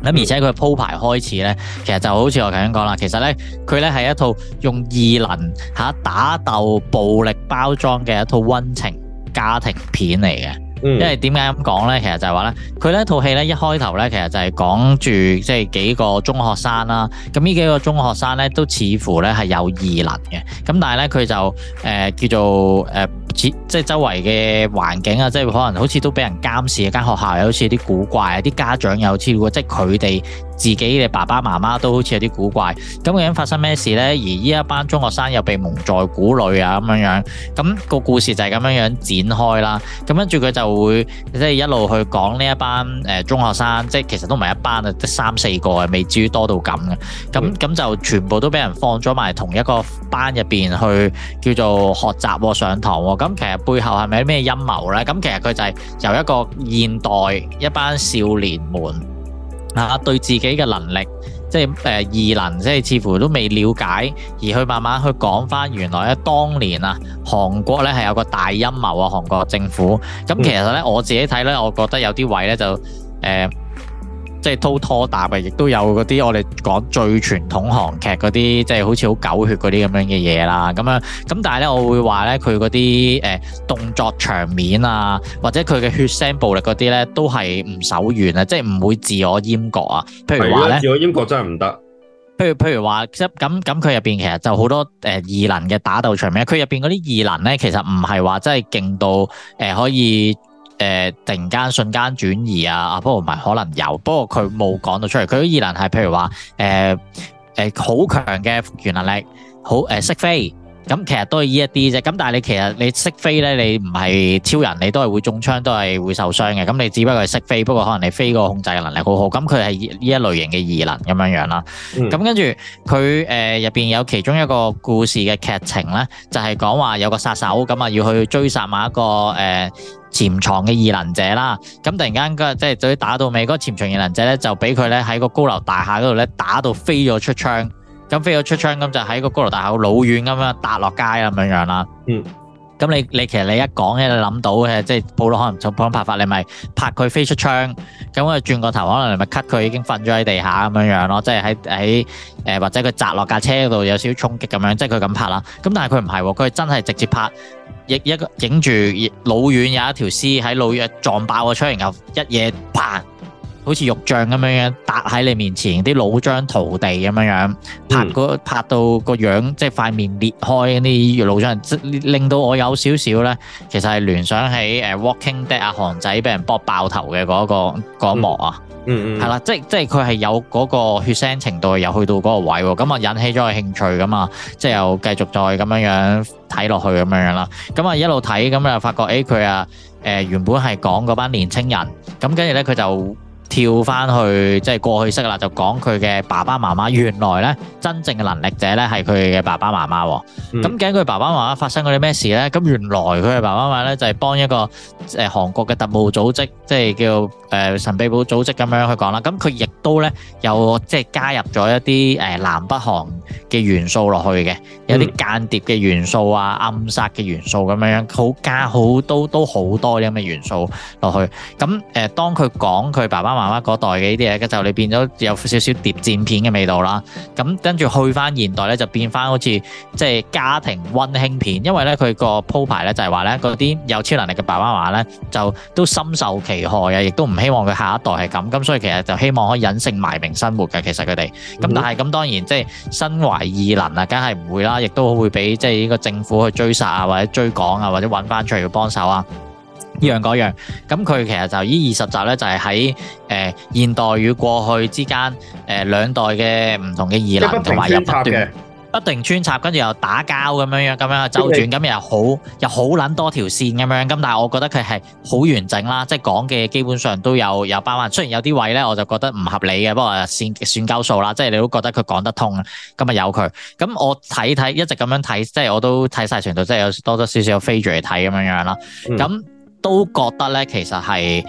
咁而且佢鋪排開始呢，其實就好似我頭先講啦。其實呢，佢呢係一套用異能嚇打鬥暴力包裝嘅一套溫情家庭片嚟嘅。嗯，因為點解咁講呢？其實就係話呢，佢呢套戲呢一開頭呢，其實就係講住即係幾個中學生啦。咁呢幾個中學生呢，都似乎呢係有異能嘅。咁但係呢，佢就誒叫做誒。呃即周圍嘅環境啊，即可能好似都俾人監視。間學校又好似啲古怪啊，啲家長又好似如果即係佢哋。自己嘅爸爸媽媽都好似有啲古怪，咁究竟發生咩事呢？而呢一班中學生又被蒙在鼓裏啊，咁樣樣，咁個故事就係咁樣樣展開啦。咁跟住佢就會即係一路去講呢一班誒、呃、中學生，即係其實都唔係一班啊，得三四個啊，未至於多到咁嘅。咁咁就全部都俾人放咗埋同一個班入邊去叫做學習喎，上堂喎。咁其實背後係咪有咩陰謀呢？咁其實佢就係由一個現代一班少年們。嚇，對自己嘅能力，即係誒異能，即係似乎都未了解，而去慢慢去講返原來咧，當年啊，韓國咧係有個大陰謀啊，韓國政府。咁其實咧，我自己睇咧，我覺得有啲位咧就誒。呃即係都拖沓嘅，亦都有嗰啲我哋講最傳統韓劇嗰啲，即係好似好狗血嗰啲咁樣嘅嘢啦。咁樣咁，但係咧我會話咧佢嗰啲誒動作場面啊，或者佢嘅血腥暴力嗰啲咧，都係唔手軟啊，即係唔會自我閹割啊。譬如話咧，自我閹割真係唔得。譬如譬如話，咁咁，佢入邊其實就好多誒異能嘅打鬥場面。佢入邊嗰啲異能咧，其實唔係話真係勁到誒、呃、可以。誒、呃，突然間瞬間轉移啊！啊，不過唔係，可能有，不過佢冇講到出嚟。佢嘅異能係，譬如話，誒、呃、誒，好強嘅復原能力，好誒、呃，識飛，咁其實都係依一啲啫。咁但係你其實你識飛咧，你唔係超人，你都係會中槍，都係會受傷嘅。咁你只不過係識飛，不過可能你飛個控制嘅能力好好。咁佢係呢一類型嘅異能咁樣樣啦。咁、嗯、跟住佢誒入邊有其中一個故事嘅劇情咧，就係講話有個殺手咁啊要去追殺某一個誒。呃潛藏嘅異能者啦，咁突然間個即係就打到尾，嗰個潛藏異能者咧就俾佢咧喺個高樓大廈嗰度咧打到飛咗出窗，咁飛咗出窗咁就喺個高樓大廈老遠咁樣搭落街咁樣樣啦。嗯，咁你你其實你一講起，你諗到嘅即係普通可能就普通拍法，你咪拍佢飛出窗，咁啊轉個頭可能你咪 cut 佢已經瞓咗喺地下咁樣樣咯，即係喺喺誒或者佢砸落架車度有少少衝擊咁樣，即係佢咁拍啦。咁但係佢唔係，佢係真係直接拍。一個影住老遠有一條屍喺老遠撞爆個窗，然後一嘢啪，好似肉醬咁樣樣，笪喺你面前，啲腦漿塗地咁樣樣，拍到個樣即係塊面裂開嗰啲腦漿，令令到我有少少咧，其實係聯想起、啊、Walking Dead 阿、啊、韓仔俾人打爆頭嘅嗰、嗰個嗰一幕啊！嗯嗯，係啦、mm hmm.，即係即係佢係有嗰個血腥程度，又去到嗰個位喎，咁啊引起咗佢興趣噶嘛，即係又繼續再咁樣樣睇落去咁樣樣啦，咁啊一路睇咁啊發覺，誒佢啊誒原本係講嗰班年青人，咁跟住咧佢就。跳翻去即係過去式啦，就講佢嘅爸爸媽媽。原來咧真正嘅能力者咧係佢嘅爸爸媽媽。咁究竟佢爸爸媽媽發生過啲咩事咧？咁原來佢嘅爸爸媽媽咧就係幫一個誒韓國嘅特務組織，即係叫誒神秘堡組織咁樣去講啦。咁佢亦都咧有即係加入咗一啲誒南北韓嘅元素落去嘅，有啲間諜嘅元素啊、暗殺嘅元素咁樣樣，好加好多都好多啲咁嘅元素落去。咁誒當佢講佢爸爸媽媽嗰代嘅呢啲嘢，咁就你變咗有少少諜戰片嘅味道啦。咁跟住去翻現代咧，就變翻好似即係家庭溫馨片，因為咧佢個鋪排咧就係話咧嗰啲有超能力嘅爸爸媽媽咧，就都深受其害啊，亦都唔希望佢下一代係咁。咁所以其實就希望可以隱姓埋名生活嘅，其實佢哋。咁、mm hmm. 但係咁當然即係身懷異能啊，梗係唔會啦，亦都會俾即係呢個政府去追殺啊，或者追趕啊，或者搵翻出嚟去幫手啊。依樣嗰樣，咁佢其實就依二十集呢，就係喺誒現代與過去之間，誒、呃、兩代嘅唔同嘅異能，同埋不，不斷不斷穿插，跟住又打交咁樣樣，咁樣周轉，咁又好又好撚多條線咁樣，咁但係我覺得佢係好完整啦，即係講嘅基本上都有有包埋，雖然有啲位呢，我就覺得唔合理嘅，不過算算交數啦，即係你都覺得佢講得通，咁咪有佢。咁我睇睇一直咁樣睇，即係我都睇晒程度，即係有多多少少有飛住嚟睇咁樣樣啦。咁、嗯都覺得咧，其實係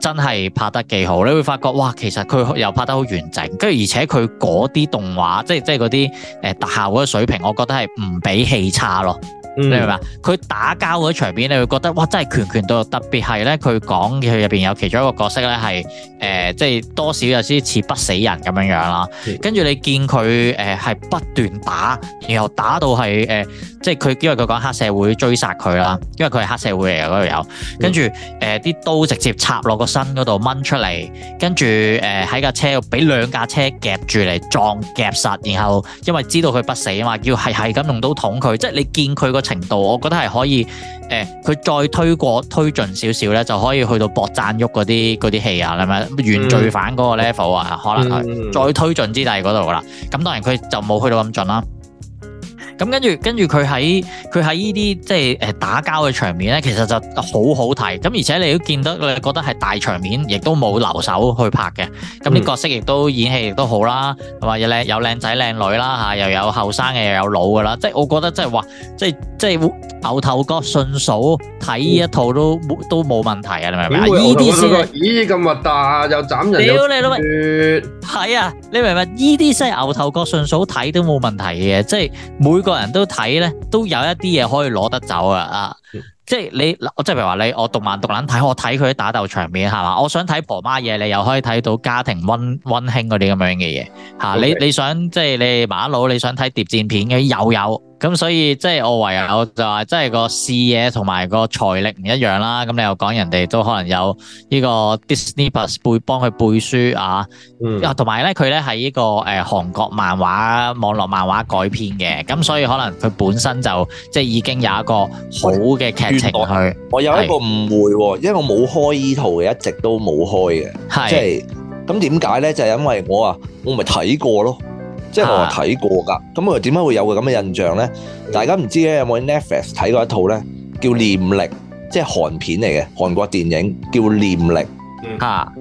真係拍得幾好。你會發覺，哇，其實佢又拍得好完整，跟住而且佢嗰啲動畫，即係即係嗰啲誒特效嗰個水平，我覺得係唔比戲差咯。你明白，佢打交嗰場面，你會覺得哇，真係拳拳到肉，特別係咧，佢講嘅，佢入邊有其中一個角色咧，係、呃、誒即係多少有啲似不死人咁樣樣啦。跟住你見佢誒係不斷打，然後打到係誒、呃、即係佢因為佢講黑社會追殺佢啦，因為佢係黑社會嚟嘅嗰度有。跟住誒啲刀直接插落個身嗰度掹出嚟，跟住誒喺架車俾兩架車夾住嚟撞夾實，然後因為知道佢不死啊嘛，要係係咁用刀捅佢，即係你見佢個。程度，我覺得係可以，誒、呃，佢再推過推進少少咧，就可以去到博讚喐嗰啲啲戲啊，係咪？《原罪犯》嗰個 level 啊，嗯、可能係再推進之第二嗰度啦。咁當然佢就冇去到咁盡啦。咁跟住，跟住佢喺佢喺呢啲即係誒打交嘅場面咧，其實就好好睇。咁而且你都見得，你覺得係大場面，亦都冇留手去拍嘅。咁啲角色亦都演戲，亦都好啦。咁啊，有靚有靚仔靚女啦嚇，又有後生嘅，又有老噶啦。即係我覺得即係話，即係即係牛頭角順數睇呢一套都都冇問題啊！你明唔明啊？呢啲先咦咁核突，又斬人又血，係啊！你明唔明呢啲先係牛頭角順數睇都冇問題嘅，即係每個人都睇呢，都有一啲嘢可以攞得走啊！即係你，即係譬如話你，我獨慢獨捻睇，我睇佢啲打鬥場面係嘛？我想睇婆媽嘢，你又可以睇到家庭溫溫馨嗰啲咁樣嘅嘢吓。啊、Okay. 你你想即係你麻甩佬，你想睇諜戰片嘅又有。咁所以即係我唯有就係，即係個視野同埋個財力唔一樣啦。咁你又講人哋都可能有呢個 Disney Plus 背幫佢背書啊，同埋咧佢咧係呢個誒、呃、韓國漫畫網絡漫畫改編嘅，咁所以可能佢本身就即係已經有一個好嘅劇情去我有一個誤會，啊，是因為我冇開呢套嘅，一直都冇開嘅，係是。咁點解咧？就係、因為我啊，我咪睇過咯。即係我睇過㗎，咁我點解會有個咁嘅印象咧？大家唔知咧有冇 Netflix 睇過一套咧，叫《念力》，即係韓片嚟嘅，韓國電影叫《念力》嚇，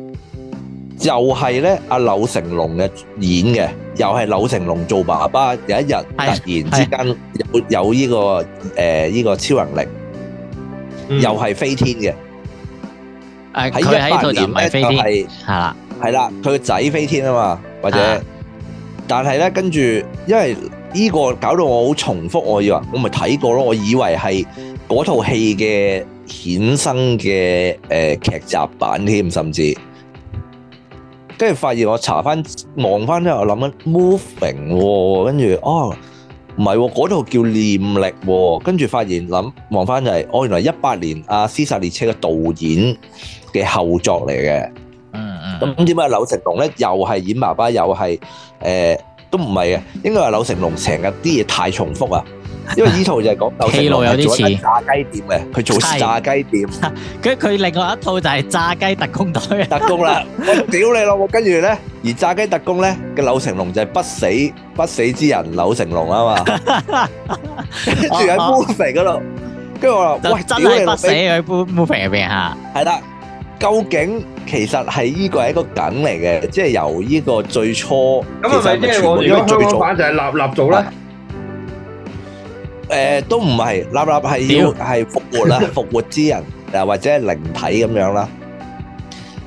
就係咧阿柳成龍嘅演嘅，又係柳成龍做爸爸，有一日突然之間有有依個誒依個、呃超能力，嗯、又係飛天嘅。誒、嗯，佢喺套就唔係飛天，係啦、就係，係啦、啊，佢個仔飛天啊嘛，或者、啊。但係咧，跟住，因為呢個搞到我好重複，我以為我咪睇過咯，我以為係嗰套戲嘅衍生嘅誒、呃、劇集版添，甚至跟住發現我查翻望翻之後，我諗緊 Moving 喎，跟住哦唔係嗰套叫念力喎、啊，跟住發現諗望翻就係、是、哦，原來一八年《阿、啊、屍殺列車》嘅導演嘅後作嚟嘅。咁點解柳成龍咧又係演爸爸，又係誒都唔係嘅，應該話柳成龍成日啲嘢太重複啊！因為呢套就係講柳成龍做炸雞店嘅，佢做炸雞店，跟住佢另外一套就係炸雞特工隊啊！特工啦，我屌你老母！跟住咧，而炸雞特工咧嘅柳成龍就係不死不死之人柳成龍啊嘛，跟住喺 Moving 嗰度，跟住我話喂，真係不死喺 Moving 入邊嚇，係得。究竟其實係呢個係一個梗嚟嘅，即係由呢個最初咁啊，咪即係我如果香港版就係立立做啦，誒、啊呃、都唔係立立係要係復麼活啦，復 活之人啊或者係靈體咁樣啦。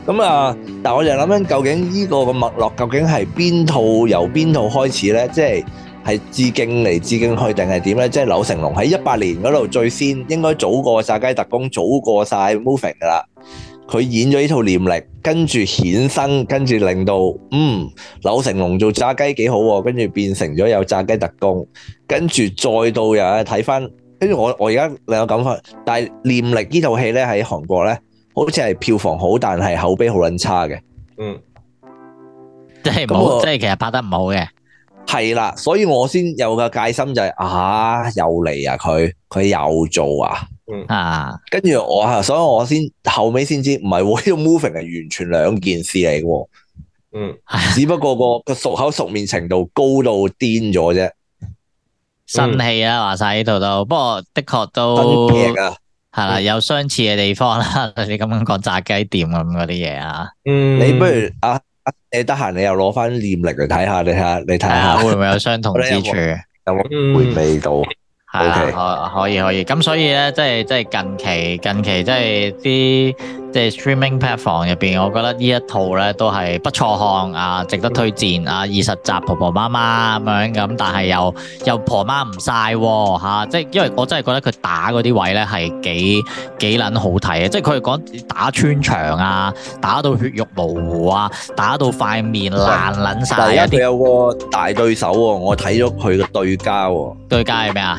咁、嗯、啊，但係我就諗緊究竟呢個個脈絡究竟係邊套由邊套開始咧？即係係致敬嚟致敬去定係點咧？即係柳成龍喺一八年嗰度最先應該早過晒《雞特工》，早過晒 Moving 噶啦。佢演咗呢套念力，跟住衍生，跟住令到，嗯，柳成龍做炸雞幾好喎，跟住變成咗有炸雞特工，跟住再到又睇翻，跟住我我而家另有感嘅，但係念力套戲呢套戲咧喺韓國咧，好似係票房好，但係口碑好撚差嘅，嗯，即係冇，我即係其實拍得唔好嘅。係啦，所以我先有個戒心就係啊，又嚟啊佢，佢又做啊，啊，跟住我啊，所以我先後尾先知唔係喎，呢個 moving 係完全兩件事嚟嘅，嗯，只不過個個熟口熟面程度高到癲咗啫，新戲啦話晒呢度都，不過的確都係啦，有相似嘅地方啦，你咁樣講炸雞店咁嗰啲嘢啊嗯，嗯，你不如啊。你得閒你又攞翻念力嚟睇下，你睇下，你睇下 會唔會有相同之處 ？有冇回味到？係。可可以可以。咁所以咧，即係即係近期近期即係啲。嗯即係 streaming platform 入邊，我覺得呢一套咧都係不錯看啊，值得推薦啊。二十集婆婆媽媽咁樣咁，但係又又婆媽唔晒、啊，喎即係因為我真係覺得佢打嗰啲位咧係幾幾撚好睇啊！即係佢係講打穿牆啊，打到血肉模糊啊，打到塊面爛撚晒。一啲。但係佢有個大對手喎、哦，我睇咗佢嘅對家喎、哦。對家係咩啊？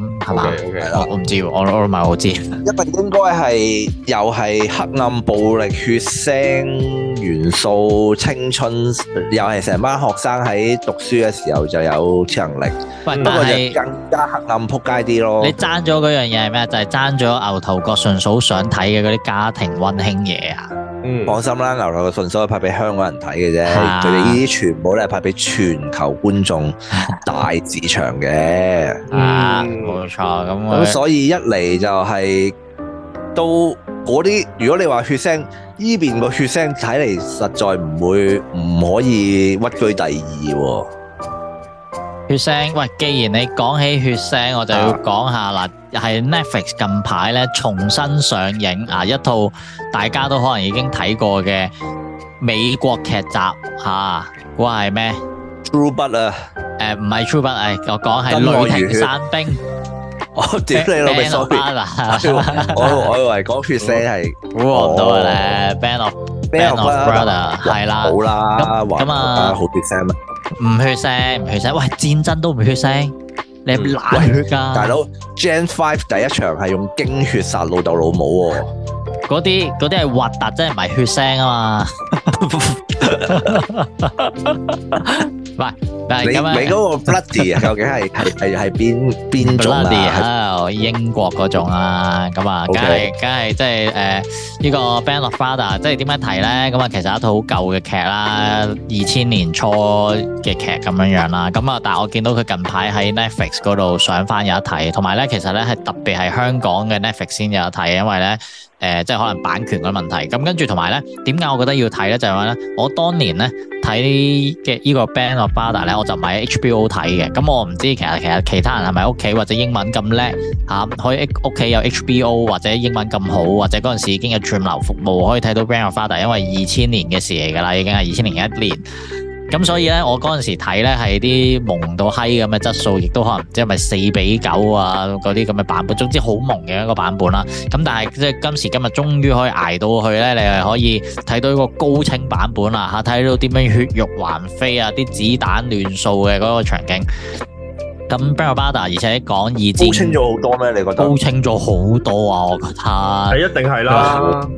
O K O 我唔知喎、嗯，我我都唔我知，一 定應該係又係黑暗暴力血腥元素，青春又係成班學生喺讀書嘅時候就有超能力，不過你更加黑暗撲街啲咯。你爭咗嗰樣嘢係咩？就係爭咗牛頭角，順嫂想睇嘅嗰啲家庭溫馨嘢啊！嗯嗯、放心啦，牛落嘅信所有派俾香港人睇嘅啫，佢哋呢啲全部都係派俾全球觀眾、啊、大市場嘅，嗯、啊，冇錯，咁咁所以一嚟就係到嗰啲，如果你話血腥，呢邊個血腥睇嚟，實在唔會唔可以屈居第二喎。血腥，喂，既然你講起血腥，我就要講下嗱，係 Netflix 近排咧重新上映啊一套大家都可能已經睇過嘅美國劇集吓，話係咩？True Blood 啊？誒，唔係 True Blood，誒，我講係《雷霆傘兵》。我屌你老味，Band 啊！我我以為講血腥係唔講到嘅咧，Band of Band of Brother 係啦，好啦，咁啊，好血腥啊！唔血腥，唔血腥，喂，戰爭都唔血腥，你係咪冷血噶，大佬，Jan Five 第一場係用驚血殺老豆老母喎、哦，嗰啲嗰啲係核突，即係唔係血腥啊嘛。 喂，但你、啊、你嗰個 Bloody 究竟係係係係邊邊種啊？係 英國嗰種啊，咁啊，梗係梗係即係誒呢個 Band of Father 即係點樣睇咧？咁啊，其實一套好舊嘅劇啦，二千年初嘅劇咁樣樣啦，咁啊，但係我見到佢近排喺 Netflix 嗰度上翻有一睇，同埋咧，其實咧係特別係香港嘅 Netflix 先有一睇，因為咧。誒、呃，即係可能版權嘅問題，咁跟住同埋呢點解我覺得要睇呢？就係話呢，我當年呢睇嘅依個《Band of Brothers》呢，我就唔係喺 HBO 睇嘅。咁我唔知其實其實其他人係咪屋企或者英文咁叻嚇，可以屋企有 HBO 或者英文咁好，或者嗰陣時已經有串流服務可以睇到《Band of Brothers》，因為二千年嘅事嚟㗎啦，已經係二千零一年。咁所以呢，我嗰陣時睇呢係啲蒙到閪咁嘅質素，亦都可能即係咪四比九啊嗰啲咁嘅版本，總之好蒙嘅一個版本啦。咁但係即係今時今日，終於可以捱到去呢，你係可以睇到一個高清版本啦嚇，睇到啲咩血肉橫飛啊，啲子彈亂掃嘅嗰個場景。咁 Battle Battle 而且講二戰高清咗好多咩？你覺得高清咗好多啊？我覺得係、欸、一定係啦。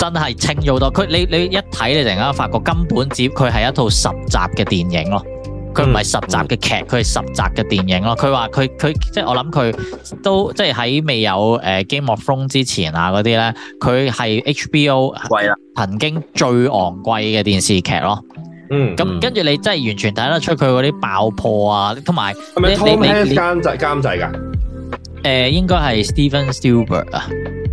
真係清咗好多，佢你你一睇你突然間發覺根本只佢係一套十集嘅電影咯，佢唔係十集嘅劇，佢係十集嘅電影咯。佢話佢佢即係我諗佢都即係喺未有誒 Game of Thrones 之前啊嗰啲咧，佢係 HBO 曾經最昂貴嘅電視劇咯。嗯，咁那、嗯、跟住你真係完全睇得出佢嗰啲爆破啊，同埋你係咪你你監製監製㗎？誒 Hans、呃，應該係 Steven Spielberg 啊。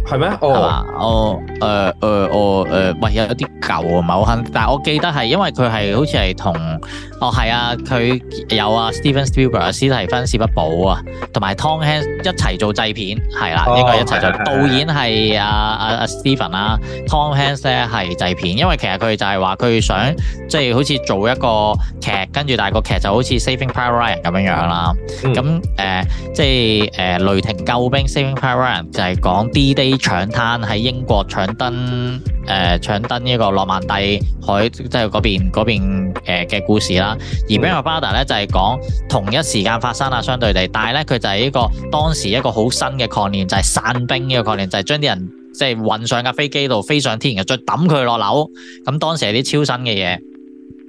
係咩？是嗎 oh. 哦，我、呃，誒、呃，誒、呃，我、呃，誒、呃，有啲舊啊，唔係好肯，但我記得係，因為佢係好似係同。哦，係啊，佢有啊，Steven Spielberg 啊，史蒂芬史畢保啊，同埋、 啊啊、Tom Hanks 一齊做製片，係啦，應該一齊做。導演係啊阿阿 Steven 啦，Tom Hanks 咧，係製片，因為其實佢就係話佢想即係好似做一個劇跟住，但係個劇就好似 Saving Private Ryan 咁樣樣啦。咁誒、嗯呃、即係誒、呃、雷霆救兵 Saving Private Ryan 就係講 D-Day 搶灘喺英國搶登誒、呃、搶登呢個諾曼第海，即、就、係、是、邊邊誒嘅、呃、故事啦。而巴呢 Band of Brothers 咧就係、是、講同一時間發生啊，相對地，但係咧佢就係一個當時一個好新嘅概念，就係、是、傘兵呢個概念，就係、是、將啲人即係運上架飛機度，飛上天然後，再抌佢落樓。咁當時係啲超新嘅嘢。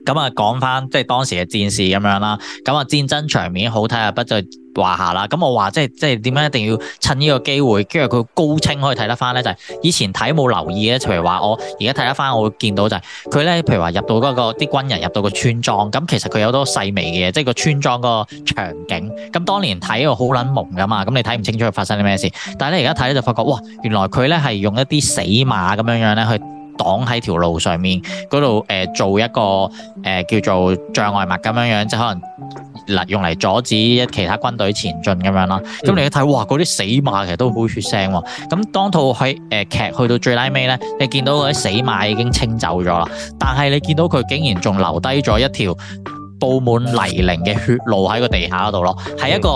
咁啊，講翻即係當時嘅戰士咁樣啦。咁啊，戰爭場面好睇啊，不在話下啦。咁我話即係即係點樣一定要趁呢個機會，跟住佢高清可以睇得翻呢？就係以前睇冇留意咧。譬如話我而家睇得翻，我會見到就係佢呢，譬如話入到嗰個啲軍人入到個村莊，咁其實佢有好多細微嘅嘢，即係個村莊個場景。咁當年睇我好撚朦㗎嘛，咁你睇唔清楚佢發生啲咩事。但係咧而家睇咧就發覺，哇！原來佢呢係用一啲死馬咁樣樣呢去擋喺條路上面嗰度，誒做一個誒、呃、叫做障礙物咁樣樣，即可能用嚟阻止其他軍隊前進咁樣啦。咁、嗯、你一睇，哇嗰啲死馬其實都好血腥喎、啊。咁當套喺誒、呃、劇去到最拉尾呢，你見到嗰啲死馬已經清走咗啦，但係你見到佢竟然仲留低咗一條。布滿泥濘嘅血路喺個地下嗰度咯，係一個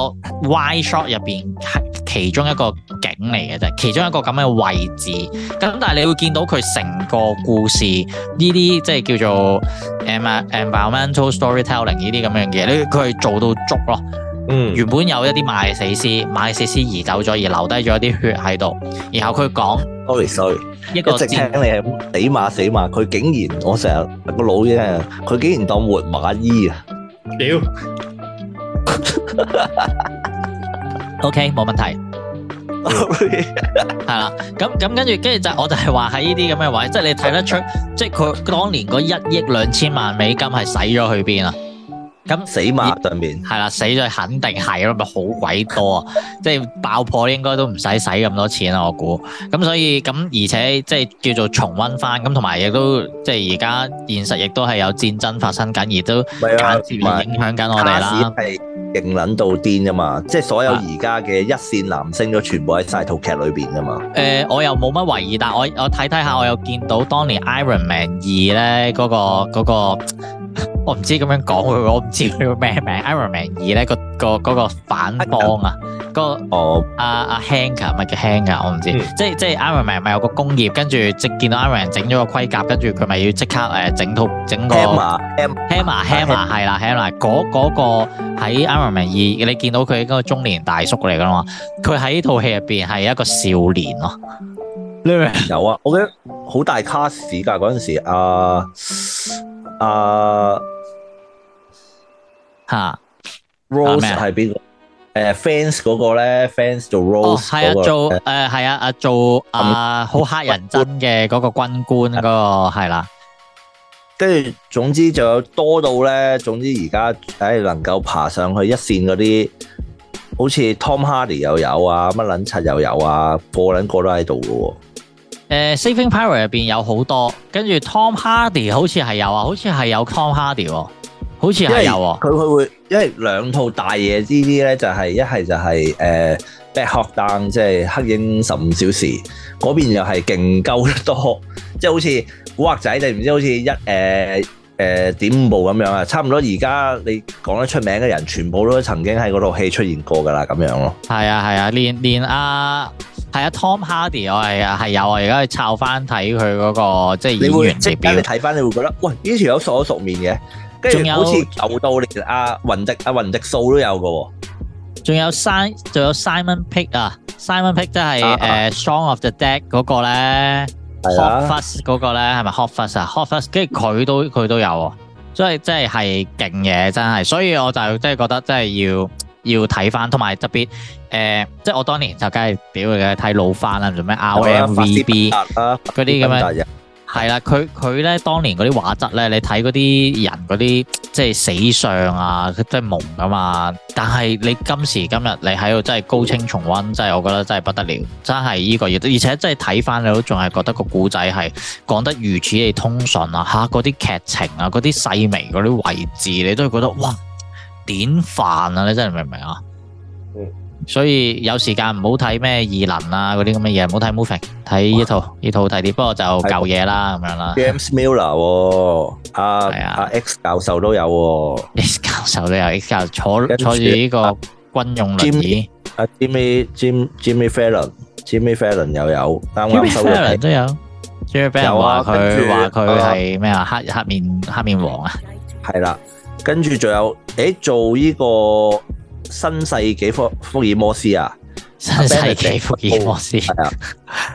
wide shot 入邊係其中一個景嚟嘅啫，其中一個咁嘅位置。咁但係你會見到佢成個故事呢啲即係叫做 environmental storytelling 呢啲咁樣嘅，你佢係做到足咯。嗯，原本有一啲賣死屍，賣死屍移走咗，而留低咗一啲血喺度。然後佢講，sorry，sorry，一個即係聽你係咁死馬死馬，佢竟然我成日個腦，佢竟然當活馬醫啊！屌，OK，冇問題，係啦，咁咁跟住跟住就我就係話喺呢啲咁嘅位，即係你睇得出，即係佢當年嗰一億兩千萬美金係使咗去邊啊？咁死埋入面，係啦，死咗肯定係啦，咪好鬼多， 即係爆破應該都唔使使咁多錢啦，我估。咁所以咁而且即係叫做重溫翻，咁同埋亦都即係而家現實亦都係有戰爭發生緊，而都間接影響緊我哋啦。係勁捻到癲噶嘛，即係所有而家嘅一線男星都全部喺晒套劇裏邊噶嘛。誒、啊呃，我又冇乜懷疑，但係我我睇睇下，我又見到當年 Iron Man 二咧嗰個嗰個。那個我唔知咁樣講佢，我唔知佢咩名。Iron Man 二咧，個個反幫啊，個阿阿 Hang 啊，唔係叫 Hang 啊，我唔知。即係即係 Iron Man 咪有個工業，跟住即見到 Iron Man 整咗個盔甲，跟住佢咪要即刻誒整套整個 Hammer Hammer Hammer 係啦 Hammer 嗰嗰個喺 Iron Man 二，你見到佢一個中年大叔嚟噶嘛？佢喺呢套戲入邊係一個少年咯。有啊，我覺得好大卡士 s 噶嗰陣時啊。啊吓、uh,，Rose 係邊麼、uh, 個？誒 f a n s 嗰個咧 f a n s 做 Rose 嗰個做誒，係啊，阿做、uh, 啊，好、uh, 嗯、乞人憎嘅嗰個軍官嗰、那個係啦。跟住、啊、總之就有多到咧，總之而家誒能夠爬上去一線嗰啲，好似 Tom Hardy 又有啊，乜捻柒又有啊，個捻個都喺度噶。誒 Saving、uh, Private 入邊有好多，跟住 Tom Hardy 好似係有啊，好似係有 Tom Hardy 喎、哦，好似係有、哦。佢佢會，因為兩套大嘢呢啲咧，就係一係就係誒《Black Hawk Down》，即係《黑鷹十五小時》嗰邊又係勁鳩得多，即係好似古惑仔你唔知好似一誒。呃誒，點五部咁樣啊？差唔多而家你講得出名嘅人，全部都曾經喺嗰套戲出現過噶啦，咁樣咯。係啊係啊，連連阿係啊，啊 Tom Hardy 我係啊係有啊，而家去抄翻睇佢嗰個即係演員即刻你睇翻你會覺得，喂呢條友熟口熟面嘅，跟住好似牛刀。你阿云迪阿云、啊、迪素都有噶、啊，仲有 Simon 仲有 Pick、啊、Simon p i c k、就是、啊，Simon Pick 即係誒 Song of the Dead 嗰個咧。是是 Hot Fuzz 嗰個咧係咪 Hot Fuzz 啊 Hot Fuzz 跟住佢都佢都有，所以即係係勁嘢真係，所以我就即係覺得真係要要睇翻，同埋特別誒，即係我當年就梗係屌佢嘅，睇老翻啦，做咩、啊、RMVB 嗰啲咁樣。係啦，佢佢咧當年嗰啲畫質咧，你睇嗰啲人嗰啲即係死相啊，即係蒙噶嘛。但係你今時今日你喺度真係高清重溫，真係我覺得真係不得了，真係呢個嘢。而且真係睇翻你都仲係覺得個古仔係講得如此嘅通順啊！吓、啊，嗰啲劇情啊，嗰啲細微嗰啲位置，你都係覺得哇，典範啊！你真係明唔明啊？所以有時間唔好睇咩異能啊，嗰啲咁嘅嘢，唔好睇 Moving，睇呢套呢套好睇啲，不過就舊嘢啦咁樣啦。James Miller，阿阿 X 教授都有，X 教授都有，X 教授坐坐住呢個軍用輪椅。阿 Jimmy Jimmy Fallon，Jimmy Fallon 又有，Jimmy Fallon 都有。又話佢話佢係咩啊？黑黑面黑面王啊？係啦，跟住仲有，誒做呢個。新世紀福福爾摩斯啊！新世紀福爾摩斯係啊，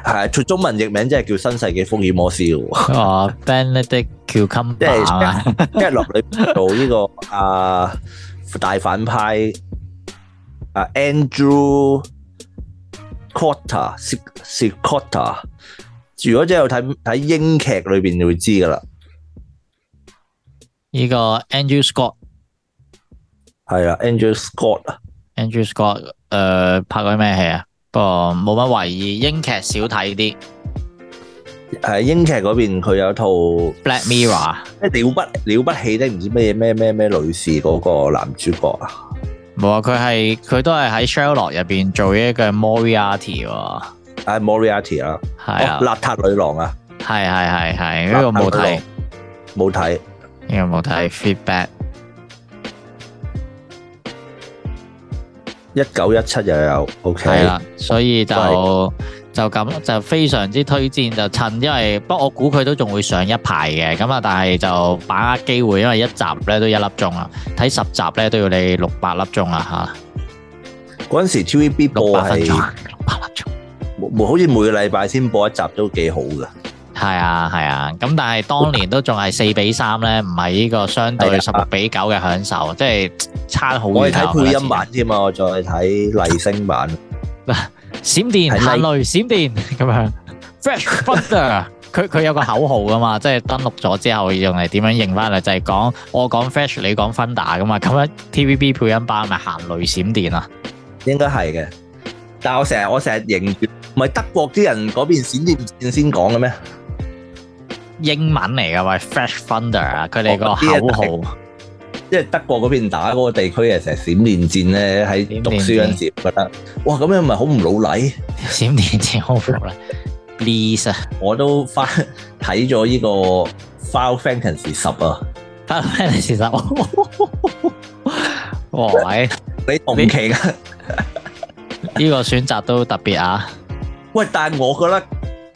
係啊，出中文譯名即係叫新世紀福爾摩斯喎。啊，Benedict Cumberbatch 即係落嚟做呢個啊大反派啊，Andrew Scott，是是 Scott。如果真係睇睇英劇裏邊就會知㗎啦。呢個 Andrew Scott。係啊，Andrew Scott 啊，Andrew Scott，誒、呃，拍過咩戲啊？不過冇乜回憶，英劇少睇啲。誒，英劇嗰邊佢有套《Black Mirror》，即係了不了不起的唔知咩咩咩乜女士嗰個男主角啊？冇啊，佢係佢都係喺《Sherlock》入邊做一個 Moriarty。係 Moriarty 啊？係啊，邋遢、啊啊哦、女郎啊？係係係係，呢、這個冇睇，冇睇看，呢個冇睇 feedback。看一九一七又有，OK，係啦，所以就的就咁，就非常之推薦，就趁，因為不過我估佢都仲會上一排嘅，咁啊，但係就把握機會，因為一集咧都一粒鐘啊，睇十集咧都要你六百粒鐘啊吓。嗰陣時 TVB 播係六百分鐘，六百粒鐘，好每好似每個禮拜先播一集都幾好噶。係啊，係啊，咁但係當年都仲係四比三咧，唔係呢個相對十六比九嘅享受，即係差好遠。我係睇配音版添啊，我再睇麗聲版。嗱 電，閃電行雷閃 電咁 樣，Flash Thunder 佢佢 有個口號啊嘛，即係登錄咗之後用嚟點樣認翻嚟，就係、是、講我講 Flash，你講 Thunder 噶嘛，咁樣 TVB 配音版咪行雷閃電啊，應該係嘅。但係我成日我成日認唔係德國啲人嗰邊閃電先講嘅咩？英文嚟噶喂 Fresh Thunder 啊，佢哋個口號。即係德國嗰邊打嗰個地區，又成日閃電戰咧。喺讀書嗰陣時覺得，哇！咁樣咪好唔老禮？閃電戰好唔老禮咧。 Please 啊！我都翻睇咗呢個 Final Fantasy 十啊。Final Fantasy 十，哇！你同期噶？呢 個選擇都特別啊。喂，但係我覺得。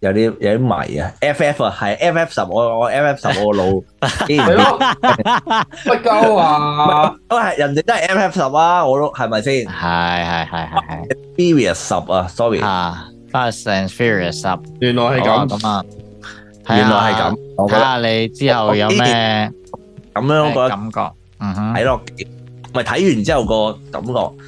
有啲有啲迷啊，FF 啊，係 FF 十，我我 FF 十我老，係咯，不夠啊，啊人哋都係 FF 十啊，我都係咪先？係係係係係，Furious 十啊，sorry 啊，Fast and Furious 十，原來係咁，咁啊，原來係咁，我睇下你之後有咩咁樣個感覺，嗯哼，睇落，咪睇完之後個感覺。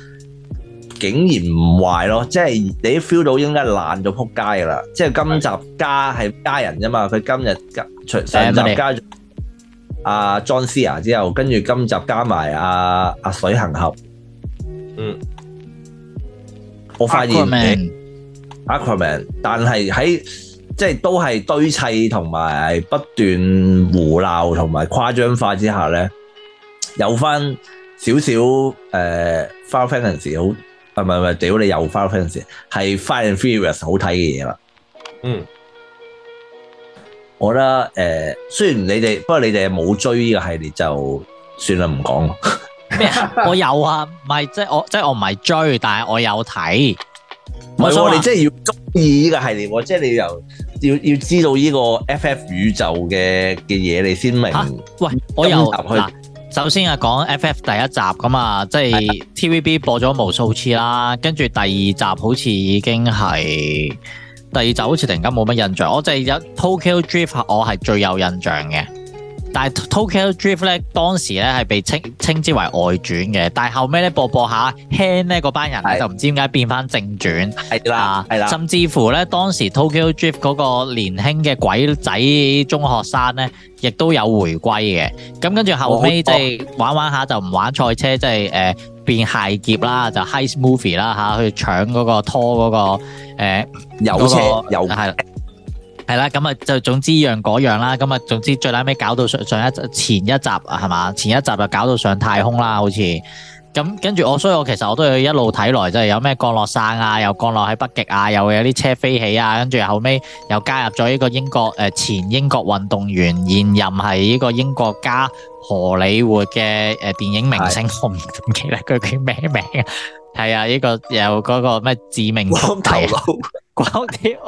竟然唔壞咯，即係你 feel 到應該爛到撲街噶啦！即係今集加係加人啫嘛，佢今日加上集加咗阿 John Cena 之後，跟住今集加埋阿阿水行俠。嗯。我發現 Aquaman，但係喺即係都係堆砌同埋不斷胡鬧同埋誇張化之下咧，有翻少少誒花費陣時好。啊，唔係唔係，屌你又翻翻先，係 《Fast and Furious》好睇嘅嘢啦。嗯，我咧誒、呃，雖然你哋，不過你哋冇追呢個系列，就算啦，唔講。咩 啊？我有啊，唔係即係我即係我唔係追，但係我有睇。唔係我哋即係要中意呢個系列，即係你由要要知道呢個 FF 宇宙嘅嘅嘢，你先明，啊。喂，我有。首先啊，講 FF 第一集咁啊，即係 TVB 播咗無數次啦，跟住第二集好似已經係，第二集好似突然間冇乜印象，我淨係有 Tokyo Drift，我係最有印象嘅。但係 Tokyo、ok、Drift 咧，當時咧係被稱稱之為外傳嘅，但係後尾咧播播下輕咧嗰班人就唔知點解變翻正傳，係啦，係啦、啊，甚至乎咧當時 Tokyo、ok、Drift 嗰個年輕嘅鬼仔中學生咧，亦都有回歸嘅。咁跟住後尾，即係、哦、玩玩下就唔玩賽車，即係誒變械劫啦，就 Heist Movie 啦、啊、吓，去搶嗰、嗰個拖嗰、嗰個有油車有油係。係啦，咁啊就總之一樣嗰樣啦，咁啊總之最撚尾搞到上上一前一集係嘛，前一集就搞到上太空啦，好似咁跟住我，所以我其實我都要一路睇來就係、是、有咩降落傘啊，又降落喺北極啊，又有啲車飛起啊，跟住後尾又加入咗呢個英國誒、呃、前英國運動員，現任係呢個英國加荷里活嘅誒電影明星，的我唔記得佢叫咩名啊。係 啊，呢、這個有嗰、那個咩致命光頭 光碟，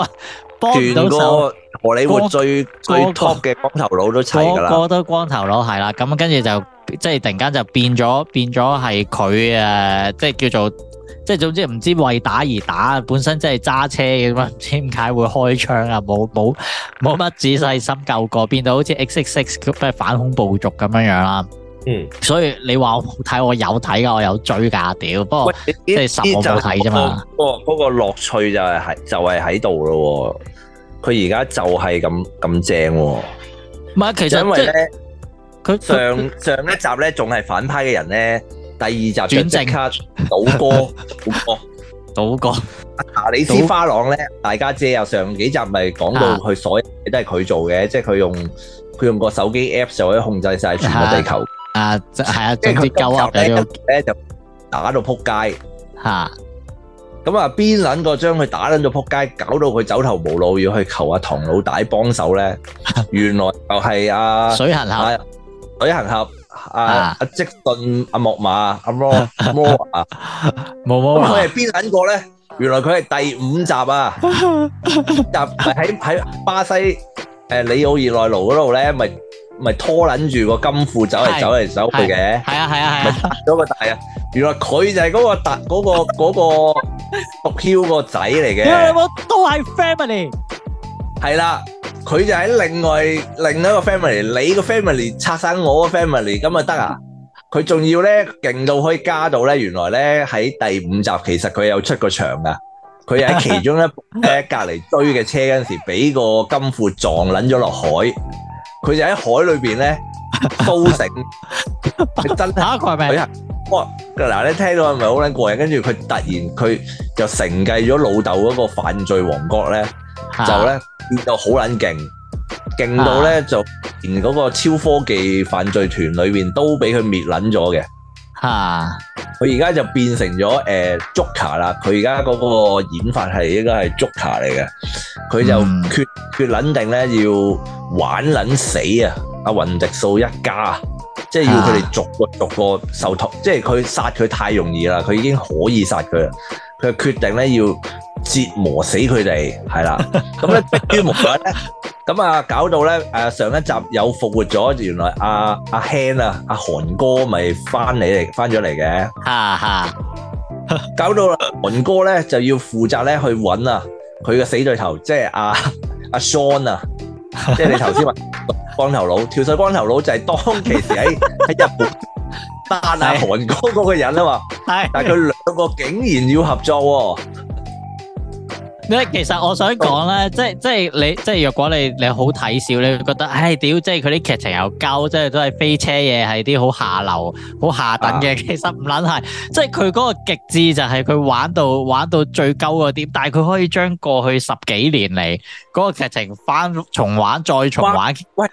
幫到 手，荷里活最 top 嘅、那個、光頭佬都齊噶啦，個個都光頭佬係啦，咁跟住就即係突然間就變咗變咗係佢啊，即係叫做即係總之唔知為打而打，本身即係揸車嘅咁啊，唔知點解會開槍啊，冇冇冇乜仔細深究過， 變到好似 X X X 咩反恐部族咁樣樣啦。嗯，所以你話睇，我有睇㗎，我有追㗎，屌，不過即係十集我冇睇啫嘛。不過嗰個樂趣就係喺就係喺度咯。佢而家就係咁咁正。唔係，其實因為咧，佢上上一集咧仲係反派嘅人咧，第二集就即刻倒戈倒戈倒戈。嗱，你知花郎咧，大家姐又上幾集咪講到佢所有嘢都係佢做嘅，即係佢用佢用個手機 app 就可以控制晒全個地球。啊，即係啊，即係佢今日咧，今日咧就打到撲街，吓，咁啊，邊捻個將佢打捻到撲街，搞到佢走投無路，要去求阿唐老大幫手咧，原來就係阿水行俠、水行俠、阿阿積頓、阿莫馬、阿摩摩啊，摩摩，佢係邊捻個咧？原來佢係第五集啊，集喺喺巴西誒里奧熱內盧嗰度咧，咪？咪拖撚住個金庫走嚟走嚟走去嘅，係啊係啊係，拆咗個大啊！原來佢就係嗰個大嗰個嗰個毒梟個仔嚟嘅，都係 family。係啦，佢就喺另外另一個 family，你個 family 拆散我個 family，咁啊得啊！佢仲要咧勁到可以加到咧，原來咧喺第五集其實佢有出過場噶，佢喺其中一誒隔離堆嘅車嗰陣時，俾個金庫撞撚咗落海。佢就喺海裏邊咧偷食，真係佢係哇嗱！你聽到係咪好捻過癮？跟住佢突然佢就承繼咗老豆嗰個犯罪王國咧，就咧就好捻勁，勁到咧就連嗰個超科技犯罪團裏面都俾佢滅捻咗嘅。吓！佢而家就變成咗誒 Joker 啦！佢而家嗰個演法係應該係 Joker 嚟嘅，佢就決、mm hmm. 決撚定咧要玩撚死啊！阿雲迪素一家，即係要佢哋逐個逐個受託，ah. 即係佢殺佢太容易啦，佢已經可以殺佢啦，佢決定咧要，折磨死佢哋，係啦。咁咧，於木嗰日咧，咁啊，搞到咧，誒上一集有復活咗，原來阿阿 Han 啊，阿韓哥咪翻嚟嚟，翻咗嚟嘅。哈哈，搞到韓哥咧就要負責咧去揾啊，佢嘅死對頭，即係阿阿 Sean 啊，即係你頭先話光頭佬，條細光頭佬就係當其時喺喺日本殺阿韓哥嗰個人啊嘛。係，但係佢兩個竟然要合作。其實我想講呢，即係即係你，即係若果你你好睇笑，你會覺得，唉、哎、屌！即係佢啲劇情又鳩，即係都係飛車嘢，係啲好下流、好下等嘅。其實唔撚係，啊、即係佢嗰個極致就係佢玩到玩到最鳩個點，但係佢可以將過去十幾年嚟嗰、那個劇情翻重玩、再重玩。喂，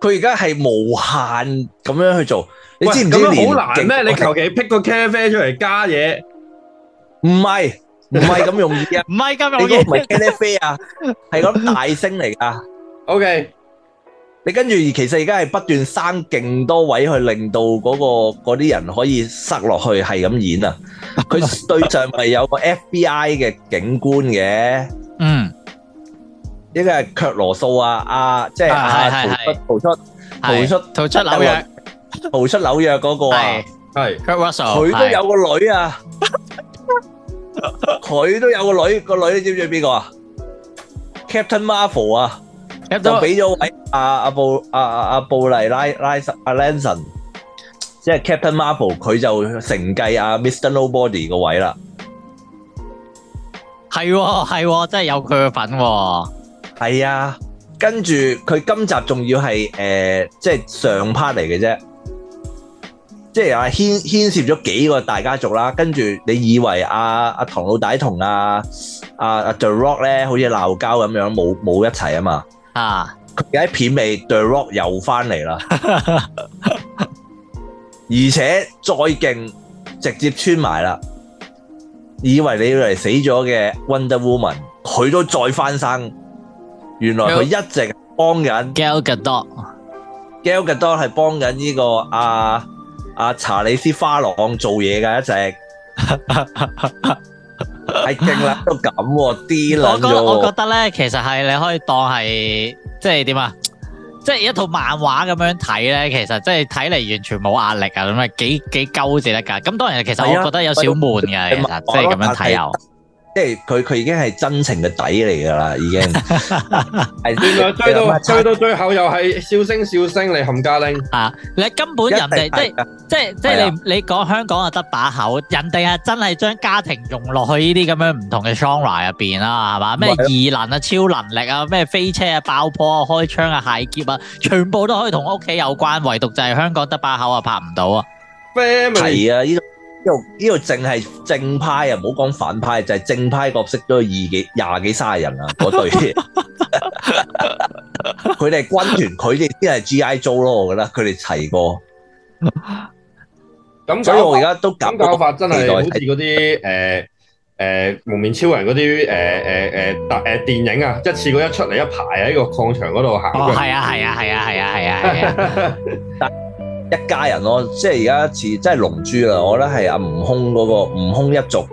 佢而家係無限咁樣去做，你知唔知好難咩？你求其 pick 個 cafe 出嚟加嘢，唔係。唔係咁容易嘅，唔係咁容易。呢個唔係茄喱啡啊，係咁大聲嚟噶。OK，你跟住，而其實而家係不斷生勁多位去令到嗰個嗰啲人可以塞落去，係咁演啊。佢對象咪有個 FBI 嘅警官嘅？嗯，呢個係卻羅素啊，阿即係係係係逃出逃出逃出逃出紐約，逃出紐約嗰個啊，係卻羅素，佢都有個女啊。佢 都有個女，個女你知唔知邊個啊？Captain Marvel 啊，Captain 就俾咗位阿阿布阿阿布麗拉拉什阿 Larson，啊啊啊啊、anson, 即係 Captain Marvel，佢就承繼阿 Mr Nobody 個位啦。係喎，係他喎們，真係有佢嘅份喎。係啊，跟住佢今集仲要係誒、呃，即係上 part 嚟嘅啫。即係又牽牽涉咗幾個大家族啦，跟住你以為阿阿唐老大同阿阿阿 The Rock 咧，好似鬧交咁樣冇冇一齊啊嘛？啊！佢喺片尾 The Rock 又翻嚟啦，而且再勁，直接穿埋啦。以為你以為死咗嘅 Wonder Woman，佢都再翻生。原來佢一直幫緊 Gal Gadot。Gal Gadot 係幫緊呢個阿。阿、啊、查理斯花郎做嘢嘅一直，係勁力都咁啲冷咗。我我覺得咧，其實係你可以當係即係點啊？即係一套漫畫咁樣睇咧，其實即係睇嚟完全冇壓力啊！咁啊，幾幾鳩至得噶。咁當然其實我覺得有少悶嘅，啊、其實即係咁樣睇又。即係佢佢已經係真情嘅底嚟噶啦，已經係，追到追到最後又係笑聲笑聲你冚家拎。啊，你根本人哋即係即係即係你的你講香港啊得把口，人哋啊真係將家庭融落去呢啲咁樣唔同嘅 genre 入邊啦，係嘛？咩異能啊、超能力啊、咩飛車啊、爆破啊、開槍啊、械劫啊，全部都可以同屋企有關，唯獨就係香港得把口啊拍唔到啊。Family 啊呢。呢度呢度淨係正派啊，唔好講反派，就係、是、正派角色都有二幾廿幾卅人啊，嗰隊， 佢哋係軍團，佢哋啲係 G I Joe 咯，我覺得佢哋齊過。咁所以我而家都咁搞法真，真係好似嗰啲誒誒蒙面超人嗰啲誒誒誒誒電影啊，一次過一出嚟一排一、哦、啊。呢個礦場嗰度行。哦，係啊，係啊，係啊，係啊，係啊。 一家人咯，即係而家似真係龍珠啦。我覺得係阿悟空嗰、嗰個悟空一族，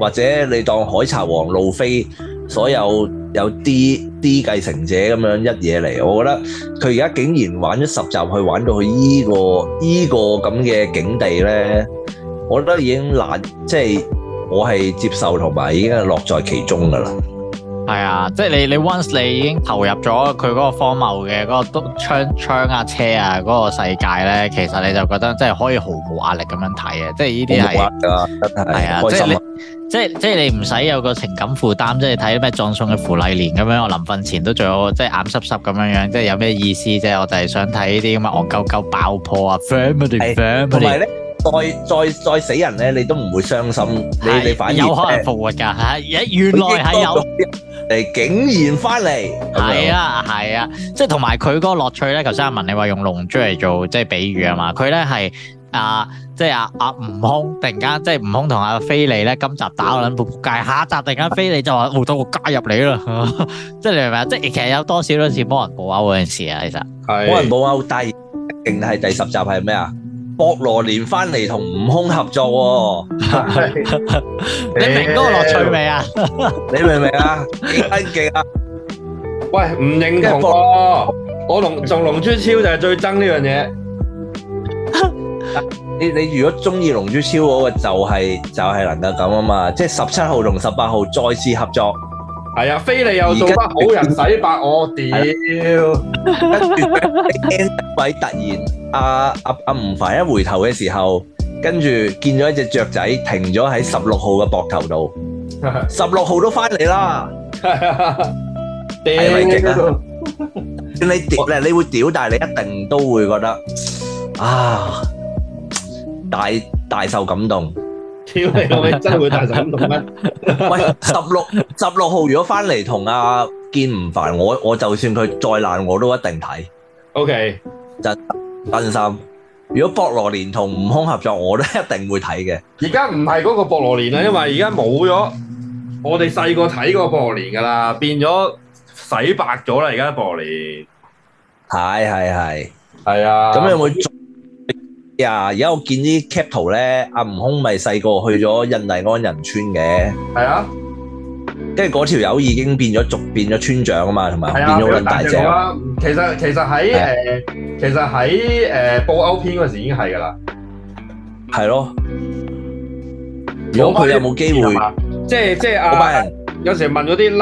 或者你當海賊王路飛所有有啲啲繼承者咁樣一嘢嚟。我覺得佢而家竟然玩咗十集，去玩到去、依、依個依、依個咁嘅境地咧，我覺得已經難，即係我係接受同埋已經係樂在其中噶啦。係啊，即係你你 once 你已經投入咗佢嗰個荒謬嘅嗰個槍槍啊車啊嗰個世界咧，其實你就覺得即係可以毫無壓力咁樣睇嘅，即係呢啲係係啊，啊啊即係你即係即係你唔使有個情感負擔，即係睇咩葬送嘅芙莉蓮咁樣，我臨瞓前都仲有即係眼濕濕咁樣樣，即係有咩意思即啫？我就係想睇呢啲咁嘅戇鳩鳩爆破啊、嗯、，family family。再再再死人咧，你都唔會傷心，你你反而有可能復活噶吓，一原來係有誒，竟然翻嚟，係啊係啊，即係同埋佢嗰個樂趣咧。頭先阿文你話用龍珠嚟做即係比喻啊嘛，佢咧係啊即係阿阿悟空突然間即係悟空同阿菲利咧，今集打個捻仆仆街，下集突然間菲利就話我到加入你啦，即係你明唔明？即係其實有多少都似幫人補歐嗰陣時啊，其實幫人補歐低定係第十集係咩啊？博羅連翻嚟同悟空合作，你明嗰個樂趣未啊？你明未啊？幾勁啊！喂，唔認同喎，我龍做龍珠超就係最憎呢樣嘢。你你如果中意龍珠超嗰個就係就係能夠咁啊嘛，即係十七號同十八號再次合作。係啊，非你又做乜好人洗白我屌！跟住呢，結尾突然阿阿阿吳凡一回頭嘅時候，跟住見咗一隻雀仔停咗喺十六號嘅膊頭度，十六號都返嚟啦，係咪勁啊？你跌咧，你會屌，但係你一定都會覺得啊，大大受感動。屌，你真會大受感動咩？喂，十六十六號如果翻嚟同阿堅唔煩，我我就算佢再爛，我都一定睇。OK，真真心。如果博羅蓮同悟空合作，我都一定會睇嘅。而家唔係嗰個博羅蓮啦，因為而家冇咗我哋細個睇嗰個博羅蓮噶啦，變咗洗白咗啦，而家博羅蓮。係係係。係啊。咁有冇？呀，而家，yeah, 我見啲 cap 圖咧，阿悟空咪細個去咗印第安人村嘅。係啊，跟住嗰條友已經變咗，續變咗村長啊嘛，同埋變咗好大隻，啊。其實其實喺誒，其實喺誒布歐篇嗰時已經係噶啦，係咯，啊。如果佢有冇機會？即係即係阿，唔係，有時問咗啲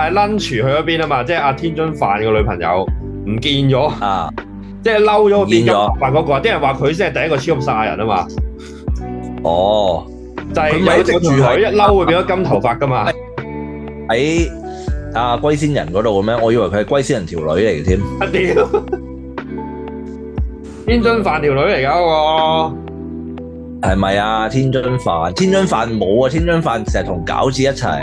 lunch 去咗邊，就是，啊嘛？即係阿天津飯個女朋友唔見咗啊。 即係嬲咗變金頭髮嗰個，啲了人話佢先係第一個超級賽亞人啊嘛。哦，就係有一個魚佢一嬲會變咗金頭髮噶嘛。喺阿龜仙人嗰度嘅咩？我以為佢係龜仙人條女嚟嘅添。啊屌！天津飯條女嚟㗎喎，係咪啊？天津飯、哦，天津飯冇啊！天津飯成日同餃子一齊。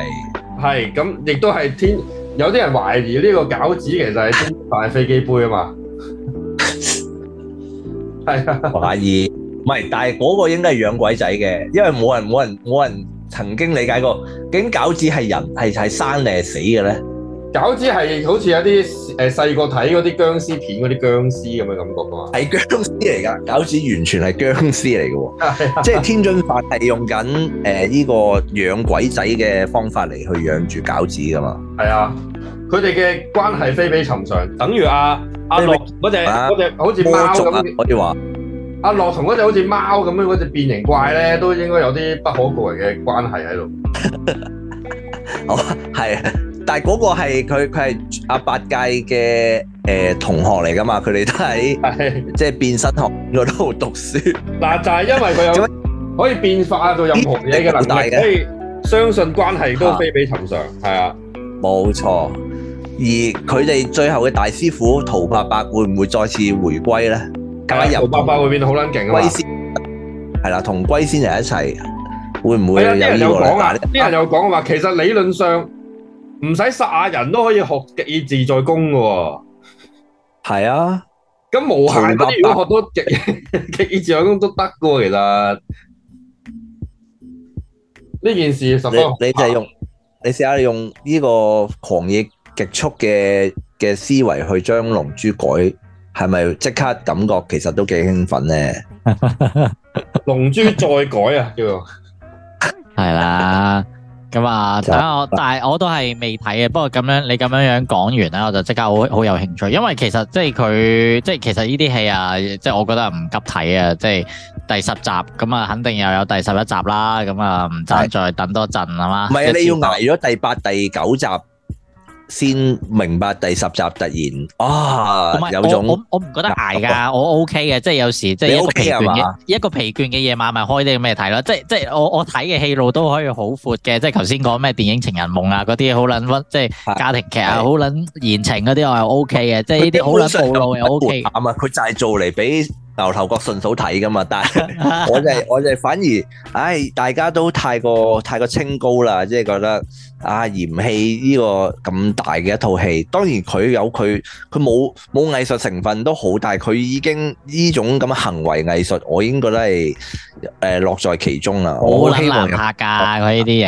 係，咁亦都係天。有啲人懷疑呢個餃子其實係天津飯嘅飛機杯啊嘛。 係啊，懷疑，唔係，但係嗰個應該係養鬼仔嘅，因為冇人冇人冇人曾經理解過，究竟餃子係人係生定係死嘅呢？餃子係好似有啲誒，細個睇嗰啲僵屍片嗰啲僵屍咁嘅感覺噶嘛？係僵屍嚟噶。餃子完全係僵屍嚟嘅。 即係天津飯係用緊誒呢個養鬼仔嘅方法嚟去養住餃子噶嘛？係啊，佢哋嘅關係非比尋常，等於阿阿樂嗰隻隻好似貓咁，我哋話阿樂同嗰隻好似貓咁樣嗰隻變形怪咧，都應該有啲不可告人嘅關係喺度。好係。但係嗰個係佢佢係阿八戒嘅誒同學嚟㗎嘛，佢哋都喺即係變身學嗰度讀書。嗱就係因為佢有可以變化到任何嘢嘅能力，所以相信關係都非比尋常。係啊，冇錯。而佢哋最後嘅大師傅陶伯伯會唔會再次迴歸咧？加入陶伯伯會變得好撚勁啊嘛！係啦，同龜仙人一齊，會唔會有呢個？啲人有講啊，啲人有講話，其實理論上。唔使殺人都可以學極意自在功㗎喎，係啊，咁無限多如果學到極極意自在功都得㗎喎，其實呢件事十分。你就係用你試下你用呢個狂野時速嘅嘅思維去將龍珠改，係咪即刻感覺其實都幾興奮咧？龍珠再改啊，叫做係啦。咁啊，嗯嗯、但係我都係未睇嘅，不過咁樣你咁樣樣講完啦，我就即刻好好有興趣，因為其實即係佢即係其實呢啲戲啊，即係我覺得唔急睇啊，即係第十集咁啊，肯定又有第十一集啦，咁啊唔爭再等多陣，係嘛？唔係但啊，是你要捱咗第八、第九集。先明白第十集突然。啊，有種我我唔覺得捱㗎，我 O K 嘅，即係有時即係一個疲倦嘅，OK、一個疲倦嘅夜晚咪開啲咩睇咯，即係即係我我睇嘅戲路都可以好闊嘅，即係頭先講咩電影情人夢啊嗰啲好撚温，即係家庭劇啊好撚，啊、言情嗰啲的我又 O K 嘅，即係呢啲好撚套路又 O K。咁呀，嗯，佢製造嚟俾。牛頭角順手睇，噶嘛，但係我哋我哋反而，唉，大家都太過太過清高啦，即係覺得啊，嫌棄呢個咁大嘅一套戲。當然佢有佢，佢冇冇藝術成分都好，但係佢已經呢種咁嘅行為藝術，我已經覺得係誒樂在其中啦。好撚難拍㗎，佢呢啲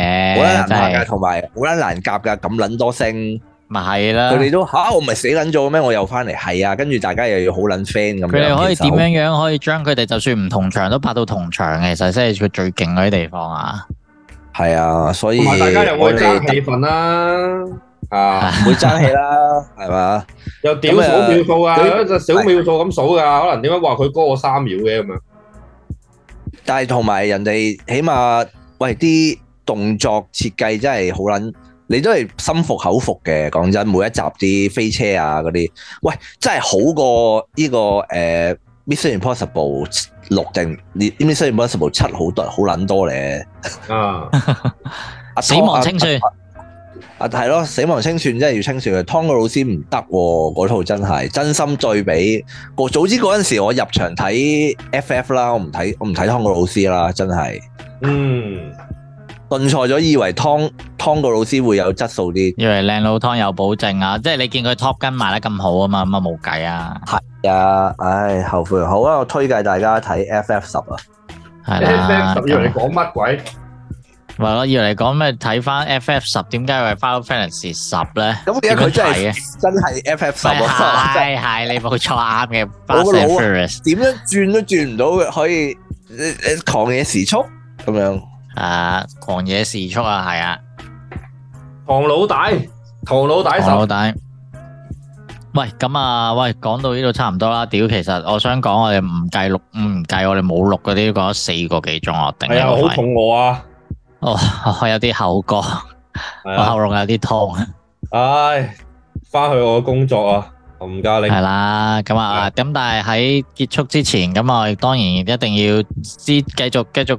嘢，真係同埋好撚難夾㗎，咁撚多聲。咪係啦！佢哋都吓，我唔係死捻做咩？我又翻嚟，係啊！跟住大家又要好捻 friend 咁。佢哋可以點樣樣可以將佢哋就算唔同場都拍到同場，其實真係佢最勁嗰啲地方啊！係啊，所以大家又會爭氣氛啦，唔會爭氣啦，係嘛？又點秒數啊？就小秒數咁數噶，可能點解話佢高我三秒嘅咁樣？但係同埋人哋起碼喂啲動作設計真係好捻。你都係心服口服嘅，講真，每一集啲飛車啊嗰啲，喂，真係好過呢、這個誒《uh, Mission Impossible 6,》六定《Mission Impossible》七好多好撚多咧。啊！ 啊死亡清算啊，係、啊、咯，死亡清算真係要清算嘅。湯哥老師唔得喎，嗰套真係真，真心最比。我早知嗰陣時我入場睇 FF 啦，我唔睇我唔睇湯哥老師啦，真係。嗯。燉錯咗，以為湯湯個老師會有質素啲，因為靚佬湯有保證啊！即係你見佢 Top 跟賣得咁好啊嘛，咁啊冇計啊！係啊，唉，後悔好啊！我推介大家睇 FF 十啊，係啦，FF 十以為你講乜鬼？咪咯，以為你講咩？睇翻 FF 十點解會翻到 Final Fantasy 十咧？咁點解佢真係真係 FF 十啊？係係你冇錯啱嘅，點樣轉都轉唔到嘅，可以你你狂野時速咁樣。啊！狂野時速啊，係啊！唐老大，唐老大，唐老大，喂，咁啊，喂，講到呢度差唔多啦。屌，其實我想講，我哋唔計錄，唔計我哋冇錄嗰啲，講咗四個幾鐘啊，頂啊！係啊，好肚餓啊，哦，我有啲口乾，我喉嚨有啲痛，唉，翻去我工作啊，唔加你係啦。咁啊，咁但係喺結束之前，咁我哋當然一定要接繼續繼續。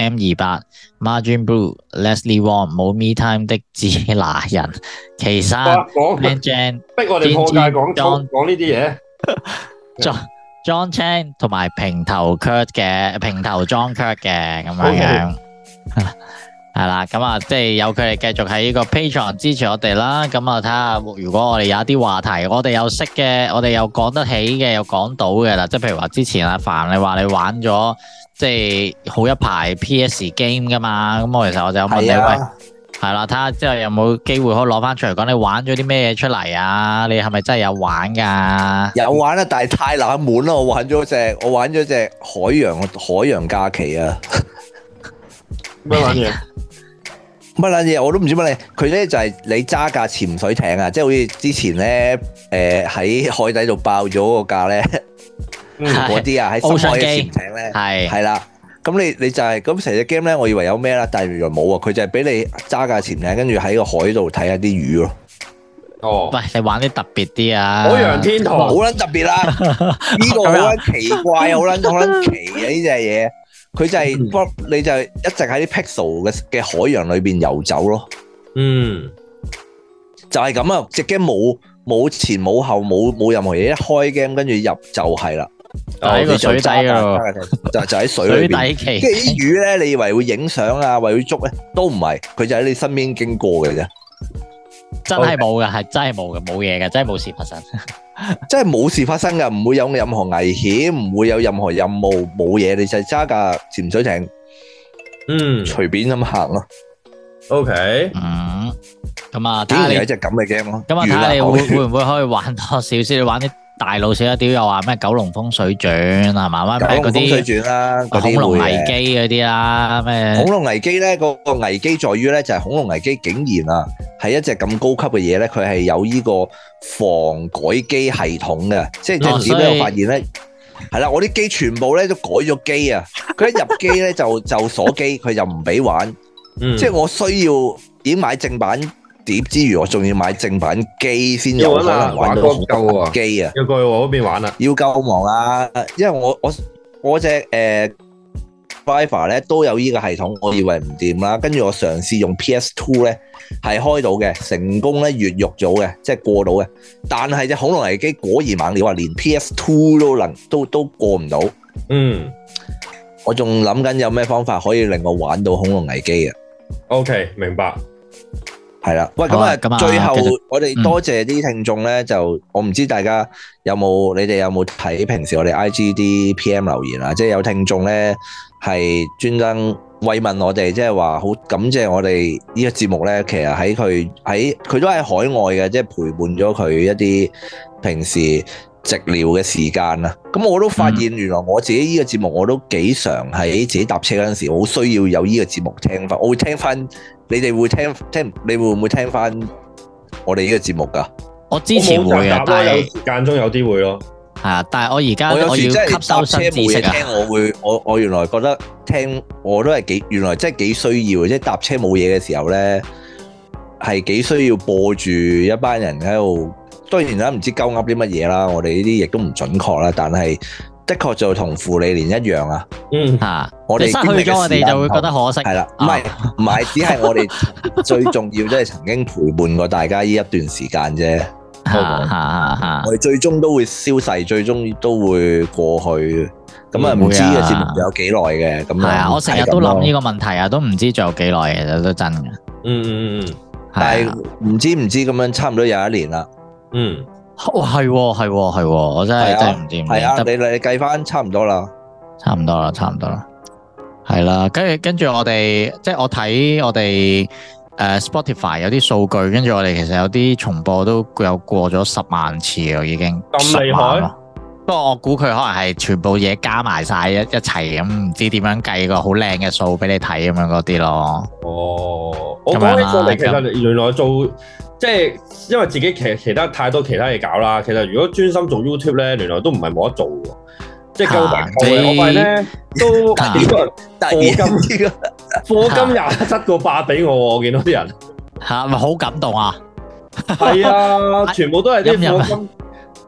M 二八，Margin Blue，Leslie Wong，冇 Me Time 的自拿人，其實，John Chan，逼我哋破界講 John 講呢啲嘢，John John Chan 同埋平頭 Curt 嘅平頭 John Curt 嘅咁樣，係啦，咁啊，即係有佢哋繼續喺呢個 Patreon 支持我哋啦，咁啊，睇下如果我哋有一啲話題，我哋有識嘅，我哋有講得起嘅，有講到嘅啦，即係譬如話之前阿凡，你話你玩咗。即係好一排 PS game 噶嘛，咁我其實我就問你，啊、喂，係啦，睇下之後有冇機會可以攞翻出嚟講，你玩咗啲咩嘢出嚟啊？你係咪真係有玩噶？有玩啊，但係太冷門啦。我玩咗隻，我玩咗隻海洋海洋假期啊。乜 嘢？乜嘢？ 我都唔知乜嘢。佢咧就係、是、你揸架潛水艇啊，即係好似之前咧，誒、呃、喺海底度爆咗個架咧。 嗰啲啊，喺深海嘅潛艇咧，係係啦。咁你你就係咁成隻 game 咧。我以為有咩啦，但原來冇啊。佢就係俾你揸架潛艇，跟住喺個海度睇下啲魚咯。哦，喂，你玩啲特別啲啊！海洋天堂好撚特別啦，呢個好撚奇怪，好撚好撚奇嘅！呢隻嘢佢就係幫你就係一直喺啲 pixel 嘅嘅海洋裏邊遊走咯。嗯，就係咁啊！隻 game 冇冇前冇後冇冇任何嘢，一開 game 跟住入就係啦。喺個水底咯，就就喺水底。跟住啲魚咧，你以為會影相啊，或者捉咧，都唔係，佢就喺你身邊經過嘅啫。真係冇嘅，係真係冇嘅，冇嘢嘅，真係冇事發生。真係冇事發生嘅，唔會有任何危險，唔會有任何任務，冇嘢，你就揸架潛水艇，嗯，隨便咁行咯。OK，嗯，咁啊，睇下你有一隻咁嘅 game 咯。咁啊，睇下你會會唔會可以玩多少少，玩啲。大佬寫一啲又話咩九龍風水轉係嘛，咩嗰啲九龍風水轉啦，恐龍危機嗰啲啦咩？恐龍危機咧，個個危機在於咧，就係恐龍危機竟然啊，係一隻咁高級嘅嘢咧，佢係有依個防改機系統嘅，即係即係點樣發現咧？係啦，我啲機全部咧都改咗機啊！佢一入機咧就就鎖機，佢就唔俾玩。嗯，即係我需要點買正版？點之餘，我仲要買正版機先有可能玩到夠機啊！要過去我嗰邊玩啊，要夠忙啊，因為我我我隻誒 Viva 咧，都有依個系統，我以為唔掂啦。跟住我嘗試用 PS Two 咧係開到嘅，成功咧越獄咗嘅，即係過到嘅。但係隻恐龍危機果然猛料，話連 PS Two 都能都都過唔到。嗯，我仲諗緊有咩方法可以令我玩到恐龍危機啊？OK，明白。係啦，喂，咁啊，最後我哋多謝啲聽眾咧，嗯、就我唔知大家有冇，你哋有冇睇平時我哋 I G 啲 P M 留言啊？即係有聽眾咧係專登慰問我哋，即係話好感謝我哋呢個節目咧。其實喺佢喺佢都喺海外嘅，即係陪伴咗佢一啲平時寂寥嘅時間啊。咁我都發現，原來我自己呢個節目我都幾常喺自己搭車嗰陣時，好需要有呢個節目聽翻，我會聽翻。你哋會聽聽，你會唔會聽翻我哋呢個節目噶？我之前會啊，但係間中有啲會咯。係啊，但係我而家我有時要吸收新知識啊。我會我我原來覺得聽我都係幾原來即係幾需要，即係搭車冇嘢嘅時候咧，係幾需要播住一班人喺度。當然啦，唔知鳩噏啲乜嘢啦。我哋呢啲亦都唔準確啦，但係。的確就同芙莉蓮一樣啊，嗯吓，我哋失去咗，我哋就會覺得可惜。係啦，唔係唔係，只係我哋最重要都係曾經陪伴過大家呢一段時間啫。吓吓吓，我哋最終都會消逝，最終都會過去。咁啊，唔知嘅節目有幾耐嘅，咁係啊。我成日都諗呢個問題啊，都唔知仲有幾耐嘅，都真嘅。嗯嗯嗯嗯，但係唔知唔知咁樣，差唔多有一年啦。嗯。哦，係喎，係喎，係喎，我真係真係唔掂唔掂。係啊，你你計翻差唔多啦，差唔多啦，差唔多啦，係啦。跟住跟住我哋，即係我睇我哋誒，Spotify 有啲數據，跟住我哋其實有啲重播都有過咗十萬次啊，已經。咁厲害？不過我估佢可能係全部嘢加埋晒一一齊咁，唔知點樣計個好靚嘅數俾你睇咁樣嗰啲咯。哦，咁樣你，其實原來做。即係因為自己其實其他太多其他嘢搞啦，其實如果專心做 YouTube 咧，原來都唔係冇得做嘅。即係今日我係咧都幾多貨金啲貨金廿七個八俾我，我見到啲人嚇咪好感動啊！係啊，全部都係啲貨金。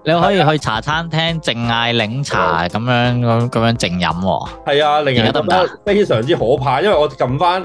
你可以去茶餐廳靜嗌檸茶咁樣咁咁樣靜飲喎。係啊，令人得唔得？非常之可怕，因為我撳翻。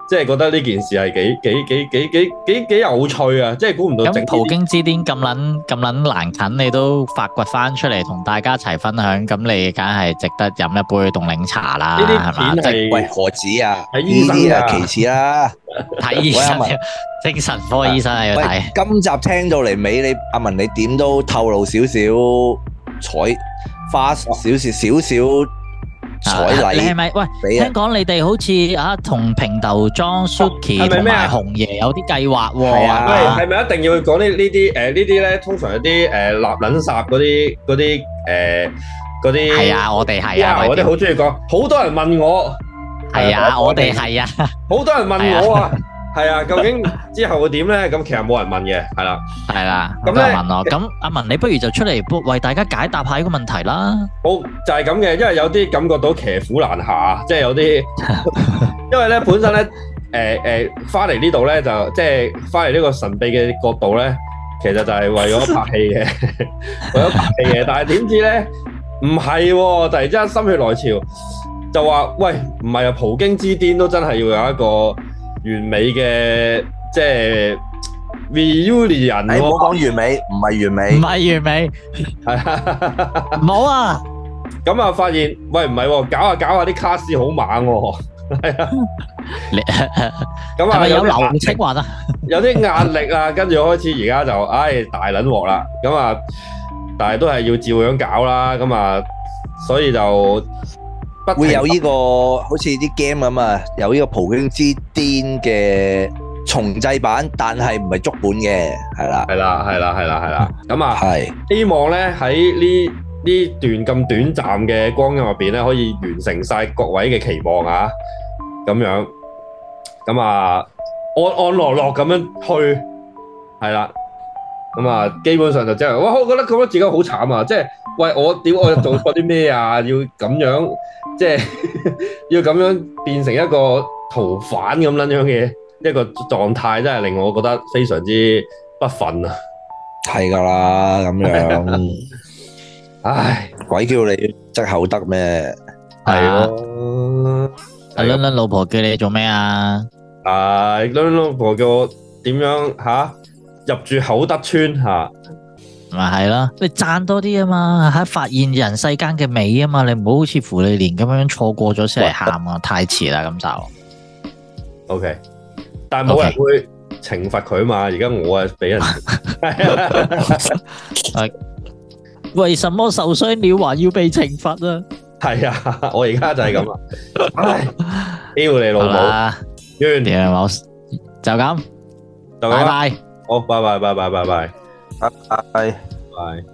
即係覺得呢件事係幾幾幾幾幾幾幾，幾有趣啊！即係估唔到。咁《途京之巔》咁撚咁撚難啃，你都發掘翻出嚟同大家一齊分享，咁你梗係值得飲一杯凍檸茶啦，係嘛？喂，何止啊？呢啲啊，啊其次啦、啊，睇醫生 喂精神科醫生啊喂，睇喂。今集聽到嚟尾，你阿文你點都透露點點、Fast、少少彩花，少少少少。彩禮，你係咪喂？聽講你哋好似啊，同平頭莊 Suki 同埋紅爺有啲計劃喎。係咪？係咪一定要去講呢？呢啲誒，呢啲咧通常有啲誒立卵殺嗰啲嗰啲誒嗰啲。係啊，我哋係啊，我哋好中意講，好多人問我。係啊，我哋係啊，好多人問我啊。係啊，究竟之後會點咧？咁其實冇人問嘅。係啦，係啦，咁阿文咯。咁阿文，你不如就出嚟，為大家解答下呢個問題啦。好，就係咁嘅，因為有啲感覺到騎虎難下，即係有啲，因為咧本身咧，誒誒，翻嚟呢度咧，就即係翻嚟呢個神秘嘅角度咧，其實就係為咗拍戲嘅，為咗拍戲嘅。但係點知咧，唔係，突然之間心血來潮，就話喂，唔係啊，葡京之巔都真係要有一個。完美嘅即係 reunion 人，唔好講完美，唔係完美，唔係完美，唔好啊！咁啊，發現喂唔係，搞下搞下啲卡士好猛，係啊，咁啊有流清還啦，有啲壓力啊，跟住開始而家就唉大捻鑊啦，咁啊，但係都係要照樣搞啦，咁啊，所以就。會有呢個好似啲 game 咁啊，有呢個《蒲京之巔》嘅重製版，但係唔係足本嘅，係啦，係啦，係啦，係啦，係啦，咁啊，希望咧喺呢呢段咁短暫嘅光陰入邊咧，可以完成晒各位嘅期望啊，咁樣，咁啊，安安樂樂咁樣去，係啦。咁啊，基本上就即、是、係，我覺得覺得自己好慘啊，即係，喂，我點我做做啲咩啊？ 要咁樣，即係要咁樣變成一個逃犯咁撚樣嘅一個狀態，真係令我覺得非常之不忿啊！係㗎喇，咁樣， 唉，鬼叫你即積口德咩？係咯，阿撚老婆叫你做咩啊？啊，撚撚老婆叫我點樣嚇？啊入住口德村吓？咪係咯，你讚多啲啊嘛，喺發現人世間嘅美啊嘛，你唔好好似芙莉蓮咁樣錯過咗先嚟喊啊，喂太遲啦咁就。O、okay, K，但係冇人會懲罰佢啊嘛，而家我啊俾人係， 為什麼受傷了還要被懲罰啊？係啊，我而家就係咁啊，屌、哎、 你老母，n 啊吧完我，就咁，拜拜。Bye bye. 哦，拜拜拜拜拜拜，拜拜拜。Bye, bye Bye.